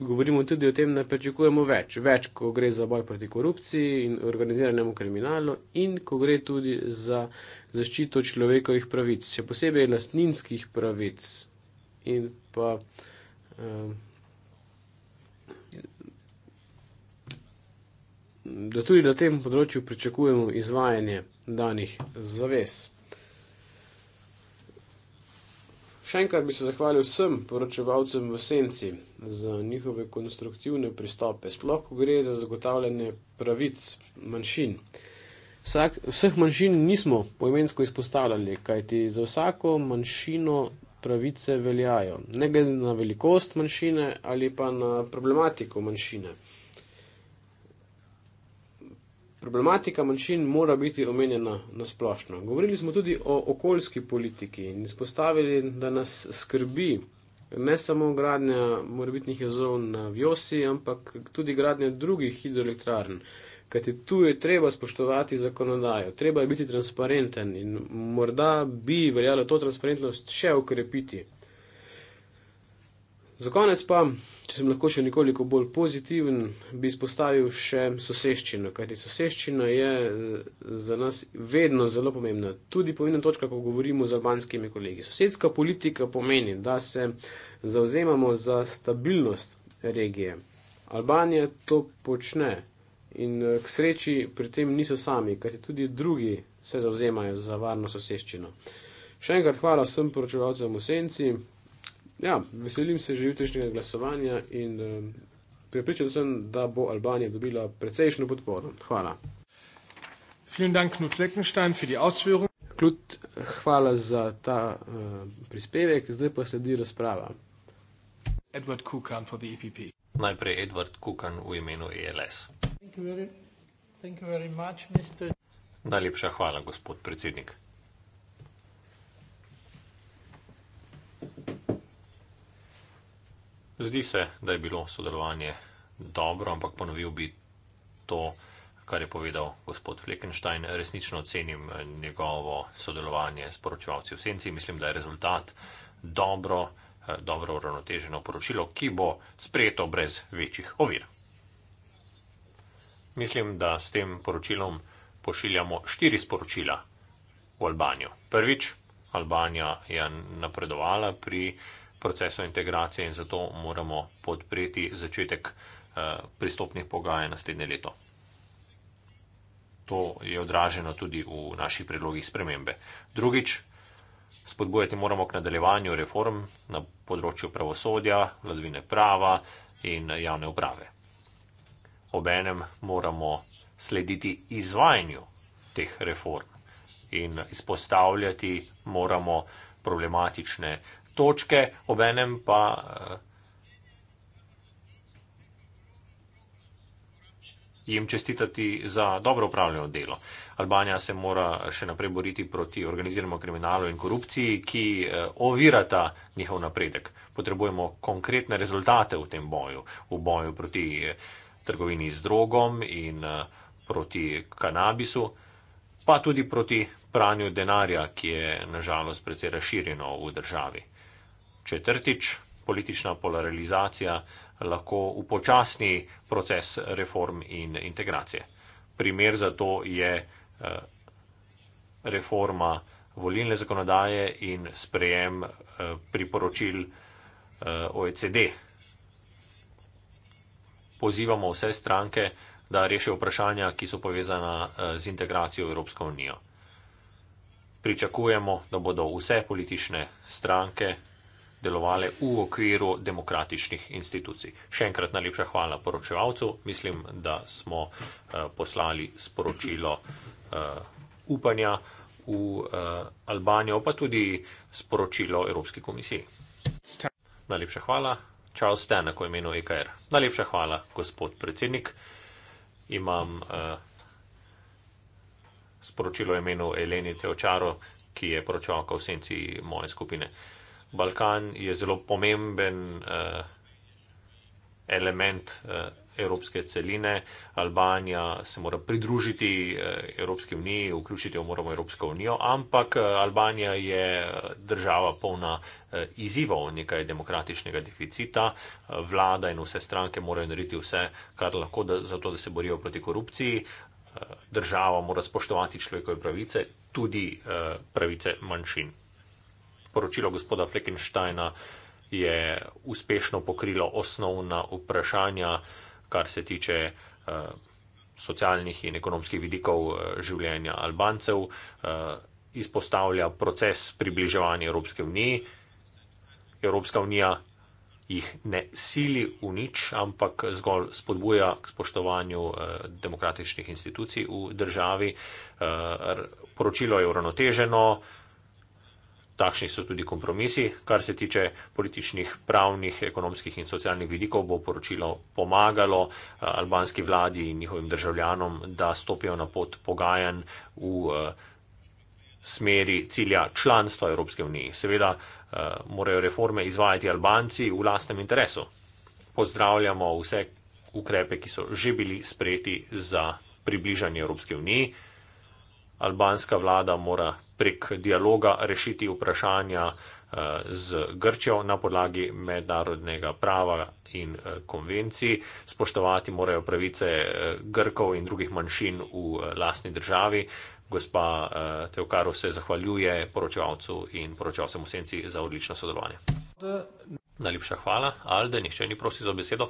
govorimo tudi o tem, da pričakujemo več. Več, ko gre za boj proti korupciji in organiziranemu kriminalu in ko gre tudi za zaščito človekovih pravic, še posebej lastninskih pravic in pa. Um, da tudi na tem področju pričakujemo izvajanje danih zavez. Še enkrat bi se zahvalil vsem poročevalcem v Senci za njihove konstruktivne pristope, sploh ko gre za zagotavljanje pravic manjšin. Vsak, vseh manjšin nismo poimensko izpostavljali, kajti za vsako manjšino pravice veljajo, ne glede na velikost manjšine ali pa na problematiko manjšine. Problematika manjšin mora biti omenjena na splošno. Govorili smo tudi o okoljski politiki in izpostavili, da nas skrbi ne samo gradnja morbitnih jezov na Vjosi, ampak tudi gradnja drugih hidroelektrarn. Kajti tu je treba spoštovati zakonodajo, treba je biti transparenten in morda bi veljalo to transparentnost še ukrepiti. Za konec pa, če sem lahko še nekoliko bolj pozitiven, bi izpostavil še soseščino, kajti soseščina je eh, za nas vedno zelo pomembna. Tudi pomembna točka, ko govorimo z albanskimi kolegi. Sosedska politika pomeni, da se zauzemamo za stabilnost regije. Albanija to počne in eh, k sreči pri tem niso sami, kajti tudi drugi se zauzemajo za varno soseščino. Še enkrat hvala vsem poročevalcem v senci. Ja, veselim se že jutrišnjega glasovanja in eh, pripričal sem, da bo Albanija dobila precejšno podporo. Hvala. Klut, hvala za ta eh, prispevek, zdaj pa sledi razprava. Edward Kukan for the EPP. Najprej Edward Kukan v imenu ELS. Thank you very, thank you very much, Najlepša hvala, gospod predsednik. Zdi se, da je bilo sodelovanje dobro, ampak ponovil bi to, kar je povedal gospod Fleckenstein. Resnično ocenim njegovo sodelovanje s poročevalci v senci. Mislim, da je rezultat dobro, eh, dobro uravnoteženo poročilo, ki bo sprejeto brez večjih ovir. Mislim, da s tem poročilom pošiljamo štiri sporočila v Albanijo. Prvič, Albanija je napredovala pri procesu integracije in zato moramo podpreti začetek eh, pristopnih pogajaj naslednje leto. To je odraženo tudi v naših predlogih spremembe. Drugič, spodbujati moramo k nadaljevanju reform na področju pravosodja, vladvine prava in javne uprave. Obenem moramo slediti izvajanju teh reform in izpostavljati moramo problematične točke, ob enem pa eh, jim čestitati za dobro upravljeno delo. Albanija se mora še naprej boriti proti organiziranemu kriminalu in korupciji, ki eh, ovirata njihov napredek. Potrebujemo konkretne rezultate v tem boju, v boju proti eh, trgovini z drogom in proti kanabisu, pa tudi proti pranju denarja, ki je nažalost precej razširjeno v državi. Četrtič, politična polarizacija lahko upočasni proces reform in integracije. Primer za to je eh, reforma volilne zakonodaje in sprejem eh, priporočil eh, OECD. Pozivamo vse stranke, da rešijo vprašanja, ki so povezana z integracijo v Evropsko unijo. Pričakujemo, da bodo vse politične stranke delovale v okviru demokratičnih institucij. Še enkrat najlepša hvala poročevalcu. Mislim, da smo eh, poslali sporočilo eh, upanja v eh, Albanijo, pa tudi sporočilo Evropski komisiji. Najlepša hvala. Charles Stanek v imenu EKR. Najlepša hvala, gospod predsednik. Imam uh, sporočilo v imenu Eleni Teočaro, ki je poročevalka v senci moje skupine. Uh, Balkan je zelo pomemben uh, element uh, evropske celine. Albanija se mora pridružiti uh, Evropski uniji, vključiti jo moramo Evropsko unijo, ampak uh, Albanija je država polna uh, izzivov, nekaj demokratičnega deficita. Uh, vlada in vse stranke morajo narediti vse, kar lahko, da, zato da se borijo proti korupciji. Država mora spoštovati človekove pravice, tudi pravice manjšin poročilo gospoda Fleckensteina je uspešno pokrilo osnovna vprašanja, kar se tiče eh, socialnih in ekonomskih vidikov eh, življenja Albancev, eh, izpostavlja proces približevanja Evropske unije. Evropska unija jih ne sili v nič, ampak zgolj spodbuja k spoštovanju demokratičnih institucij v državi. Poročilo je uravnoteženo, takšni so tudi kompromisi, kar se tiče političnih, pravnih, ekonomskih in socialnih vidikov, bo poročilo pomagalo eh, albanski vladi in njihovim državljanom, da stopijo na pot pogajanj v eh, smeri cilja članstva Evropske unije. Seveda eh, morajo reforme izvajati Albanci v lastnem interesu. Pozdravljamo vse ukrepe, ki so že bili sprejeti za približanje Evropske unije. Albanska vlada mora prek dialoga rešiti vprašanja eh, z Grčjo na podlagi mednarodnega prava in eh, konvencij, spoštovati morajo pravice eh, Grkov in drugih manjšin v lastni državi. Gospa Teokaro se zahvaljuje poročevalcu in poročevalcem v Senci za odlično sodelovanje. Najlepša hvala. Alde, nihče ni prosil za besedo.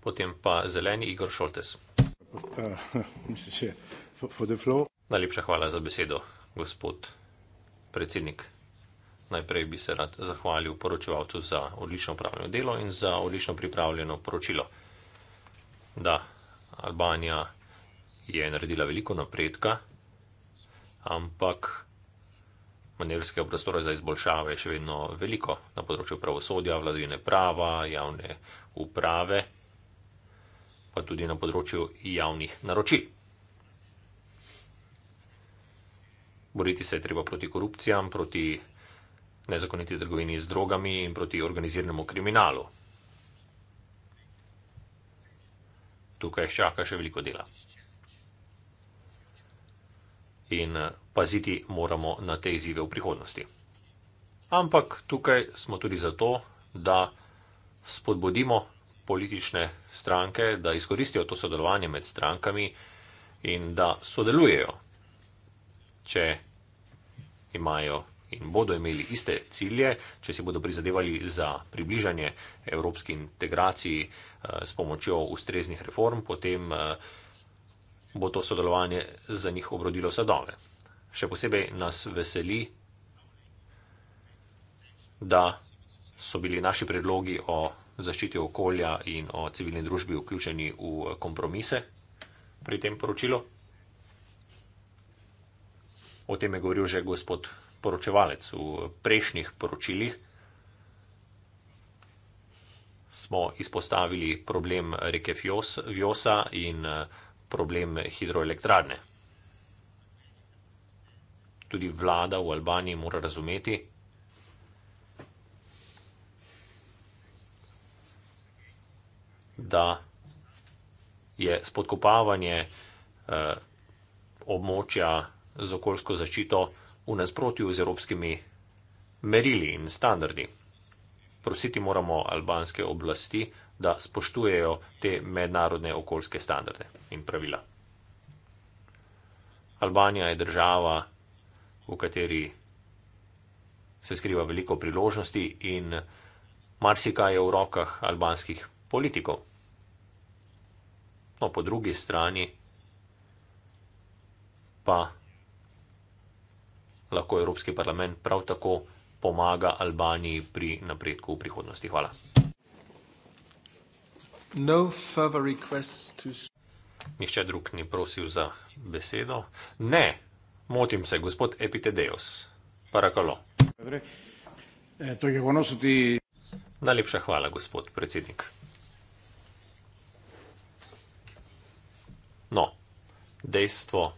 Potem pa zeleni Igor Šoltes. <laughs> Najlepša hvala za besedo gospod predsednik. Najprej bi se rad zahvalil poročevalcu za odlično upravljeno delo in za odlično pripravljeno poročilo. Da, Albanija je naredila veliko napredka, ampak manevrskega prostora za izboljšave je še vedno veliko na področju pravosodja, vladavine prava, javne uprave, pa tudi na področju javnih naročil. Boriti se je treba proti korupcijam, proti nezakoniti trgovini z drogami in proti organiziranemu kriminalu. Tukaj čaka še veliko dela. In eh, paziti moramo na te izzive v prihodnosti. Ampak tukaj smo tudi zato, da spodbudimo politične stranke, da izkoristijo to sodelovanje med strankami in da sodelujejo. Če imajo in bodo imeli iste cilje, če si bodo prizadevali za približanje evropski integraciji eh, s pomočjo ustreznih reform, potem eh, bo to sodelovanje za njih obrodilo sadove. Še posebej nas veseli, da so bili naši predlogi o zaščiti okolja in o civilni družbi vključeni v kompromise pri tem poročilu. O tem je govoril že gospod poročevalec v prejšnjih poročilih. Smo izpostavili problem reke Fjosa in eh, problem hidroelektrarne. Tudi vlada v Albaniji mora razumeti, da je spodkopavanje eh, območja z okoljsko zaščito v nasprotju z evropskimi merili in standardi. Prositi moramo albanske oblasti, da spoštujejo te mednarodne okoljske standarde in pravila. Albanija je država, v kateri se skriva veliko priložnosti in marsikaj je v rokah albanskih politikov. No, po drugi strani pa lahko Evropski parlament prav tako pomaga Albaniji pri napredku v prihodnosti. Hvala. No to... Nihče drug ni prosil za besedo. Ne, motim se, gospod Epitedeus. Parakalo. Najlepša hvala, gospod predsednik. No, dejstvo,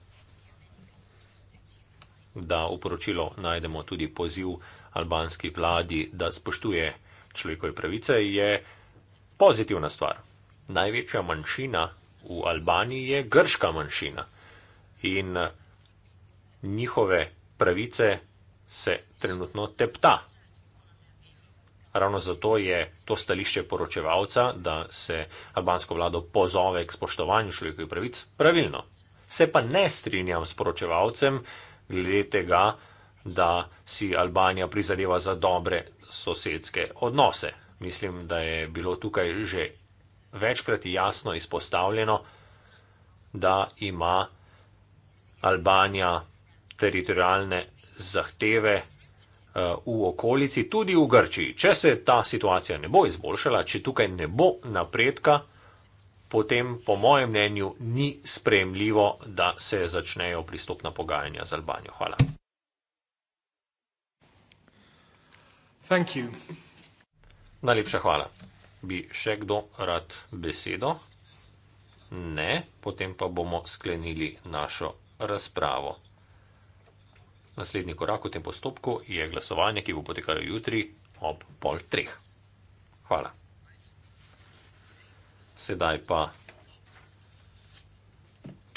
da v poročilu najdemo tudi poziv albanski vladi, da spoštuje človekove pravice, je pozitivna stvar. Največja manjšina v Albaniji je grška manjšina in njihove pravice se trenutno tepta. Ravno zato je to stališče poročevalca, da se albansko vlado pozove k spoštovanju človekovih pravic, pravilno. Se pa ne strinjam s poročevalcem, glede tega, da si Albanija prizadeva za dobre sosedske odnose. Mislim, da je bilo tukaj že večkrat jasno izpostavljeno, da ima Albanija teritorijalne zahteve eh, v okolici, tudi v Grčiji. Če se ta situacija ne bo izboljšala, če tukaj ne bo napredka, potem po mojem mnenju ni spremljivo, da se začnejo pristopna pogajanja z Albanijo. Hvala. Thank you. Najlepša hvala. Bi še kdo rad besedo? Ne, potem pa bomo sklenili našo razpravo. Naslednji korak v tem postopku je glasovanje, ki bo potekalo jutri ob pol treh. Hvala. Sedaj pa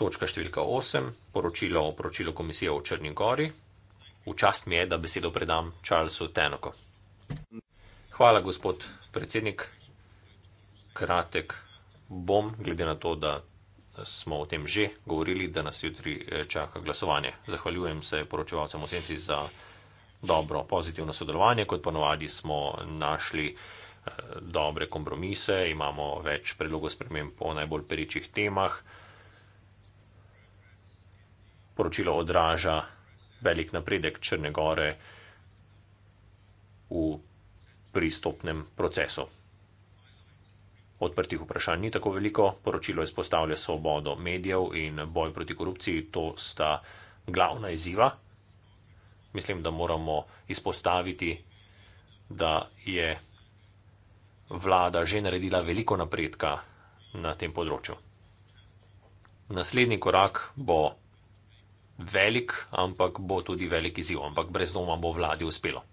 točka številka 8, poročilo o poročilu komisije v Črni Gori. V čast mi je, da besedo predam Charlesu Tenoko. Hvala, gospod predsednik. Kratek bom, glede na to, da smo o tem že govorili, da nas jutri eh, čaka glasovanje. Zahvaljujem se poročevalcem v senci za dobro, pozitivno sodelovanje, kot ponovadi smo našli dobre kompromise, imamo več predlogov sprememb po najbolj perečih temah. Poročilo odraža velik napredek Črne Gore v pristopnem procesu. Odprtih vprašanj ni tako veliko, poročilo izpostavlja svobodo medijev in boj proti korupciji, to sta glavna izziva. Mislim, da moramo izpostaviti, da je vlada že naredila veliko napredka na tem področju. Naslednji korak bo velik, ampak bo tudi velik izziv, ampak brez doma bo vladi uspelo.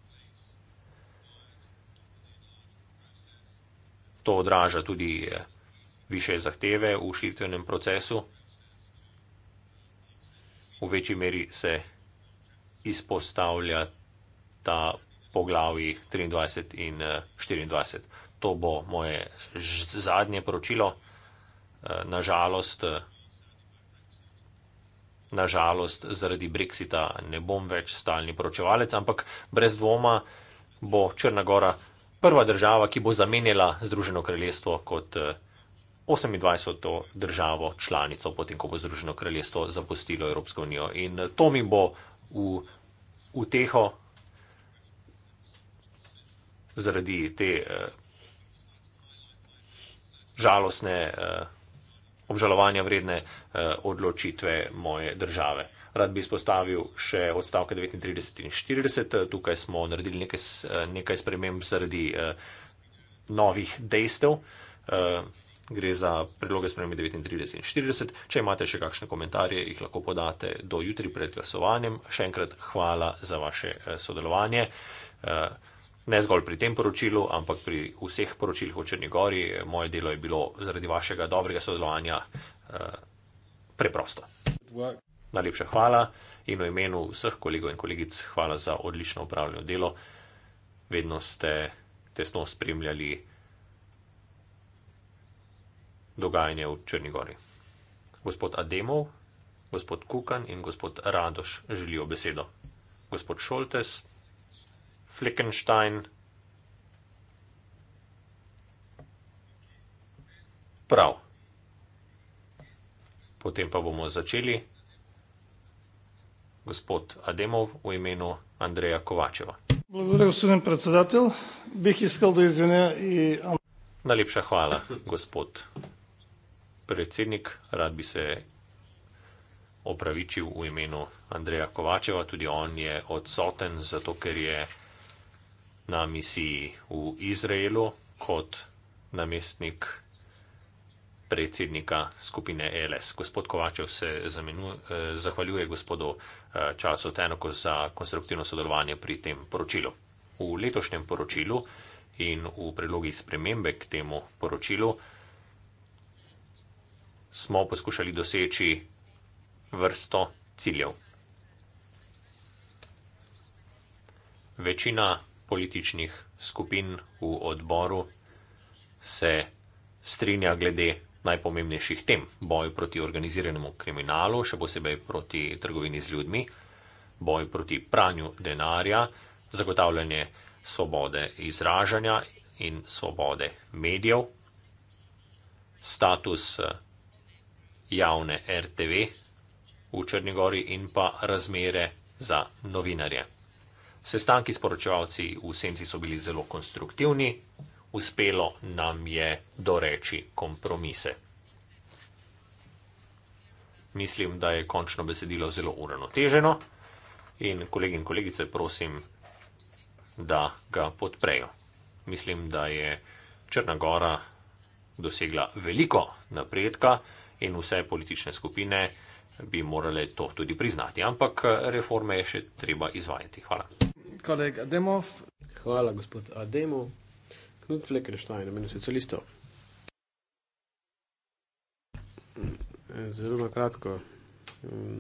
To odraža tudi eh, više zahteve v širitvenem procesu. V večji meri se izpostavlja ta poglavi 23 in 24, eh, to bo moje zadnje poročilo. Eh, nažalost, eh, nažalost, zaradi Brexita ne bom več stalni poročevalec, ampak brez dvoma bo Črnagora prva država, ki bo zamenjala Združeno kraljestvo kot 28. Eh, državo članico, potem ko bo Združeno kraljestvo zapustilo Evropsko unijo. In to mi bo v uteho zaradi te. Eh, žalostne, eh, obžalovanja vredne eh, odločitve moje države. Rad bi izpostavil še odstavke 39 in 40. Tukaj smo naredili nekaj, eh, nekaj sprememb zaradi novih dejstev. Gre za predloge spremembe 39 in 40. Če imate še kakšne komentarje, jih lahko podate do jutri pred glasovanjem. Še enkrat hvala za vaše sodelovanje. Uh, ne zgolj pri tem poročilu, ampak pri vseh poročilih o Črnjegori. Moje delo je bilo zaradi vašega dobrega sodelovanja eh, preprosto. Najlepša hvala in v imenu vseh kolegov in kolegic hvala za odlično upravljeno delo. Vedno ste tesno spremljali dogajanje v Črnjegori. Gospod Ademov, gospod Kukan in gospod Radoš želijo besedo. Gospod Šoltes. Flickenstein. Prav. Potem pa bomo začeli. Gospod Ademov v imenu Andreja Kovačeva. Благодаря, господин председател. Бих искал да извиня и... Налепша хвала, господ председник. Рад би се оправичил у имену Андрея Ковачева. Туди он е отсотен, зато кер е... Je na misiji v Izraelu kot namestnik predsednika skupine LS. Gospod Kovačev se zamenu, eh, zahvaljuje gospodu eh, Charlesu Tenoku za konstruktivno sodelovanje pri tem poročilu. V letošnjem poročilu in v prilogi spremembe k temu poročilu smo poskušali doseči vrsto ciljev. Večina političnih skupin v odboru se strinja glede najpomembnejših tem. Boj proti organiziranemu kriminalu, še posebej proti trgovini z ljudmi, boj proti pranju denarja, zagotavljanje svobode izražanja in svobode medijev, status eh, javne RTV v Črnegori in pa razmere za novinarje. Sestanki s poročevalci v senci so bili zelo konstruktivni, uspelo nam je doreči kompromise. Mislim, da je končno besedilo zelo uravnoteženo in kolegi in kolegice prosim, da ga podprejo. Mislim, da je Črna Gora dosegla veliko napredka in vse politične skupine bi morale to tudi priznati, ampak eh, reforme je še treba izvajati. Hvala kolega Demov. Hvala, gospod Ademov. Knut Fleckenstein, na menu socialistov. Zelo na kratko,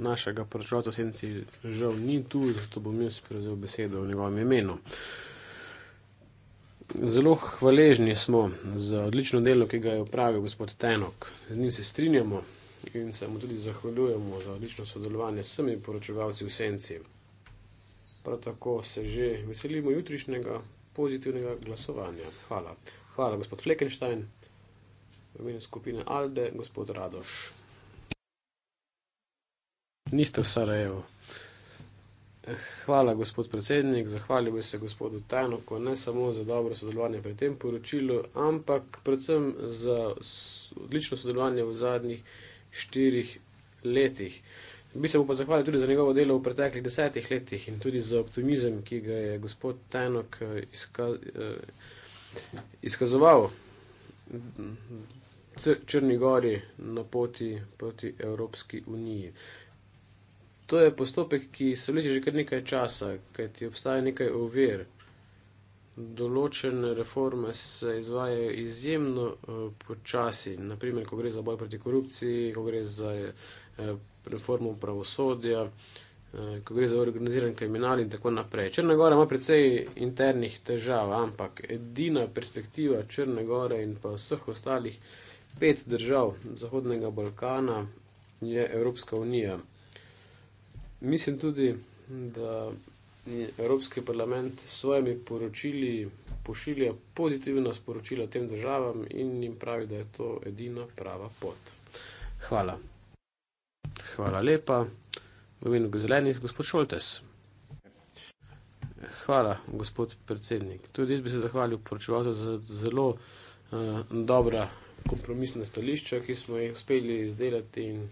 našega pročevalca Senci žal ni tu, zato bom jaz prevzel besedo v njegovem imenu. Zelo hvaležni smo za odlično delo, ki ga je upravil gospod Tenok. Z njim se strinjamo in se mu tudi zahvaljujemo za odlično sodelovanje s vsemi poročevalci v Senci. Prav tako se že veselimo jutrišnjega pozitivnega glasovanja. Hvala. Hvala, gospod Fleckenstein, v imenu skupine Alde, gospod Radoš. Niste v Sarajevu. Eh, hvala, gospod predsednik, zahvalil bi se gospodu Tajnoku ne samo za dobro sodelovanje pri tem poročilu, ampak predvsem za odlično sodelovanje v zadnjih štirih letih. Bi se mu pa zahvalil tudi za njegovo delo v preteklih desetih letih in tudi za optimizem, ki ga je gospod Tenok eh, izka, eh, izkazoval Črni Gori na poti proti Evropski uniji. To je postopek, ki se vleče že kar nekaj časa, kajti obstaja nekaj ovir določene reforme se izvajajo izjemno uh, počasi. Naprimer, ko gre za boj proti korupciji, ko gre za uh, reformo pravosodja, uh, ko gre za organiziran kriminal in tako naprej. Črna Gora ima precej internih težav, ampak edina perspektiva Črne Gore in pa vseh ostalih pet držav Zahodnega Balkana je Evropska unija. Mislim tudi, da. Evropski parlament s svojimi poročili pošilja pozitivna sporočila tem državam in jim pravi, da je to edina prava pot. Hvala. Hvala lepa. V imenu zelenih, gospod Šoltes. Hvala, gospod predsednik. Tudi jaz bi se zahvalil poročevalcu za zelo uh, dobra kompromisna stališča, ki smo jih uspeli izdelati in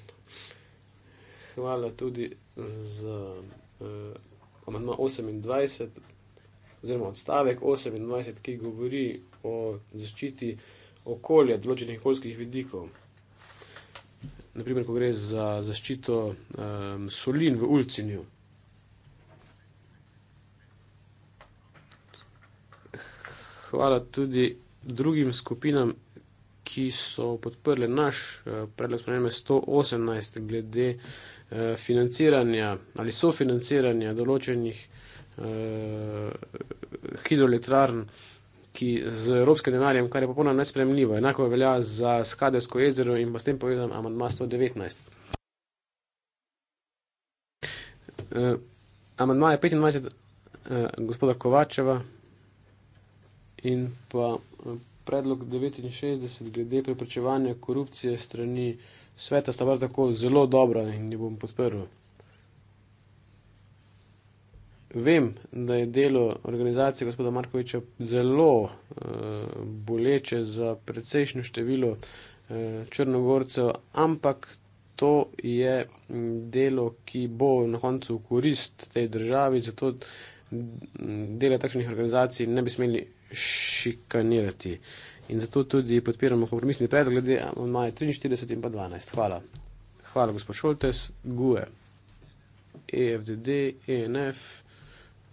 hvala tudi za uh, eh, amandma 28, oziroma odstavek 28, ki govori o zaščiti okolja, določenih okoljskih vidikov. Naprimer, ko gre za zaščito um, solin v ulcinju. Hvala tudi drugim skupinam, ki so podprle naš uh, predlog spremembe 118 glede uh, Eh, financiranja ali sofinanciranja določenih eh, hidroelektrarn z evropskim denarjem, kar je popolnoma nespremljivo. Enako velja za Skadersko jezero in pa s tem povedam amantma 119. Uh, eh, amandma je 25 uh, eh, gospoda Kovačeva in pa uh, predlog 69 glede preprečevanja korupcije strani uh, sveta sta prav tako zelo dobra in jih bom podprl. Vem, da je delo organizacije gospoda Markoviča zelo uh, boleče za precejšnjo število uh, črnogorcev, ampak to je mm, delo, ki bo na koncu v korist tej državi, zato mm, dela takšnih organizacij ne bi smeli šikanirati. Uh, In zato tudi podpiramo kompromisni predlog glede amandmaja 43 in pa 12. Hvala. Hvala, gospod Šoltes. GUE, EFDD, ENF,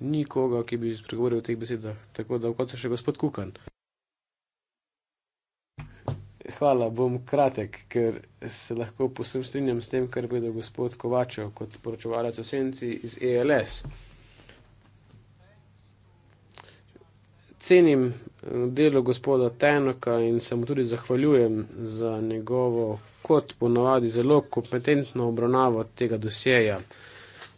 ni koga, ki bi spregovoril o teh besedah. Tako da, kot se še gospod Kukan. Hvala, bom kratek, ker se lahko posem strinjam s tem, kar povedal gospod Kovačev kot poročevalec o senci iz ELS. Cenim delu gospoda Tenoka in se mu tudi zahvaljujem za njegovo, kot ponavadi, zelo kompetentno obravnavo tega dosjeja.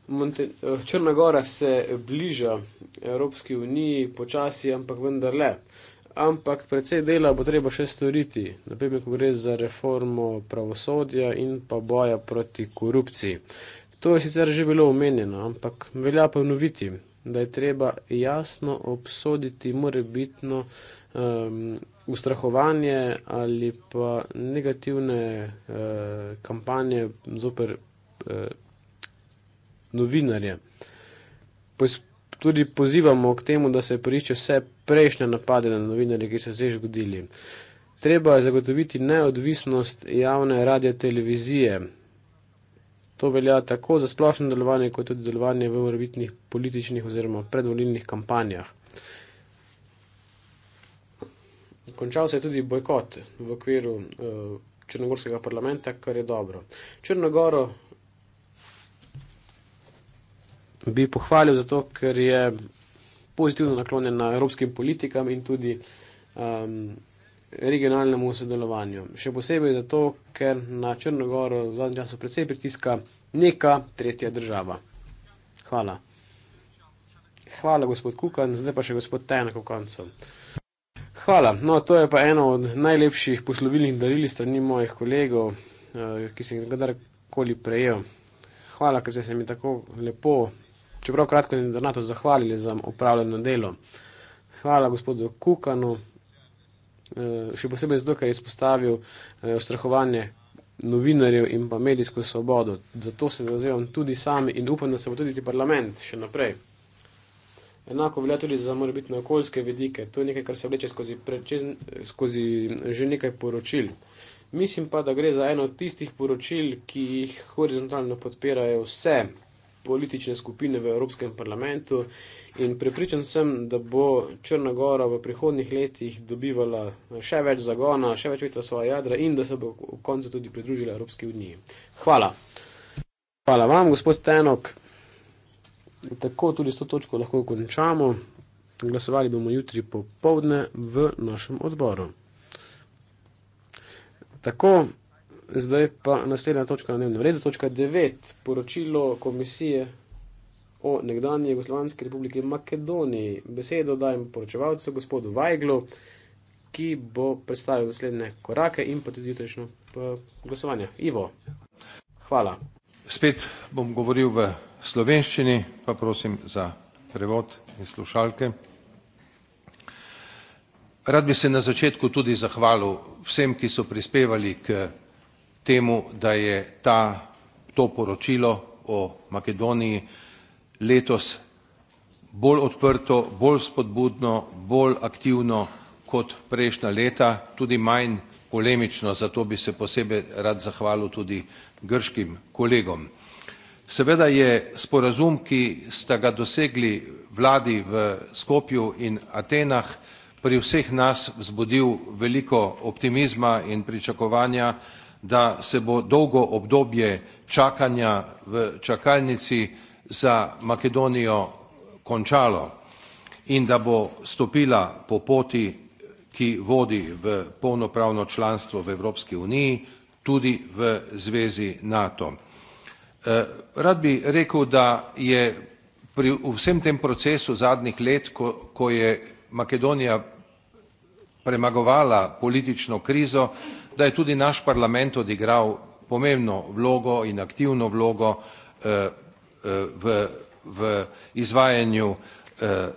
Eh, Črna Gora se bliža Evropski uniji počasi, ampak vendarle. Ampak predvsej dela bo treba še storiti, naprimer, ko gre za reformo pravosodja in pa boja proti korupciji. To je sicer že bilo omenjeno, ampak velja ponoviti da je treba jasno obsoditi morebitno um, ustrahovanje ali pa negativne uh, kampanje zoper uh, novinarje. Pos tudi pozivamo k temu, da se poišče vse prejšnje napade na novinarje, ki so se že zgodili. Treba je zagotoviti neodvisnost javne radio televizije. To velja tako za splošno delovanje, kot tudi delovanje v morbitnih političnih oziroma predvolilnih kampanjah. Končal se je tudi bojkot v okviru uh, Črnogorskega parlamenta, kar je dobro. Črnogoro bi pohvalil zato, ker je pozitivno naklonjen na evropskim politikam in tudi um, regionalnemu sodelovanju. Še posebej zato, ker na Črnogoro v zadnjem času precej pritiska neka tretja država. Hvala. Hvala, gospod Kukan, zdaj pa še gospod Tenek v koncu. Hvala. No, to je pa eno od najlepših poslovilnih daril strani mojih kolegov, eh, ki sem jih kadarkoli prejel. Hvala, ker ste se mi tako lepo, čeprav kratko in internato, zahvalili za opravljeno delo. Hvala gospodu Kukanu. Eh, še posebej zato, ker je izpostavil eh, ustrahovanje novinarjev in pa medijsko svobodo. Zato se zavzemam tudi sam in upam, da se bo tudi parlament še naprej. Enako velja tudi za morebitne okoljske vidike. To je nekaj, kar se vleče skozi, prečez, skozi že nekaj poročil. Mislim pa, da gre za eno od tistih poročil, ki jih horizontalno podpirajo vse politične skupine v Evropskem parlamentu in prepričan sem, da bo Črnagora v prihodnih letih dobivala še več zagona, še več vetra svoje jadra in da se bo v koncu tudi pridružila Evropski uniji. Hvala. Hvala vam, gospod Tenok. Tako tudi s to točko lahko končamo. Glasovali bomo jutri popovdne v našem odboru. Tako. Zdaj pa naslednja točka na dnevnem redu, točka 9, poročilo komisije o nekdanji Jugoslovanski republiki Makedoniji. Besedo dajem poročevalcu gospodu Vajglu, ki bo predstavil naslednje korake in pa tudi jutrišnjo eh, glasovanje. Ivo, hvala. Spet bom govoril v slovenščini, pa prosim za prevod in slušalke. Rad bi se na začetku tudi zahvalil vsem, ki so prispevali k temu, da je ta, to poročilo o Makedoniji letos bolj odprto, bolj spodbudno, bolj aktivno kot prejšnja leta, tudi manj polemično, zato bi se posebej rad zahvalil tudi grškim kolegom. Seveda je sporazum, ki sta ga dosegli vladi v Skopju in Atenah, pri vseh nas vzbudil veliko optimizma in pričakovanja da se bo dolgo obdobje čakanja v čakalnici za Makedonijo končalo in da bo stopila po poti, ki vodi v polnopravno članstvo v Evropski uniji, tudi v zvezi NATO. Eh, rad bi rekel, da je pri vsem tem procesu zadnjih let, ko, ko je Makedonija premagovala politično krizo, da je tudi naš parlament odigral pomembno vlogo in aktivno vlogo eh, eh, v, v izvajanju eh,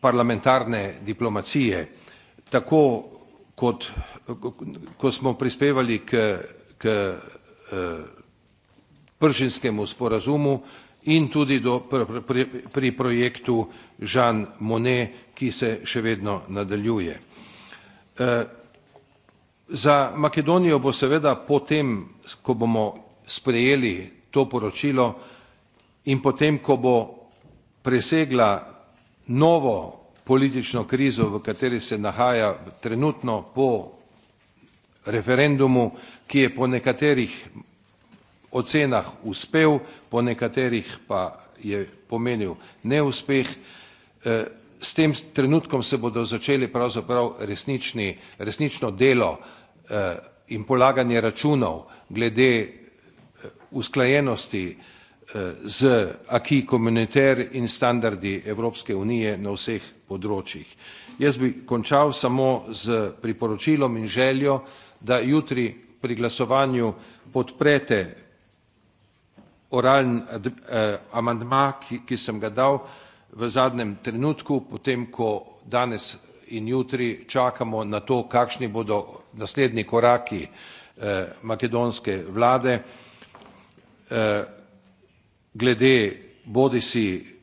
parlamentarne diplomacije, tako kot ko smo prispevali k, k pržinskemu sporazumu in tudi do, pri, pri projektu Jean Monnet, ki se še vedno nadaljuje. Za Makedonijo bo seveda potem, ko bomo sprejeli to poročilo in potem, ko bo presegla novo politično krizo, v kateri se nahaja trenutno po referendumu, ki je po nekaterih ocenah uspel, po nekaterih pa je pomenil neuspeh, eh, s tem trenutkom se bodo začeli pravzaprav resnični, resnično delo Eh, in polaganje računov glede eh, usklajenosti eh, z aki komuniter in standardi Evropske unije na vseh področjih. Jaz bi končal samo z priporočilom in željo, da jutri pri glasovanju podprete oralni amandma, ki, ki sem ga dal v zadnjem trenutku, potem ko danes in jutri čakamo na to, kakšni bodo naslednji koraki eh, makedonske vlade eh, glede bodisi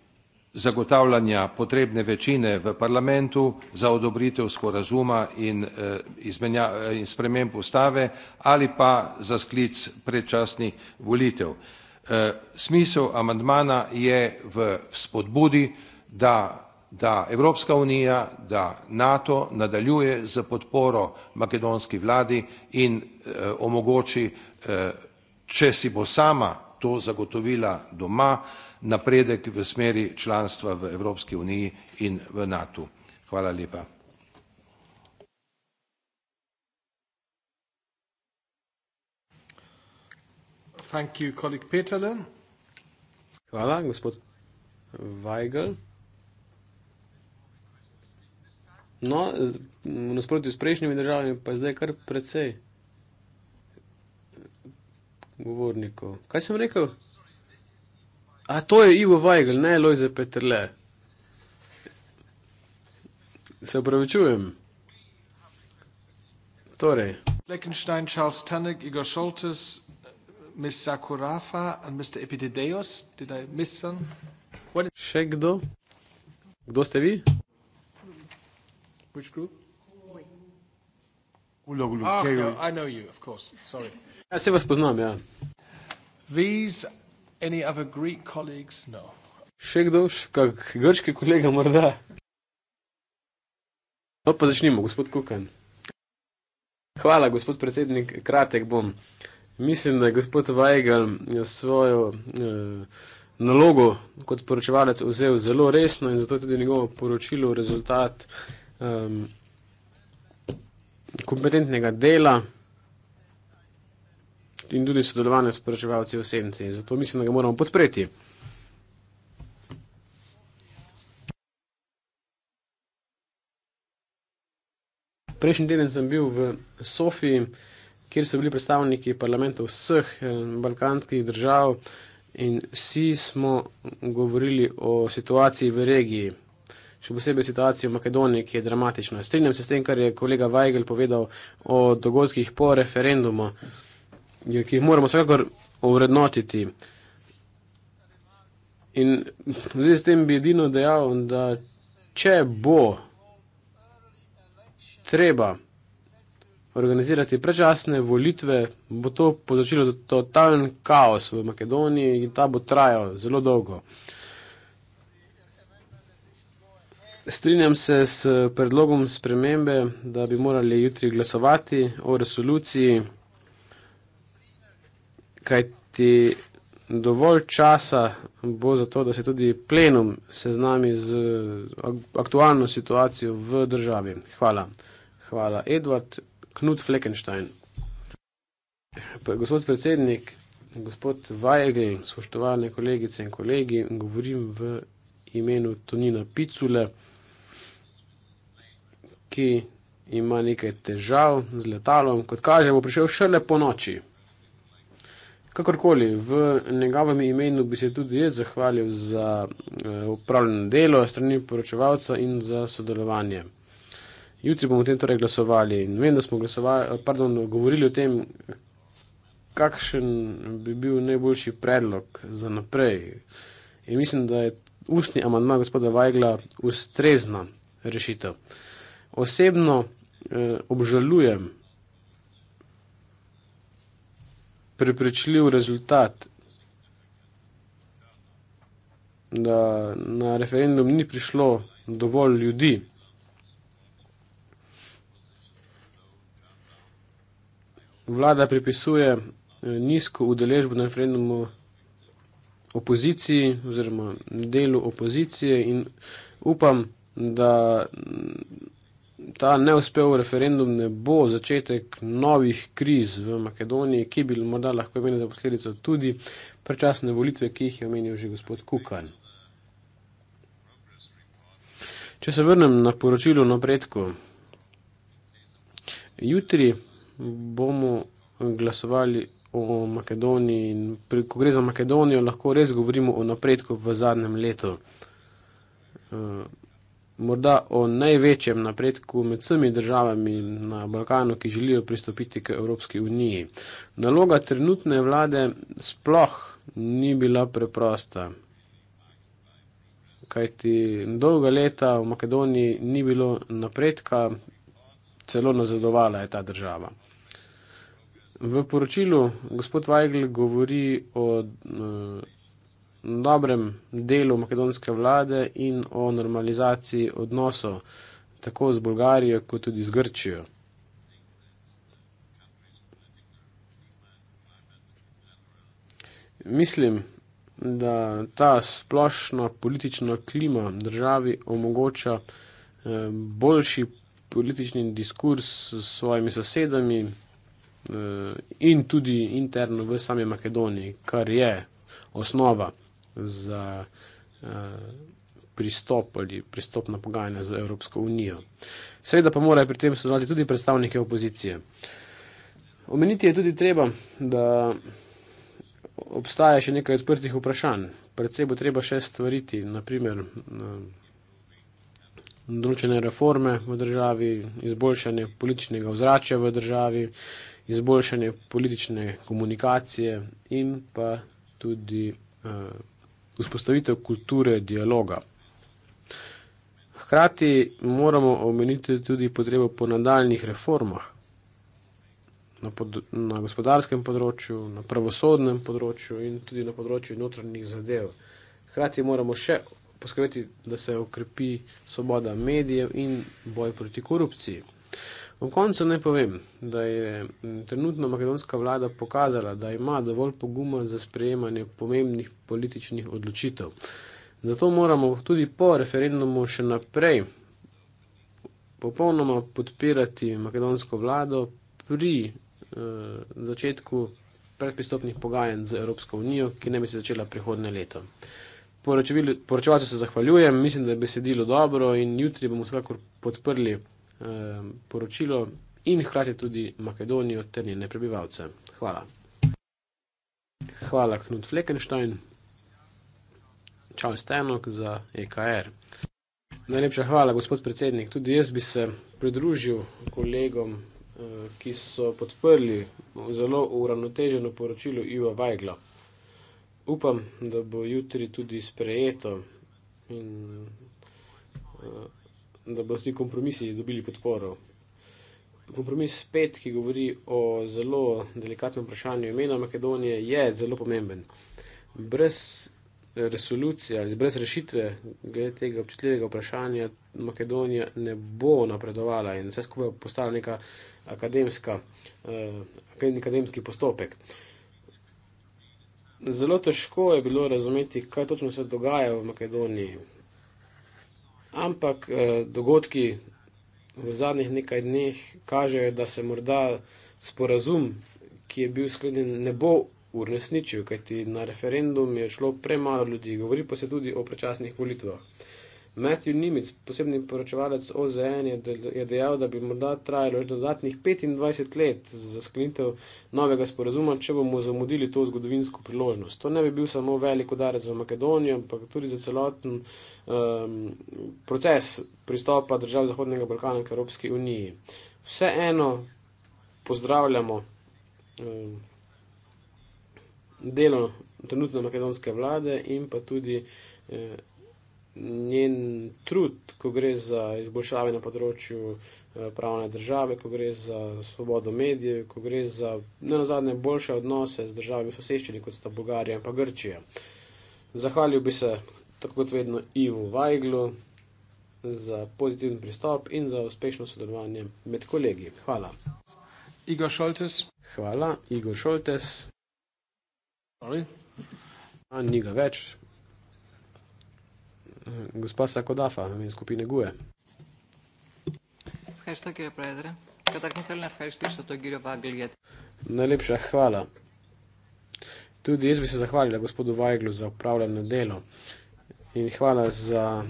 zagotavljanja potrebne večine v parlamentu za odobritev sporazuma in, eh, izmenja, in sprememb ustave ali pa za sklic predčasnih volitev. Smisel amandmana je v spodbudi, da da Evropska unija, da NATO nadaljuje za podporo makedonski vladi in eh, omogoči, eh, če si bo sama to zagotovila doma, napredek v smeri članstva v Evropski uniji in v NATO. Hvala lepa. Thank you, colleague Peterle. Hvala, gospod Weigel. No, v nasprotju s prejšnjimi državami, pa je zdaj kar precej govornikov. Kaj sem rekel? A to je Ivo Vajgel, ne Lojze Petrle. Se upravičujem. Torej. Lekenstein, Charles Tanek, Igor Šoltes, Miss Sakurafa in Mr. Epidideos, did I miss them? Še kdo? Kdo ste vi? Which group? Jaz ah, no, se ja, vas poznam, ja. These, any other Greek colleagues? No. Še kdo, kak grški kolega morda? No, pa začnimo, gospod Kukan. Hvala, gospod predsednik, kratek bom. Mislim, da je gospod Weigel eh, svojo eh, nalogo kot poročevalec vzel zelo resno in zato tudi njegovo poročilo rezultat eh, um, kompetentnega dela in tudi sodelovanja s poraževalci v senci. Zato mislim, da ga moramo podpreti. Prejšnji teden sem bil v Sofiji, kjer so bili predstavniki parlamentov vseh balkanskih držav in vsi smo govorili o situaciji v regiji še posebej situacijo v Makedoniji, ki je dramatična. Strinjam se s tem, kar je kolega Weigel povedal o dogodkih po referendumu, ki jih moramo vsekakor ovrednotiti. In zdaj s tem bi edino dejal, da če bo treba organizirati prečasne volitve, bo to povzročilo totalen kaos v Makedoniji in ta bo trajal zelo dolgo. Strinjam se s predlogom spremembe, da bi morali jutri glasovati o resoluciji, kaj ti dovolj časa bo za to, da se tudi plenum seznami z aktualno situacijo v državi. Hvala. Hvala. Edward Knut Fleckenstein. Gospod predsednik, gospod Vajegl, spoštovane kolegice in kolegi, govorim v imenu Tonina Piculeja ki ima nekaj težav z letalom, kot kaže, bo prišel šele po noči. Kakorkoli, v njegovem imenu bi se tudi jaz zahvalil za upravljeno eh, delo strani poročevalca in za sodelovanje. Jutri bomo o tem torej glasovali in vem, da smo pardon, govorili o tem, kakšen bi bil najboljši predlog za naprej. In mislim, da je ustni amandma gospoda Vajgla ustrezna rešitev osebno eh, obžalujem preprečljiv rezultat, da na referendum ni prišlo dovolj ljudi. Vlada pripisuje eh, nizko udeležbo na referendumu opoziciji oziroma delu opozicije in upam, da ta neuspel referendum ne bo začetek novih kriz v Makedoniji, ki bi morda lahko imeli za posledico tudi prečasne volitve, ki jih je omenil že gospod Kukan. Če se vrnem na poročilo napredku, jutri bomo glasovali o Makedoniji in ko gre za Makedonijo, lahko res govorimo o napredku v zadnjem letu morda o največjem napredku med vsemi državami na Balkanu, ki želijo pristopiti k Evropski uniji. Naloga trenutne vlade sploh ni bila preprosta. Kajti dolga leta v Makedoniji ni bilo napredka, celo nazadovala je ta država. V poročilu gospod Weigl govori o eh, dobrem delu makedonske vlade in o normalizaciji odnosov tako z Bolgarijo kot tudi z Grčijo. Mislim, da ta splošna politična klima državi omogoča eh, boljši politični diskurs s svojimi sosedami eh, in tudi interno v sami Makedoniji, kar je osnova za eh, pristop ali pristop na pogajanja z Evropsko unijo. Seveda pa morajo pri tem sodelovati tudi predstavniki opozicije. Omeniti je tudi treba, da obstaja še nekaj odprtih vprašanj. Predvsej bo treba še stvariti, naprimer, eh, določene reforme v državi, izboljšanje političnega ozračja v državi, izboljšanje politične komunikacije in pa tudi uh, vzpostavitev kulture dialoga. Hkrati moramo omeniti tudi potrebo po nadaljnih reformah na, pod, na gospodarskem področju, na pravosodnem področju in tudi na področju notranjih zadev. Hkrati moramo še poskrbeti, da se okrepi svoboda medijev in boj proti korupciji. V koncu ne povem, da je mm, trenutno makedonska vlada pokazala, da ima dovolj poguma za sprejemanje pomembnih političnih odločitev. Zato moramo tudi po referendumu še naprej popolnoma podpirati makedonsko vlado pri eh, začetku predpristopnih pogajanj z Evropsko unijo, ki ne bi se začela prihodne leto. Poročevalcu se zahvaljujem, mislim, da je besedilo dobro in jutri bomo vsekakor podprli Eh, poročilo in hkrati tudi Makedonijo ter njene prebivalce. Hvala. Hvala Knut Fleckenstein. Čau Stenok za EKR. Najlepša hvala, gospod predsednik. Tudi jaz bi se pridružil kolegom, eh, ki so podprli zelo uravnoteženo poročilo Iva Vajgla. Upam, da bo jutri tudi sprejeto in eh, da bodo ti kompromisi dobili podporo. Kompromis 5, ki govori o zelo delikatnem vprašanju imena Makedonije, je zelo pomemben. Brez resolucije ali brez rešitve glede tega občutljivega vprašanja Makedonija ne bo napredovala in vse skupaj postala neka akademska, eh, akademski postopek. Zelo težko je bilo razumeti, kaj točno se dogaja v Makedoniji ampak eh, dogodki v zadnjih nekaj dneh kažejo, da se morda sporazum, ki je bil sklenjen, ne bo uresničil, kajti na referendum je šlo premalo ljudi, govori pa se tudi o prečasnih volitvah. Matthew Nimitz, posebni poročevalec OZN, je dejal, da bi morda trajalo še dodatnih 25 let za sklenitev novega sporazuma, če bomo zamudili to zgodovinsko priložnost. To ne bi bil samo velik udarec za Makedonijo, ampak tudi za celoten um, proces pristopa držav Zahodnega Balkana k Evropski uniji. Vseeno pozdravljamo um, delo trenutno makedonske vlade in pa tudi eh, njen trud, ko gre za izboljšave na področju eh, pravne države, ko gre za svobodo medijev, ko gre za ne nazadnje boljše odnose z državami v soseščini, kot sta Bolgarija in pa Grčija. Zahvalil bi se tako kot vedno, Ivo Vajglu za pozitiven pristop in za uspešno sodelovanje med kolegi. Hvala. Igor Šoltes. Hvala, Igor Šoltes. Ani njega več. Gospa Sakodafa, mi skupine Guje. Najlepša hvala. Tudi jaz bi se zahvalila gospodu Vajglu za upravljanje delo in hvala za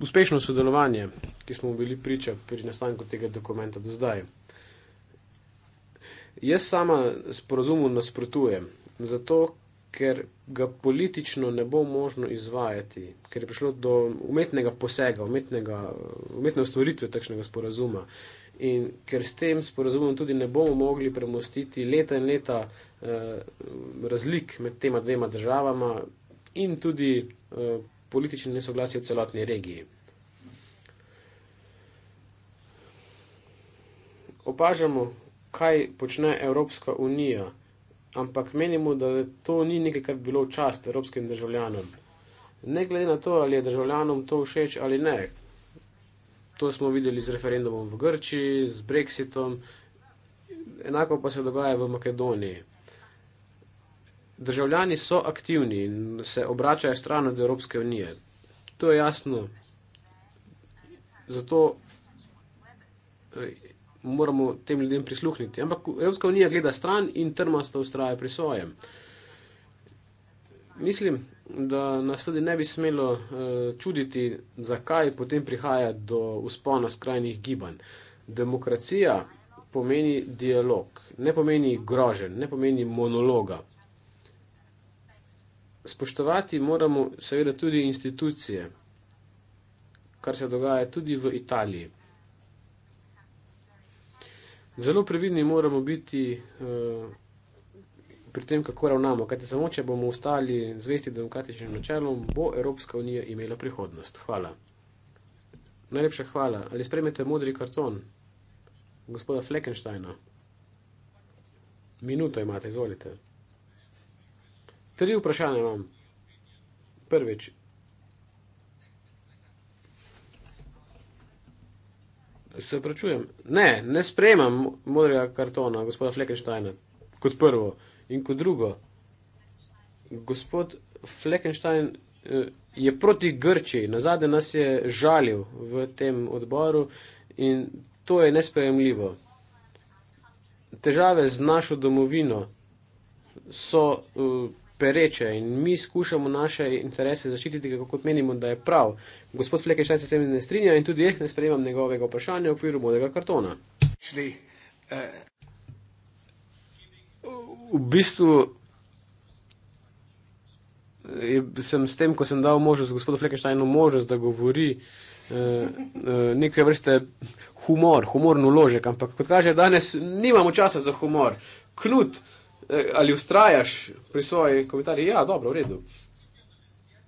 uspešno sodelovanje, ki smo bili priča pri nastanku tega dokumenta do zdaj. Jaz sama sporozumu nasprotujem, zato ker ga politično ne bo možno izvajati, ker je prišlo do umetnega posega, umetnega, umetne ustvaritve takšnega sporozuma. In ker s tem sporozumom tudi ne bomo mogli premostiti leta in leta eh, razlik med tema dvema državama in tudi eh, politične nesoglasje celotni regiji. Opažamo, kaj počne Evropska unija, ampak menimo, da to ni nekaj, kar bi bilo v čast evropskim državljanom. Ne glede na to, ali je državljanom to všeč ali ne. To smo videli z referendumom v Grčiji, z Brexitom, enako pa se dogaja v Makedoniji državljani so aktivni in se obračajo stran od Evropske unije. To je jasno. Zato eh, moramo tem ljudem prisluhniti. Ampak Evropska unija gleda stran in trmasto ustraja pri svojem. Mislim, da nas tudi ne bi smelo eh, čuditi, zakaj potem prihaja do uspona skrajnih gibanj. Demokracija pomeni dialog, ne pomeni grožen, ne pomeni monologa spoštovati moramo seveda tudi institucije, kar se dogaja tudi v Italiji. Zelo previdni moramo biti eh, pri tem, kako ravnamo, kajte samo, če bomo ostali zvesti demokratičnim načelom, bo Evropska unija imela prihodnost. Hvala. Najlepša hvala. Ali spremete modri karton gospoda Fleckensteina? Minuto imate, izvolite. Tri vprašanja imam. Prvič. Se prečujem. Ne, ne sprejemam modrega kartona gospoda Fleckensteina kot prvo. In kot drugo, gospod Fleckenstein eh, je proti Grčiji, nazadnje nas je žalil v tem odboru in to je nespremljivo. Težave z našo domovino so. Uh, pereče in mi skušamo naše interese zaščititi, kako menimo, da je prav. Gospod Flekešaj se s tem ne strinja in tudi jaz ne sprejemam njegovega vprašanja v okviru modrega kartona. Šli, uh... V bistvu je, sem s tem, ko sem dal možnost gospodu Flekešajnu možnost, da govori. Eh, eh, neke vrste humor, humorno ložek, ampak kot kaže, danes nimamo časa za humor. Knut, Eh, ali ustrajaš pri svojih komentarjih, ja, dobro, v redu.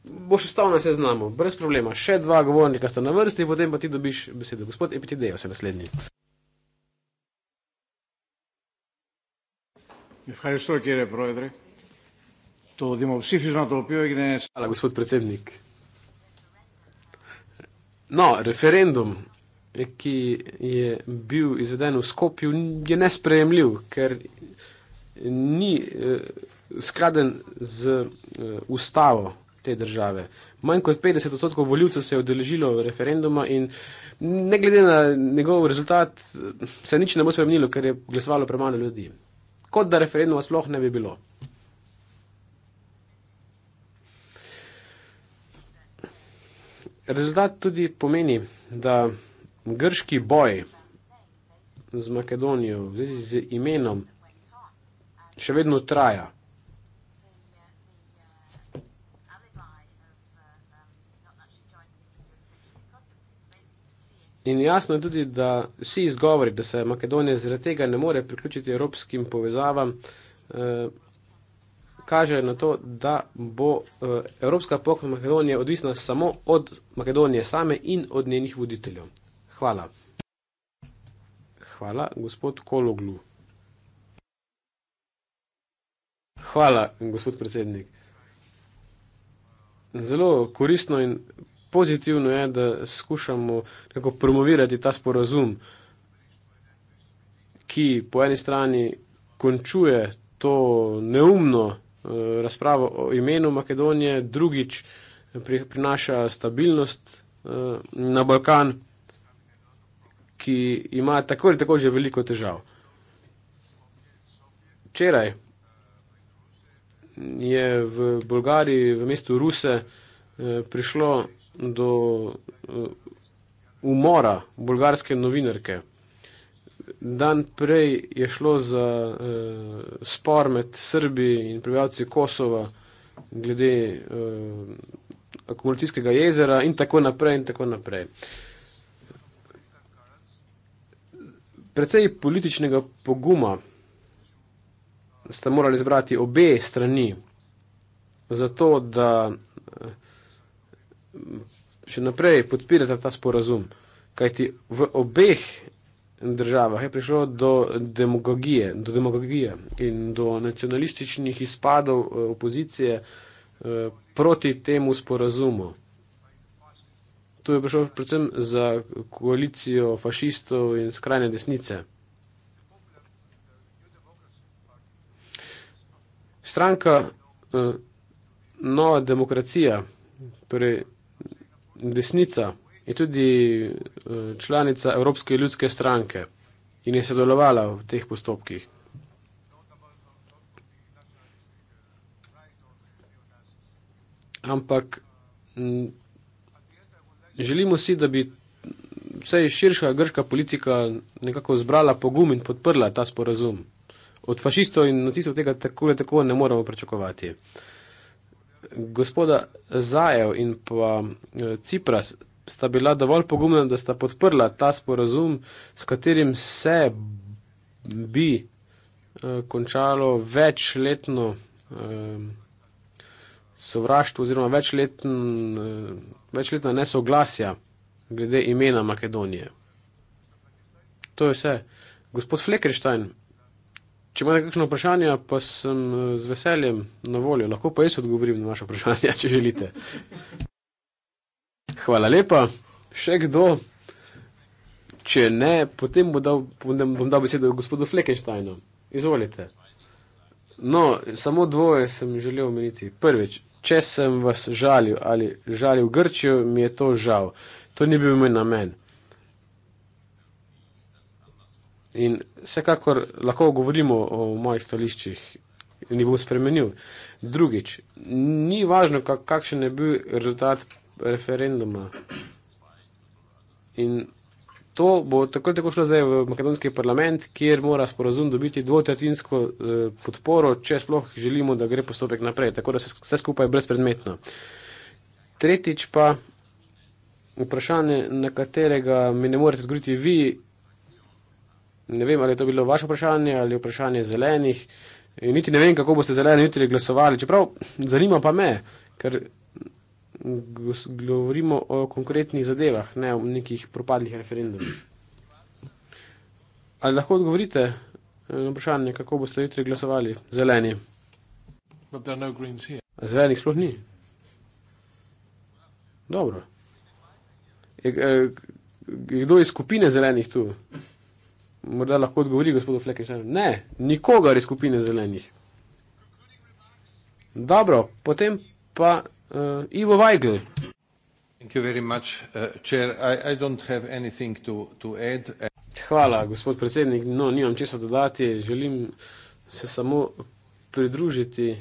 Boš ostal na seznamu, brez problema. Še dva govornika sta na vrsti, potem pa ti dobiš besedo. Gospod Epitidejo, se naslednji. Hvala, gospod predsednik. No, referendum, ki je bil izveden v Skopju, je nesprejemljiv, ker ni eh, skladen z eh, ustavo te države. Manj kot 50 odstotkov voljivcev se je odeležilo referenduma in ne glede na njegov rezultat eh, se nič ne bo spremenilo, ker je glasovalo premalo ljudi. Kot da referenduma sploh ne bi bilo. Rezultat tudi pomeni, da grški boj z Makedonijo v zvezi z imenom še vedno traja. In jasno je tudi, da vsi izgovori, da se Makedonija zaradi tega ne more priključiti evropskim povezavam, eh, kažejo na to, da bo eh, evropska pokla Makedonije odvisna samo od Makedonije same in od njenih voditeljev. Hvala. Hvala, gospod Kologlu. Hvala, gospod predsednik. Zelo koristno in pozitivno je, da skušamo nekako promovirati ta sporazum, ki po eni strani končuje to neumno eh, razpravo o imenu Makedonije, drugič eh, prinaša stabilnost eh, na Balkan, ki ima tako ali tako že veliko težav. Včeraj je v Bolgariji, v mestu Ruse, eh, prišlo do eh, umora bolgarske novinarke. Dan prej je šlo za eh, spor med Srbi in prebivalci Kosova glede eh, akumulacijskega jezera in tako naprej in tako naprej. Predvsej političnega poguma sta morali zbrati obe strani, zato da eh, še naprej podpirata ta sporazum. Kajti v obeh državah je prišlo do demagogije, do demagogije in do nacionalističnih izpadov eh, opozicije eh, proti temu sporazumu. To je prišlo predvsem za koalicijo fašistov in skrajne desnice. Stranka uh, Nova demokracija, torej desnica, je tudi uh, članica Evropske ljudske stranke in je sodelovala v teh postopkih. Ampak želimo si, da bi vsej širša grška politika nekako zbrala pogum in podprla ta sporazum od fašistov in nacistov tega tako ali tako ne moremo pričakovati. Gospoda Zajev in pa eh, Cipras sta bila dovolj pogumna, da sta podprla ta sporazum, s katerim se bi eh, končalo večletno eh, sovraštvo oziroma večletn, večletna nesoglasja glede imena Makedonije. To je vse. Gospod Fleckerstein, Če imate kakšno vprašanje, pa sem eh, z veseljem na voljo. Lahko pa jaz odgovorim na vaše vprašanje, <laughs> če želite. Hvala lepa. Še kdo? Če ne, potem bom dal, bom, bom dal besedo gospodu Fleckensteinu. Izvolite. No, samo dvoje sem želel omeniti. Prvič, če sem vas žalil ali žalil Grčijo, mi je to žal. To ni bil moj namen. In vsekakor lahko govorimo o mojih stališčih, ni bom spremenil. Drugič, ni važno, kak, kakšen je bil rezultat referenduma. In to bo tako tako šlo zdaj v makedonski parlament, kjer mora sporozum dobiti dvotretinsko eh, podporo, če sploh želimo, da gre postopek naprej. Tako da se vse skupaj je brezpredmetno. Tretjič pa vprašanje, na katerega mi ne morete zgoditi vi, ne vem, ali je to bilo vaše vprašanje ali vprašanje zelenih. In niti ne vem, kako boste zeleni jutri glasovali. Čeprav zanima pa me, ker govorimo o konkretnih zadevah, ne o nekih propadlih referendumih. Ali lahko odgovorite eh, na vprašanje, kako boste jutri glasovali zeleni? No zelenih sploh ni. Dobro. Je, je, eh, je kdo iz skupine zelenih tu? morda lahko odgovori gospodu Flekenštajnu. Ne, nikogar iz skupine zelenih. Dobro, potem pa uh, Ivo Weigl. Eh, Hvala, gospod predsednik. No, nimam česa dodati. Želim se samo pridružiti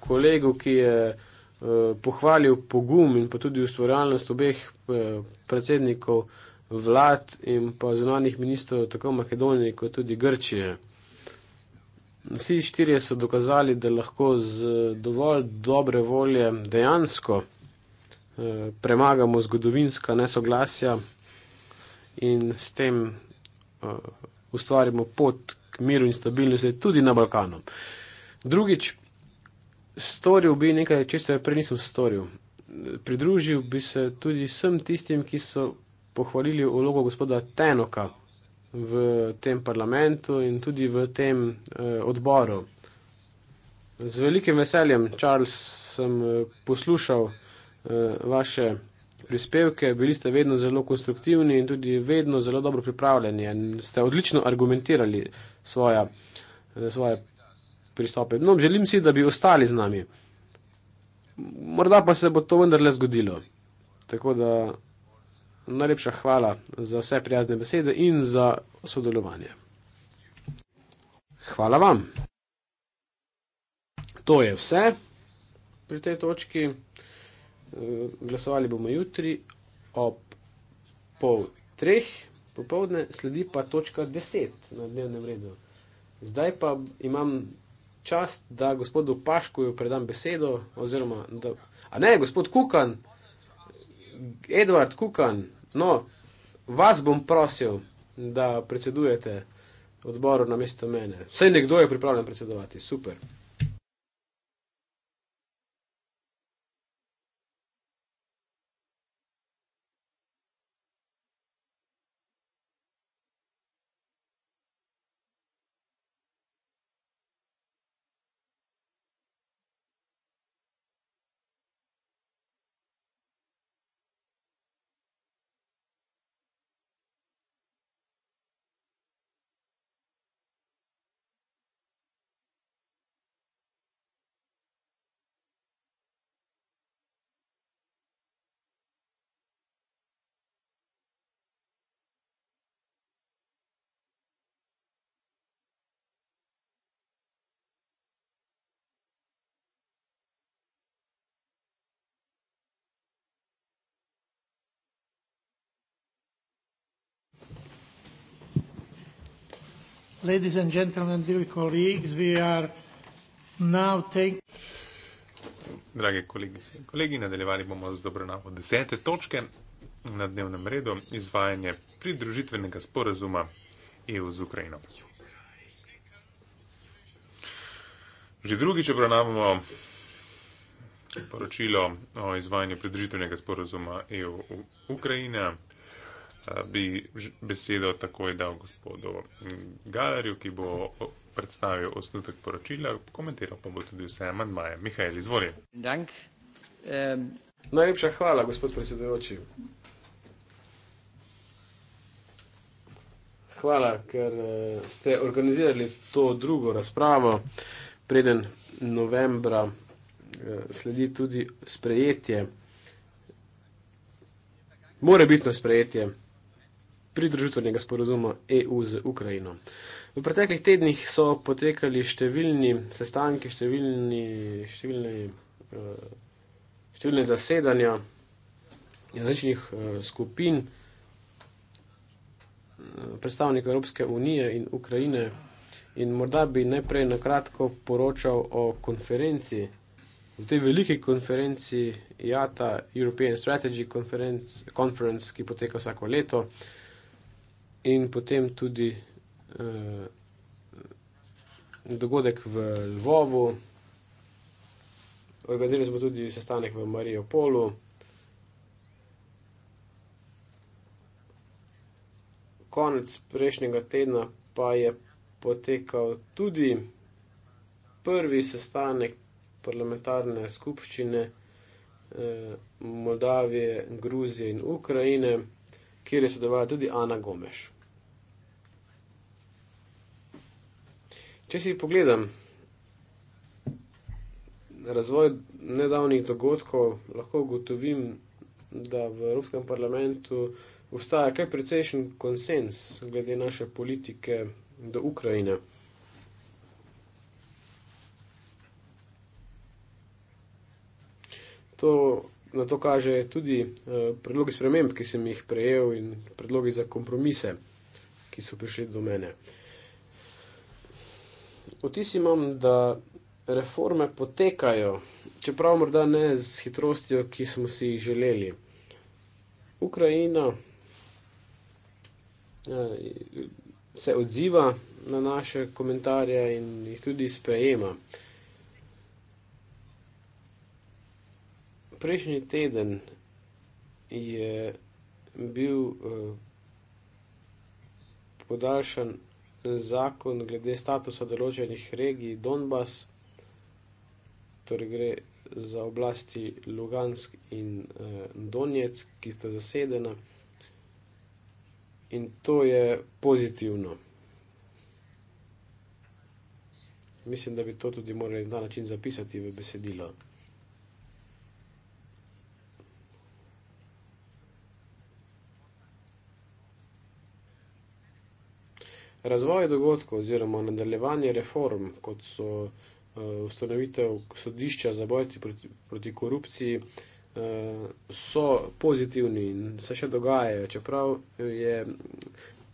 kolegu, ki je uh, pohvalil pogum in pa tudi ustvarjalnost obeh uh, predsednikov uh, vlad in pa zunanih ministrov tako Makedonije kot tudi Grčije. Vsi štirje so dokazali, da lahko z dovolj dobre volje dejansko eh, premagamo zgodovinska nesoglasja in s tem eh, ustvarimo pot k miru in stabilnosti tudi na Balkanu. Drugič, storil bi nekaj, če se prej nisem storil. Pridružil bi se tudi vsem tistim, ki so pohvalili vlogo gospoda Tenoka v tem parlamentu in tudi v tem eh, odboru. Z velikim veseljem, Charles, sem eh, poslušal eh, vaše prispevke, bili ste vedno zelo konstruktivni in tudi vedno zelo dobro pripravljeni in ste odlično argumentirali svoja, eh, svoje pristope. No, želim si, da bi ostali z nami. Morda pa se bo to vendarle zgodilo. Tako da Najlepša hvala za vse prijazne besede in za sodelovanje. Hvala vam. To je vse pri tej točki. Eh, glasovali bomo jutri ob pol treh popovdne, sledi pa točka deset na dnevnem redu. Zdaj pa imam čast, da gospodu Paškuju predam besedo, oziroma, da... a ne, gospod Kukan, Edvard Kukan, No, vas bom prosil, da predsedujete odboru na mesto mene. Vse nekdo je pripravljen predsedovati, super. Ladies and gentlemen, dear colleagues, we are now take... Drage kolegice in kolegi, nadaljevali bomo z dobronavo desete točke na dnevnem redu izvajanje pridružitvenega sporazuma EU z Ukrajino. Že drugič obravnavamo poročilo o izvajanju pridružitvenega sporazuma EU Ukrajina bi besedo takoj dal gospodu Galerju, ki bo predstavil osnutek poročila, komentiral pa bo tudi vse amandmaje. Mihajl, izvoli. Dank. Um... Najlepša hvala, gospod predsedujoči. Hvala, ker eh, ste organizirali to drugo razpravo. Preden novembra eh, sledi tudi sprejetje, morebitno sprejetje pridružitvenega sporozuma EU z Ukrajino. V preteklih tednih so potekali številni sestanki, številni, številni, eh, številne zasedanja različnih eh, skupin eh, predstavnikov Evropske unije in Ukrajine. In morda bi najprej na kratko poročal o konferenci, o tej veliki konferenci, JATA, European Strategy Conference, conference ki poteka vsako leto. Uh, in potem tudi eh, dogodek v Lvovu, organizirali smo tudi sestanek v Mariupolu. Konec prejšnjega tedna pa je potekal tudi prvi sestanek parlamentarne skupščine eh, Moldavije, Gruzije in Ukrajine, kjer je sodelovala tudi Ana Gomeš. Če si pogledam razvoj nedavnih dogodkov, lahko ugotovim, da v Evropskem parlamentu obstaja kar precejšen konsens glede naše politike do Ukrajine. To, na to kaže tudi uh, predlogi sprememb, ki sem jih prejel, in predlogi za kompromise, ki so prišli do mene. Uh, vtis imam, da reforme potekajo, čeprav morda ne z hitrostjo, ki smo si jih želeli. Ukrajina eh, se odziva na naše komentarje in jih tudi sprejema. Prejšnji teden je bil eh, podaljšan zakon glede statusa določenih regij Donbas, torej gre za oblasti Lugansk in eh, Donjec, ki sta zasedena in to je pozitivno. Mislim, da bi to tudi morali na način zapisati v besedilo. Razvoj dogodkov oziroma nadaljevanje reform, kot so uh, ustanovitev sodišča za boj proti, proti korupciji, uh, so pozitivni in se še dogajajo, čeprav je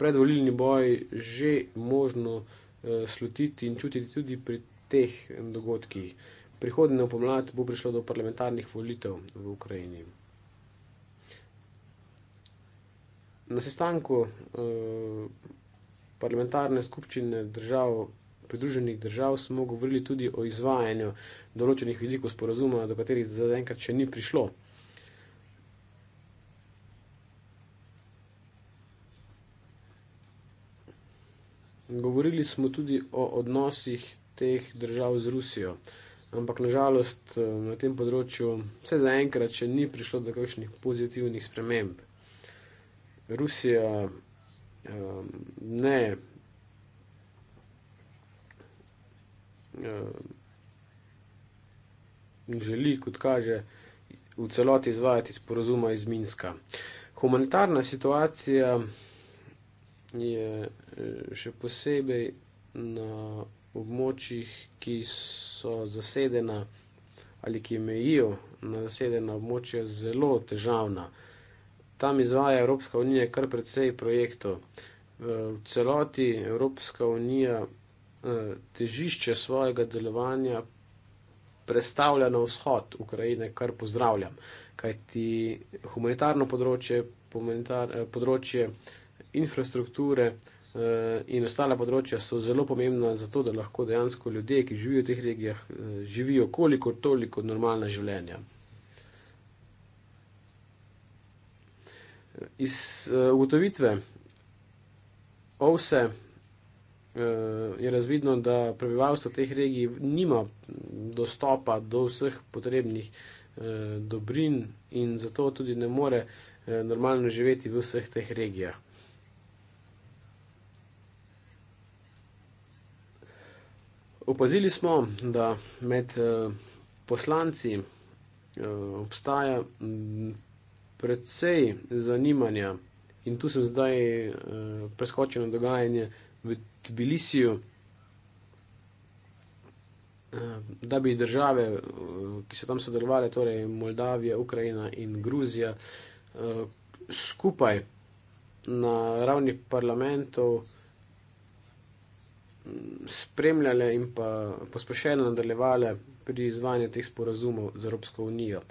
predvolilni boj že možno uh, slutiti in čutiti tudi pri teh dogodkih. Prihodnjo pomlad bo prišlo do parlamentarnih volitev v Ukrajini. Na sestanku uh, parlamentarne skupščine držav, pridruženih držav, smo govorili tudi o izvajanju določenih vidikov sporazuma, do katerih za enkrat še ni prišlo. Govorili smo tudi o odnosih teh držav z Rusijo, ampak nažalost eh, na tem področju vse zaenkrat še ni prišlo do kakšnih pozitivnih sprememb. Rusija Ehm, ne ehm, želi, kot kaže, v celoti izvajati sporozuma iz Minska. Humanitarna situacija je eh, še posebej na območjih, ki so zasedena ali ki mejijo na zasedena območja zelo težavna tam izvaja Evropska unija kar precej projektov. Eh, v celoti Evropska unija eh, težišče svojega delovanja predstavlja na vzhod Ukrajine, kar pozdravljam, kajti humanitarno področje, humanitar, eh, področje infrastrukture in ostala področja so zelo pomembna za to, da lahko dejansko ljudje, ki živijo v teh regijah, živijo koliko toliko normalna življenja. iz eh, ugotovitve OVSE eh, je razvidno, da prebivalstvo teh regij nima dostopa do vseh potrebnih eh, dobrin in zato tudi ne more normalno živeti v vseh teh regijah. Opazili smo, da med poslanci obstaja precej zanimanja. In tu sem zdaj uh, preskočil na dogajanje v Tbilisiju, uh, da bi države, uh, ki so tam sodelovali, torej Moldavija, Ukrajina in Gruzija, uh, skupaj na ravni parlamentov mm, spremljale in pa pospešeno nadaljevale pri izvajanju teh sporazumov z Evropsko unijo. Uh,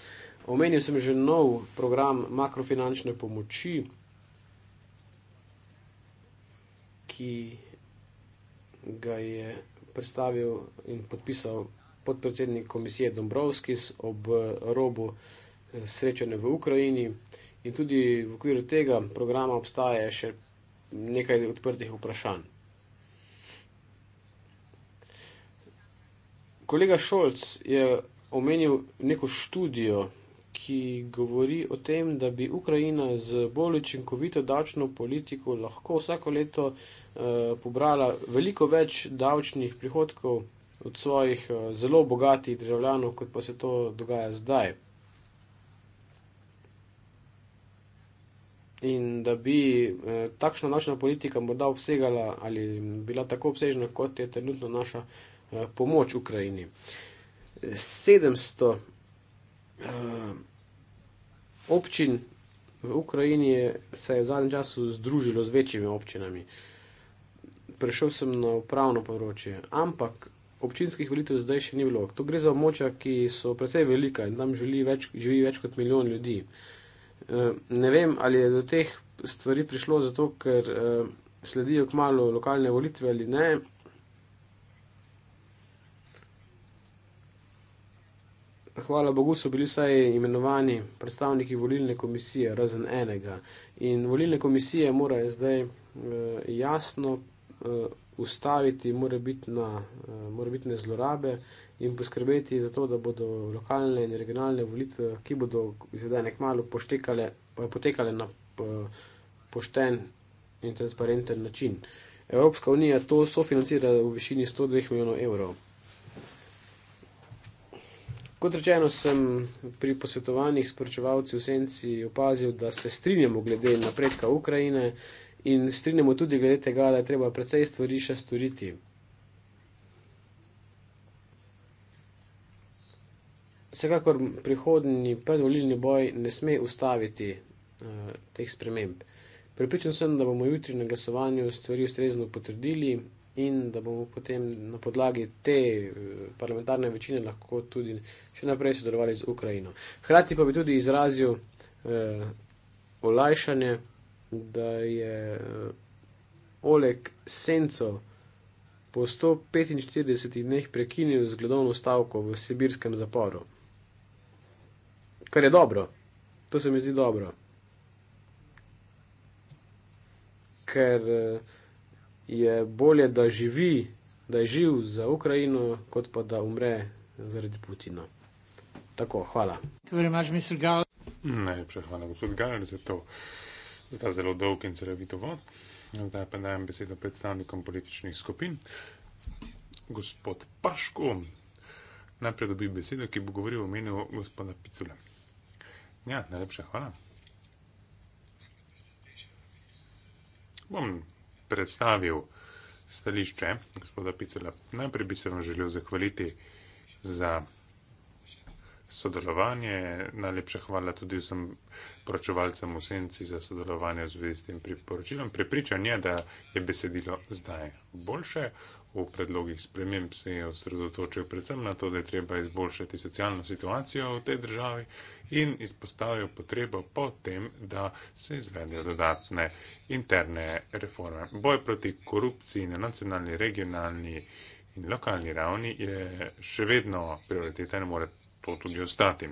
Omenil sem že nov program makrofinančne pomoči, ki ga je predstavil in podpisal podpredsednik komisije Dombrovskis ob robu eh, srečanja v Ukrajini. In tudi v okviru tega programa obstaja še nekaj odprtih vprašanj. Kolega Šolc je omenil neko študijo, ki govori o tem, da bi Ukrajina z bolj učinkovito davčno politiko lahko vsako leto eh, pobrala veliko več davčnih prihodkov od svojih eh, zelo bogatih državljanov, kot pa se to dogaja zdaj. In da bi eh, takšna naša politika morda obsegala ali bila tako obsežna, kot je trenutno naša eh, pomoč Ukrajini. 700 eh, občin v Ukrajini se je v zadnjem času združilo z večjimi občinami. Prešel sem na upravno področje, ampak občinskih volitev zdaj še ni bilo. To gre za območja, ki so precej velika in tam živi več, živi več kot milijon ljudi. Eh, ne vem, ali je do teh stvari prišlo zato, ker eh, sledijo k malu lokalne volitve ali ne, hvala Bogu, so bili vsaj imenovani predstavniki volilne komisije, razen enega. In volilne komisije morajo zdaj uh, jasno uh, ustaviti eh, morebitne uh, zlorabe in poskrbeti za to, da bodo lokalne in regionalne volitve, ki bodo izvedene kmalo, potekale na pošten in transparenten način. Evropska unija to sofinancira v višini 102 milijonov evrov. Kot rečeno, sem pri posvetovanjih s poročevalci v Senci opazil, da se strinjamo glede napredka Ukrajine in strinjamo tudi glede tega, da je treba precej stvari še storiti. Vsekakor prihodni predvolilni boj ne sme ustaviti uh, teh sprememb. Pripričan sem, da bomo jutri na glasovanju stvari ustrezno potrdili in da bomo potem na podlagi te eh, parlamentarne večine lahko tudi še naprej sodelovali z Ukrajino. Hrati pa bi tudi izrazil eh, olajšanje, da je eh, Oleg Senco po 145 dneh prekinil zgledovno stavko v sibirskem zaporu. Kar je dobro, to se mi zdi dobro. Ker eh, je bolje, da živi, da je živ za Ukrajino, kot pa da umre zaradi Putina. Tako, hvala. Najlepša hvala, gospod Gal, za to. Zda zelo dolg in celovit uvod. Zdaj pa dajem besedo predstavnikom političnih skupin. Gospod Paško, najprej dobi besedo, ki bo govoril o imenu gospoda Picula. Ja, najlepša hvala. Bom predstavil stališče gospoda Picela. Najprej bi se vam želel zahvaliti za sodelovanje. Najlepša hvala tudi vsem poročevalcem v senci za sodelovanje v zvezi s tem priporočilom. Prepričan je, da je besedilo zdaj boljše v predlogih sprememb se je osredotočil predvsem na to, da je treba izboljšati socialno situacijo v tej državi in izpostavil potrebo po tem, da se izvedejo dodatne interne reforme. Boj proti korupciji na nacionalni, regionalni in lokalni ravni je še vedno prioriteta in mora to tudi ostati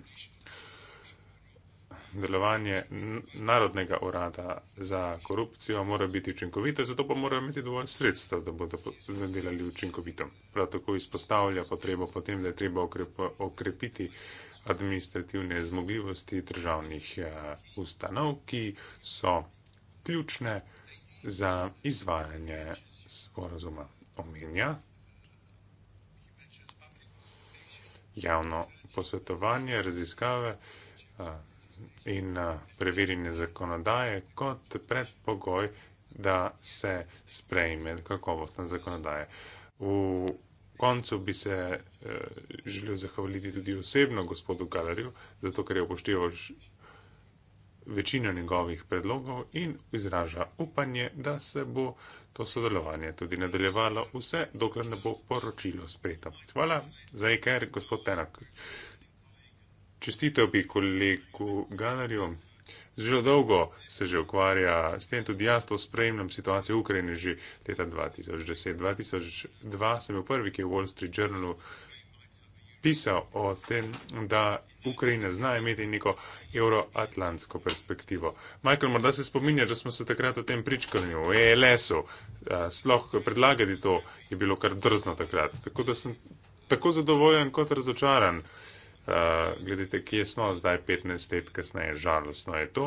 delovanje Narodnega urada za korupcijo mora biti učinkovito, zato pa morajo imeti dovolj sredstev, da bodo delali učinkovito. Prav tako izpostavlja potrebo potem, da je treba okrepiti administrativne zmogljivosti državnih eh, ustanov, ki so ključne za izvajanje sporozuma. Omenja javno posvetovanje, raziskave. Eh, in eh, preverjene zakonodaje kot predpogoj, da se sprejme kakovostna zakonodaja. V koncu bi se eh, želel zahvaliti tudi osebno gospodu Galerju, zato ker je upošteval večino njegovih predlogov in izraža upanje, da se bo to sodelovanje tudi nadaljevalo vse, dokler ne bo poročilo spreto. Hvala za iker, e gospod Tenak čestitev bi kolegu Ganarju. Zelo dolgo se že ukvarja s tem, tudi jaz to spremljam situacijo v Ukrajini že leta 2010. 2002 sem bil prvi, ki je v Wall Street Journalu pisal o tem, da Ukrajina zna imeti neko euroatlantsko perspektivo. Michael, morda se spominja, da smo se takrat o tem pričkali v ELS-u. Sploh predlagati to je bilo kar drzno takrat. Tako da sem tako zadovoljen kot razočaran. Uh, Eh, gledite, kje smo zdaj, 15 let kasneje, žalostno je to,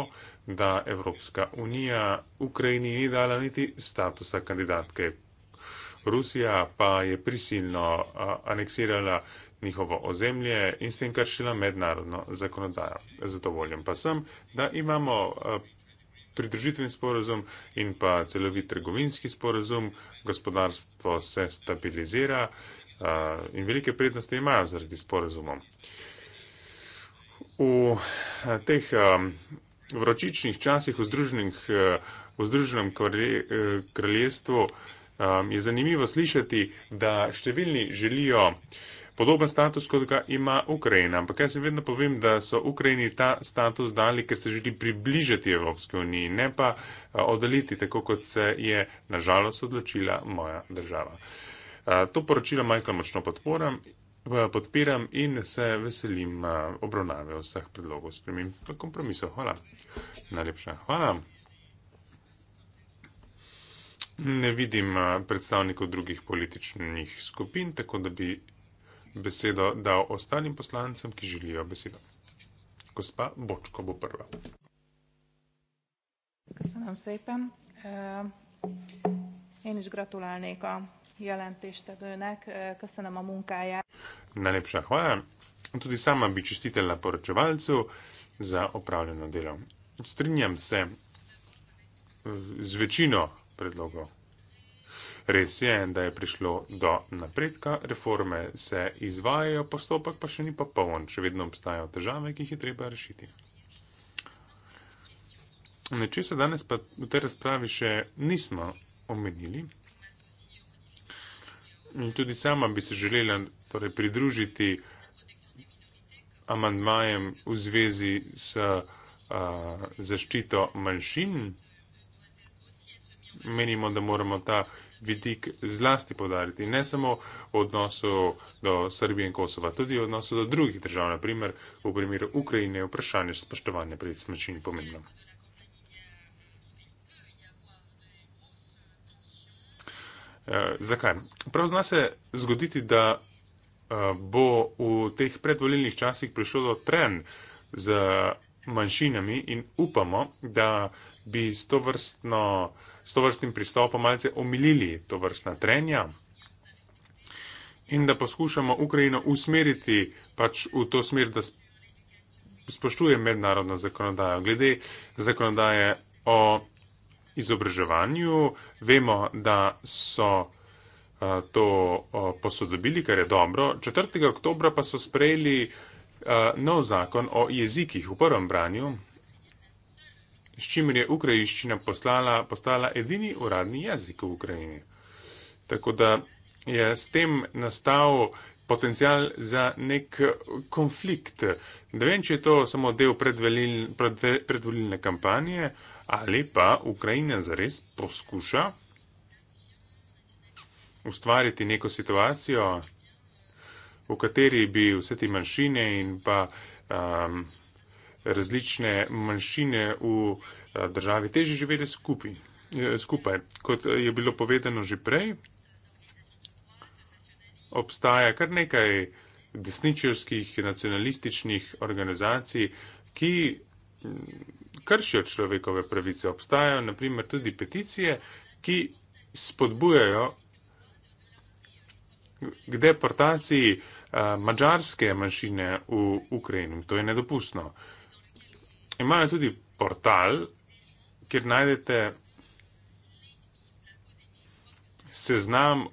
da Evropska unija Ukrajini ni dala niti statusa kandidatke. Rusija pa je prisilno eh, aneksirala njihovo ozemlje in s tem kršila mednarodno zakonodajo. Zadovoljen pa sem, da imamo eh, pridružitven sporozum in pa celovit trgovinski sporozum, gospodarstvo se stabilizira in velike prednosti imajo zaradi sporozumov v eh, teh eh, vročičnih časih v eh, Združenem kraljestvu je zanimivo slišati, da številni želijo podoben status, kot ga ima Ukrajina. Ampak jaz jim vedno povem, da so Ukrajini ta status dali, ker se želi približati Evropske unije, ne pa oddaliti, tako kot se je nažalost odločila moja država. To poročilo Michael močno podporam podpiram in se veselim eh, obravnave vseh predlogov spremem kompromisov. Hvala. Najlepša hvala. Ne vidim eh, predstavnikov drugih političnih skupin, tako da bi besedo dal ostalim poslancem, ki želijo besedo. Gospa Bočko bo prva. Ko se nam sepem, eh, eniš gratulal nekaj jelentéstevőnek. Köszönöm a munkáját. Najlepša hvala. Tudi sama bi čestitela poročevalcu za opravljeno delo. Strinjam se eh, z večino predlogov. Res je, da je prišlo do napredka, reforme se izvajajo, postopek pa še ni popoln, še vedno obstajajo težave, ki jih je treba rešiti. Nečesa danes pa v tej razpravi še nismo omenili. Tudi sama bi se želela torej, pridružiti amandmajem v zvezi s uh, zaščito manjšin. Menimo, da moramo ta vidik zlasti podariti, ne samo v odnosu do Srbije in Kosova, tudi v odnosu do drugih držav, naprimer v primeru Ukrajine, vprašanje spoštovanja pred smrčini pomembno. Eh, zakaj? Prav zna se zgoditi, da uh, bo v teh predvolilnih časih prišlo do tren z manjšinami in upamo, da bi s, to vrstno, s to vrstnim pristopom malce omilili to vrstna trenja in da poskušamo Ukrajino usmeriti pač v to smer, da spoštuje mednarodno zakonodajo. Glede zakonodaje o izobraževanju, vemo, da so to posodobili, kar je dobro. 4. oktober pa so sprejeli nov zakon o jezikih v prvem branju, s čimer je ukrajinščina postala, postala edini uradni jezik v Ukrajini. Tako da je s tem nastal potencial za nek konflikt. Ne vem, če je to samo del predvolilne kampanje ali pa Ukrajina zares poskuša ustvariti neko situacijo, v kateri bi vse te manjšine in pa um, različne manjšine v eh, državi teže živele skupaj, eh, skupaj. Kot je bilo povedano že prej, obstaja kar nekaj desničarskih nacionalističnih organizacij, ki kršijo človekove pravice. Obstajajo naprimer tudi peticije, ki spodbujajo k deportaciji eh, mačarske manjšine v Ukrajini. To je nedopustno. Imajo tudi portal, kjer najdete seznam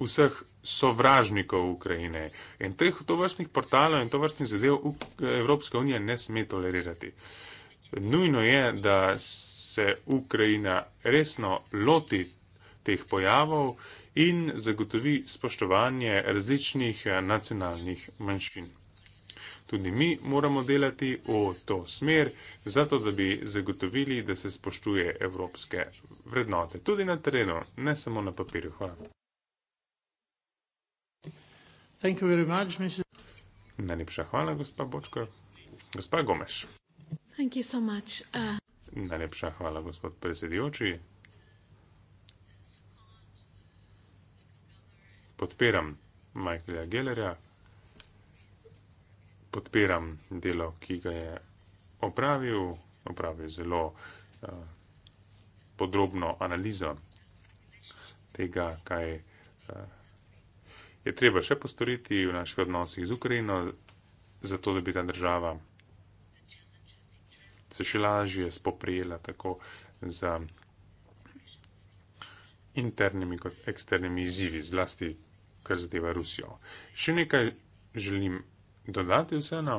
vseh sovražnikov Ukrajine. In teh tovrstnih portalov in tovrstnih zadev Evropska unija ne sme tolerirati. Nujno je, da se Ukrajina resno loti teh pojavov in zagotovi spoštovanje različnih eh, nacionalnih manjšin. Tudi mi moramo delati v to smer, zato da bi zagotovili, da se spoštuje evropske vrednote. Tudi na terenu, ne samo na papirju. Hvala. Much, Najlepša hvala, gospa Bočko. Gospa Gomeš. So uh... Najlepša hvala, gospod predsedujoči. Podpiram Michaela Gellerja, podpiram delo, ki ga je opravil, opravil zelo uh, podrobno analizo tega, kaj uh, je treba še postoriti v naših odnosih z Ukrajino, zato da bi ta država se še lažje spoprijela tako z internimi kot eksternimi izzivi, zlasti kar zadeva Rusijo. Še nekaj želim dodati vseeno.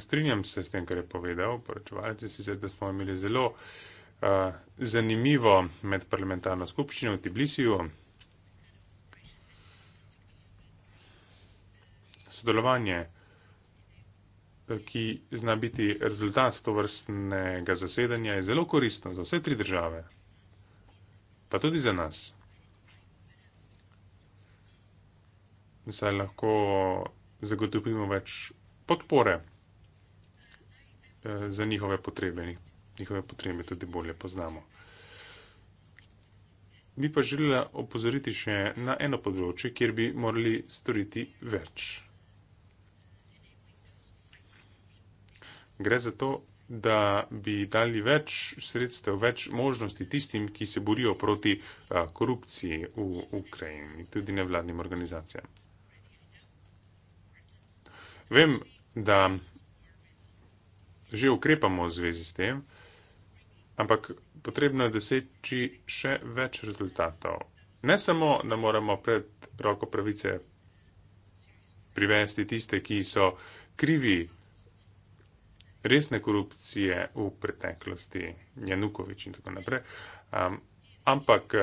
Strinjam se s tem, kar je povedal poročevalec, da smo imeli zelo uh, zanimivo medparlamentarno skupščino v Tbilisiju. sodelovanje, eh, ki zna biti rezultat to vrstnega zasedanja, je zelo koristno za vse tri države, pa tudi za nas. Saj lahko zagotovimo več podpore eh, za njihove potrebe, njihove potrebe tudi bolje poznamo. Bi pa želela opozoriti še na eno področje, kjer bi morali storiti več. Gre za to, da bi dali več sredstev, več možnosti tistim, ki se borijo proti korupciji v Ukrajini, tudi nevladnim organizacijam. Vem, da že ukrepamo v zvezi s tem, ampak potrebno je doseči še več rezultatov. Ne samo, da moramo pred roko pravice privesti tiste, ki so krivi resne korupcije v preteklosti, Janukovič in tako naprej. Um, ampak, eh,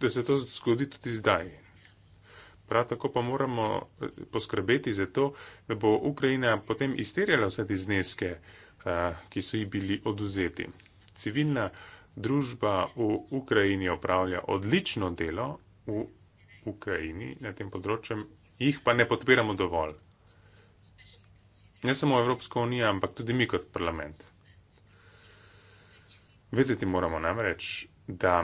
da se to zgodi tudi zdaj. Prav tako pa moramo eh, poskrbeti za to, da bo Ukrajina potem izterjala vse te zneske, uh, ki so ji bili oduzeti. Civilna družba v Ukrajini opravlja odlično delo v Ukrajini na tem področju, jih pa ne podpiramo dovolj ne samo Evropska unija, ampak tudi mi kot parlament. Vedeti moramo namreč, da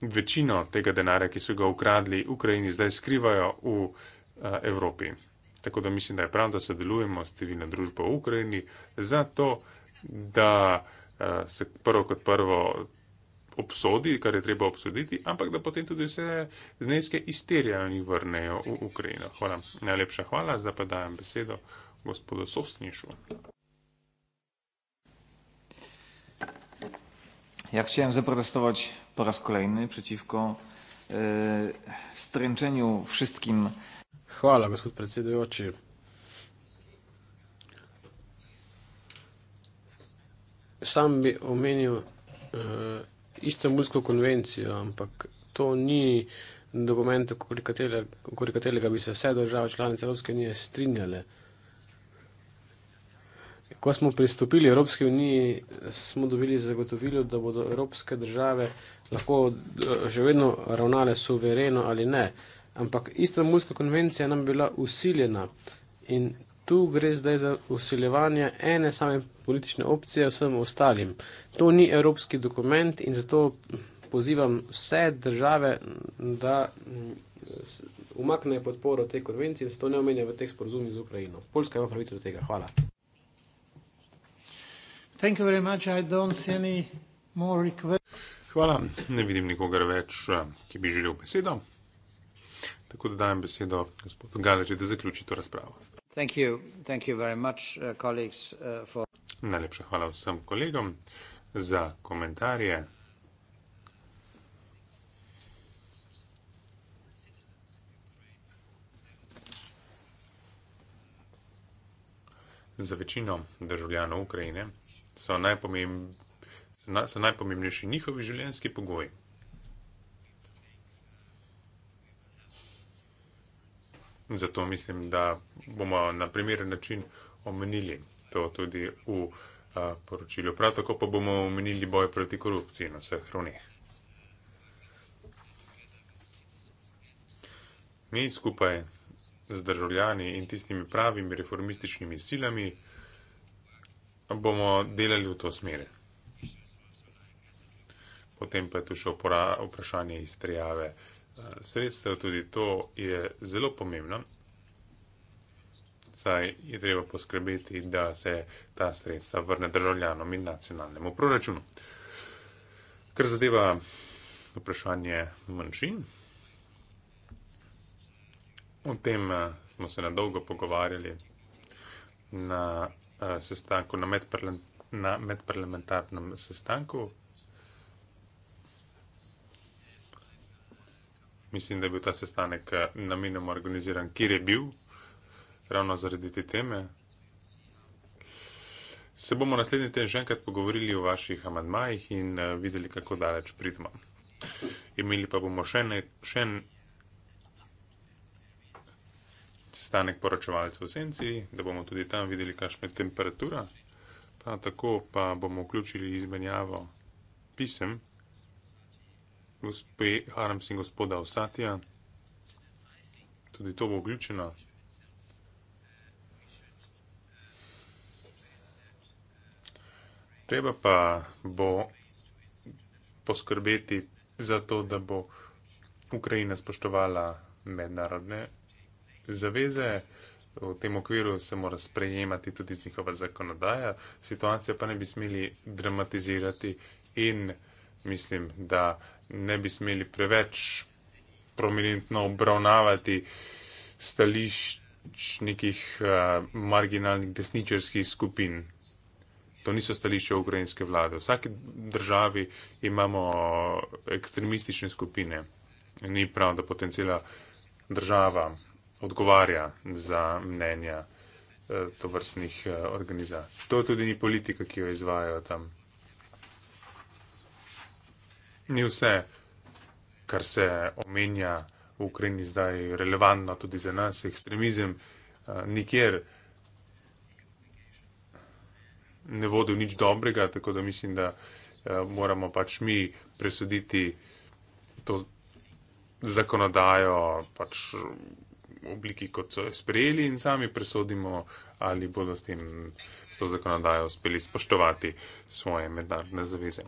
večino tega denarja, ki so ga ukradli Ukrajini, zdaj skrivajo v eh, Evropi. Tako da mislim, da je prav, da sodelujemo s civilno družbo v Ukrajini, zato da eh, se prvo kot prvo obsodi, kar je treba obsoditi, ampak da potem tudi vse zneske izterjajo in vrnejo v Ukrajino. Hvala. Najlepša hvala, zdaj pa dajem besedo gospodu Sosnišu. Ja, chciałem zaprotestować po raz kolejny przeciwko e, stręczeniu wszystkim. Chwała, gospod prezydencie. Sam by omenił e, Istanbulsko konvencijo, ampak to ni dokument, okoli katerega, okoli katerega bi se vse države članice Evropske unije strinjale. Ko smo pristopili Evropske unije, smo dobili zagotovilo, da bodo evropske države lahko še eh, vedno ravnale suvereno ali ne. Ampak Istanbulska konvencija nam bila usiljena in tu gre zdaj za usiljevanje ene same politične opcije vsem ostalim. To ni evropski dokument in zato pozivam vse države, da mm, umaknejo podporo te konvencije, zato ne omenja v teh sporozumih z Ukrajino. Poljska ima pravico do tega. Hvala. Hvala, ne vidim nikogar več, eh, ki bi želel besedo. Tako da dajem besedo gospodu Galeči, da zaključi to razpravo. Uh, uh, Najlepša hvala vsem kolegom za komentarje. Za večino državljanov Ukrajine so, najpomemb, so, na, so najpomembnejši njihovi življenjski pogoji. Zato mislim, da bomo na primeren način omenili to tudi v a, poročilju. Prav tako pa bomo omenili boj proti korupciji na vseh ravneh. Mi skupaj z državljani in tistimi pravimi reformističnimi silami bomo delali v to smer. Potem pa je tu še vprašanje iz trijave sredstev, tudi to je zelo pomembno, saj je treba poskrbeti, da se ta sredstva vrne državljanom in nacionalnemu proračunu. Kar zadeva vprašanje manjšin, o tem eh, smo se nadolgo pogovarjali na eh, sestanku, na medparlamentarnem sestanku mislim, da je bil ta sestanek eh, namenoma organiziran, kjer je bil, ravno zaradi te teme. Se bomo naslednji teden že enkrat pogovorili o vaših amadmajih in eh, videli, kako daleč pridemo. Imeli pa bomo še, ne, še en sestanek poročevalcev v senci, da bomo tudi tam videli, kakšna je temperatura. Pa tako pa bomo vključili izmenjavo pisem gospe Harams in gospoda Osatija. Tudi to bo vključeno. Treba pa bo poskrbeti za to, da bo Ukrajina spoštovala mednarodne zaveze. V tem okviru se mora sprejemati tudi z njihova zakonodaja. Situacija pa ne bi smeli dramatizirati in mislim, da ne bi smeli preveč prominentno obravnavati stališč nekih uh, eh, marginalnih desničarskih skupin. To niso stališče ukrajinske vlade. V vsaki državi imamo ekstremistične skupine. Ni prav, da potencijala država odgovarja za mnenja uh, tovrstnih uh, organizacij. To tudi ni politika, ki jo izvajo tam ni vse, kar se omenja v Ukrajini zdaj relevantno tudi za nas, ekstremizem eh, nikjer ne vodi v nič dobrega, tako da mislim, da eh, moramo pač mi presuditi to zakonodajo pač v obliki, kot so sprejeli in sami presodimo, ali bodo s tem, s to zakonodajo uspeli spoštovati svoje mednarodne zaveze.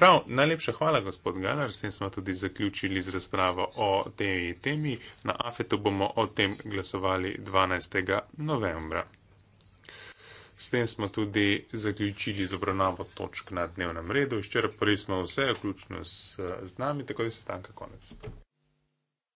Prav, najlepša hvala, gospod Galar. S tem smo tudi zaključili z razpravo o tej temi. Na AFET-u bomo o tem glasovali 12. novembra. S tem smo tudi zaključili z obravnavo točk na dnevnem redu. Izčrpali smo vse, vključno z, z nami, tako da se stanka konec.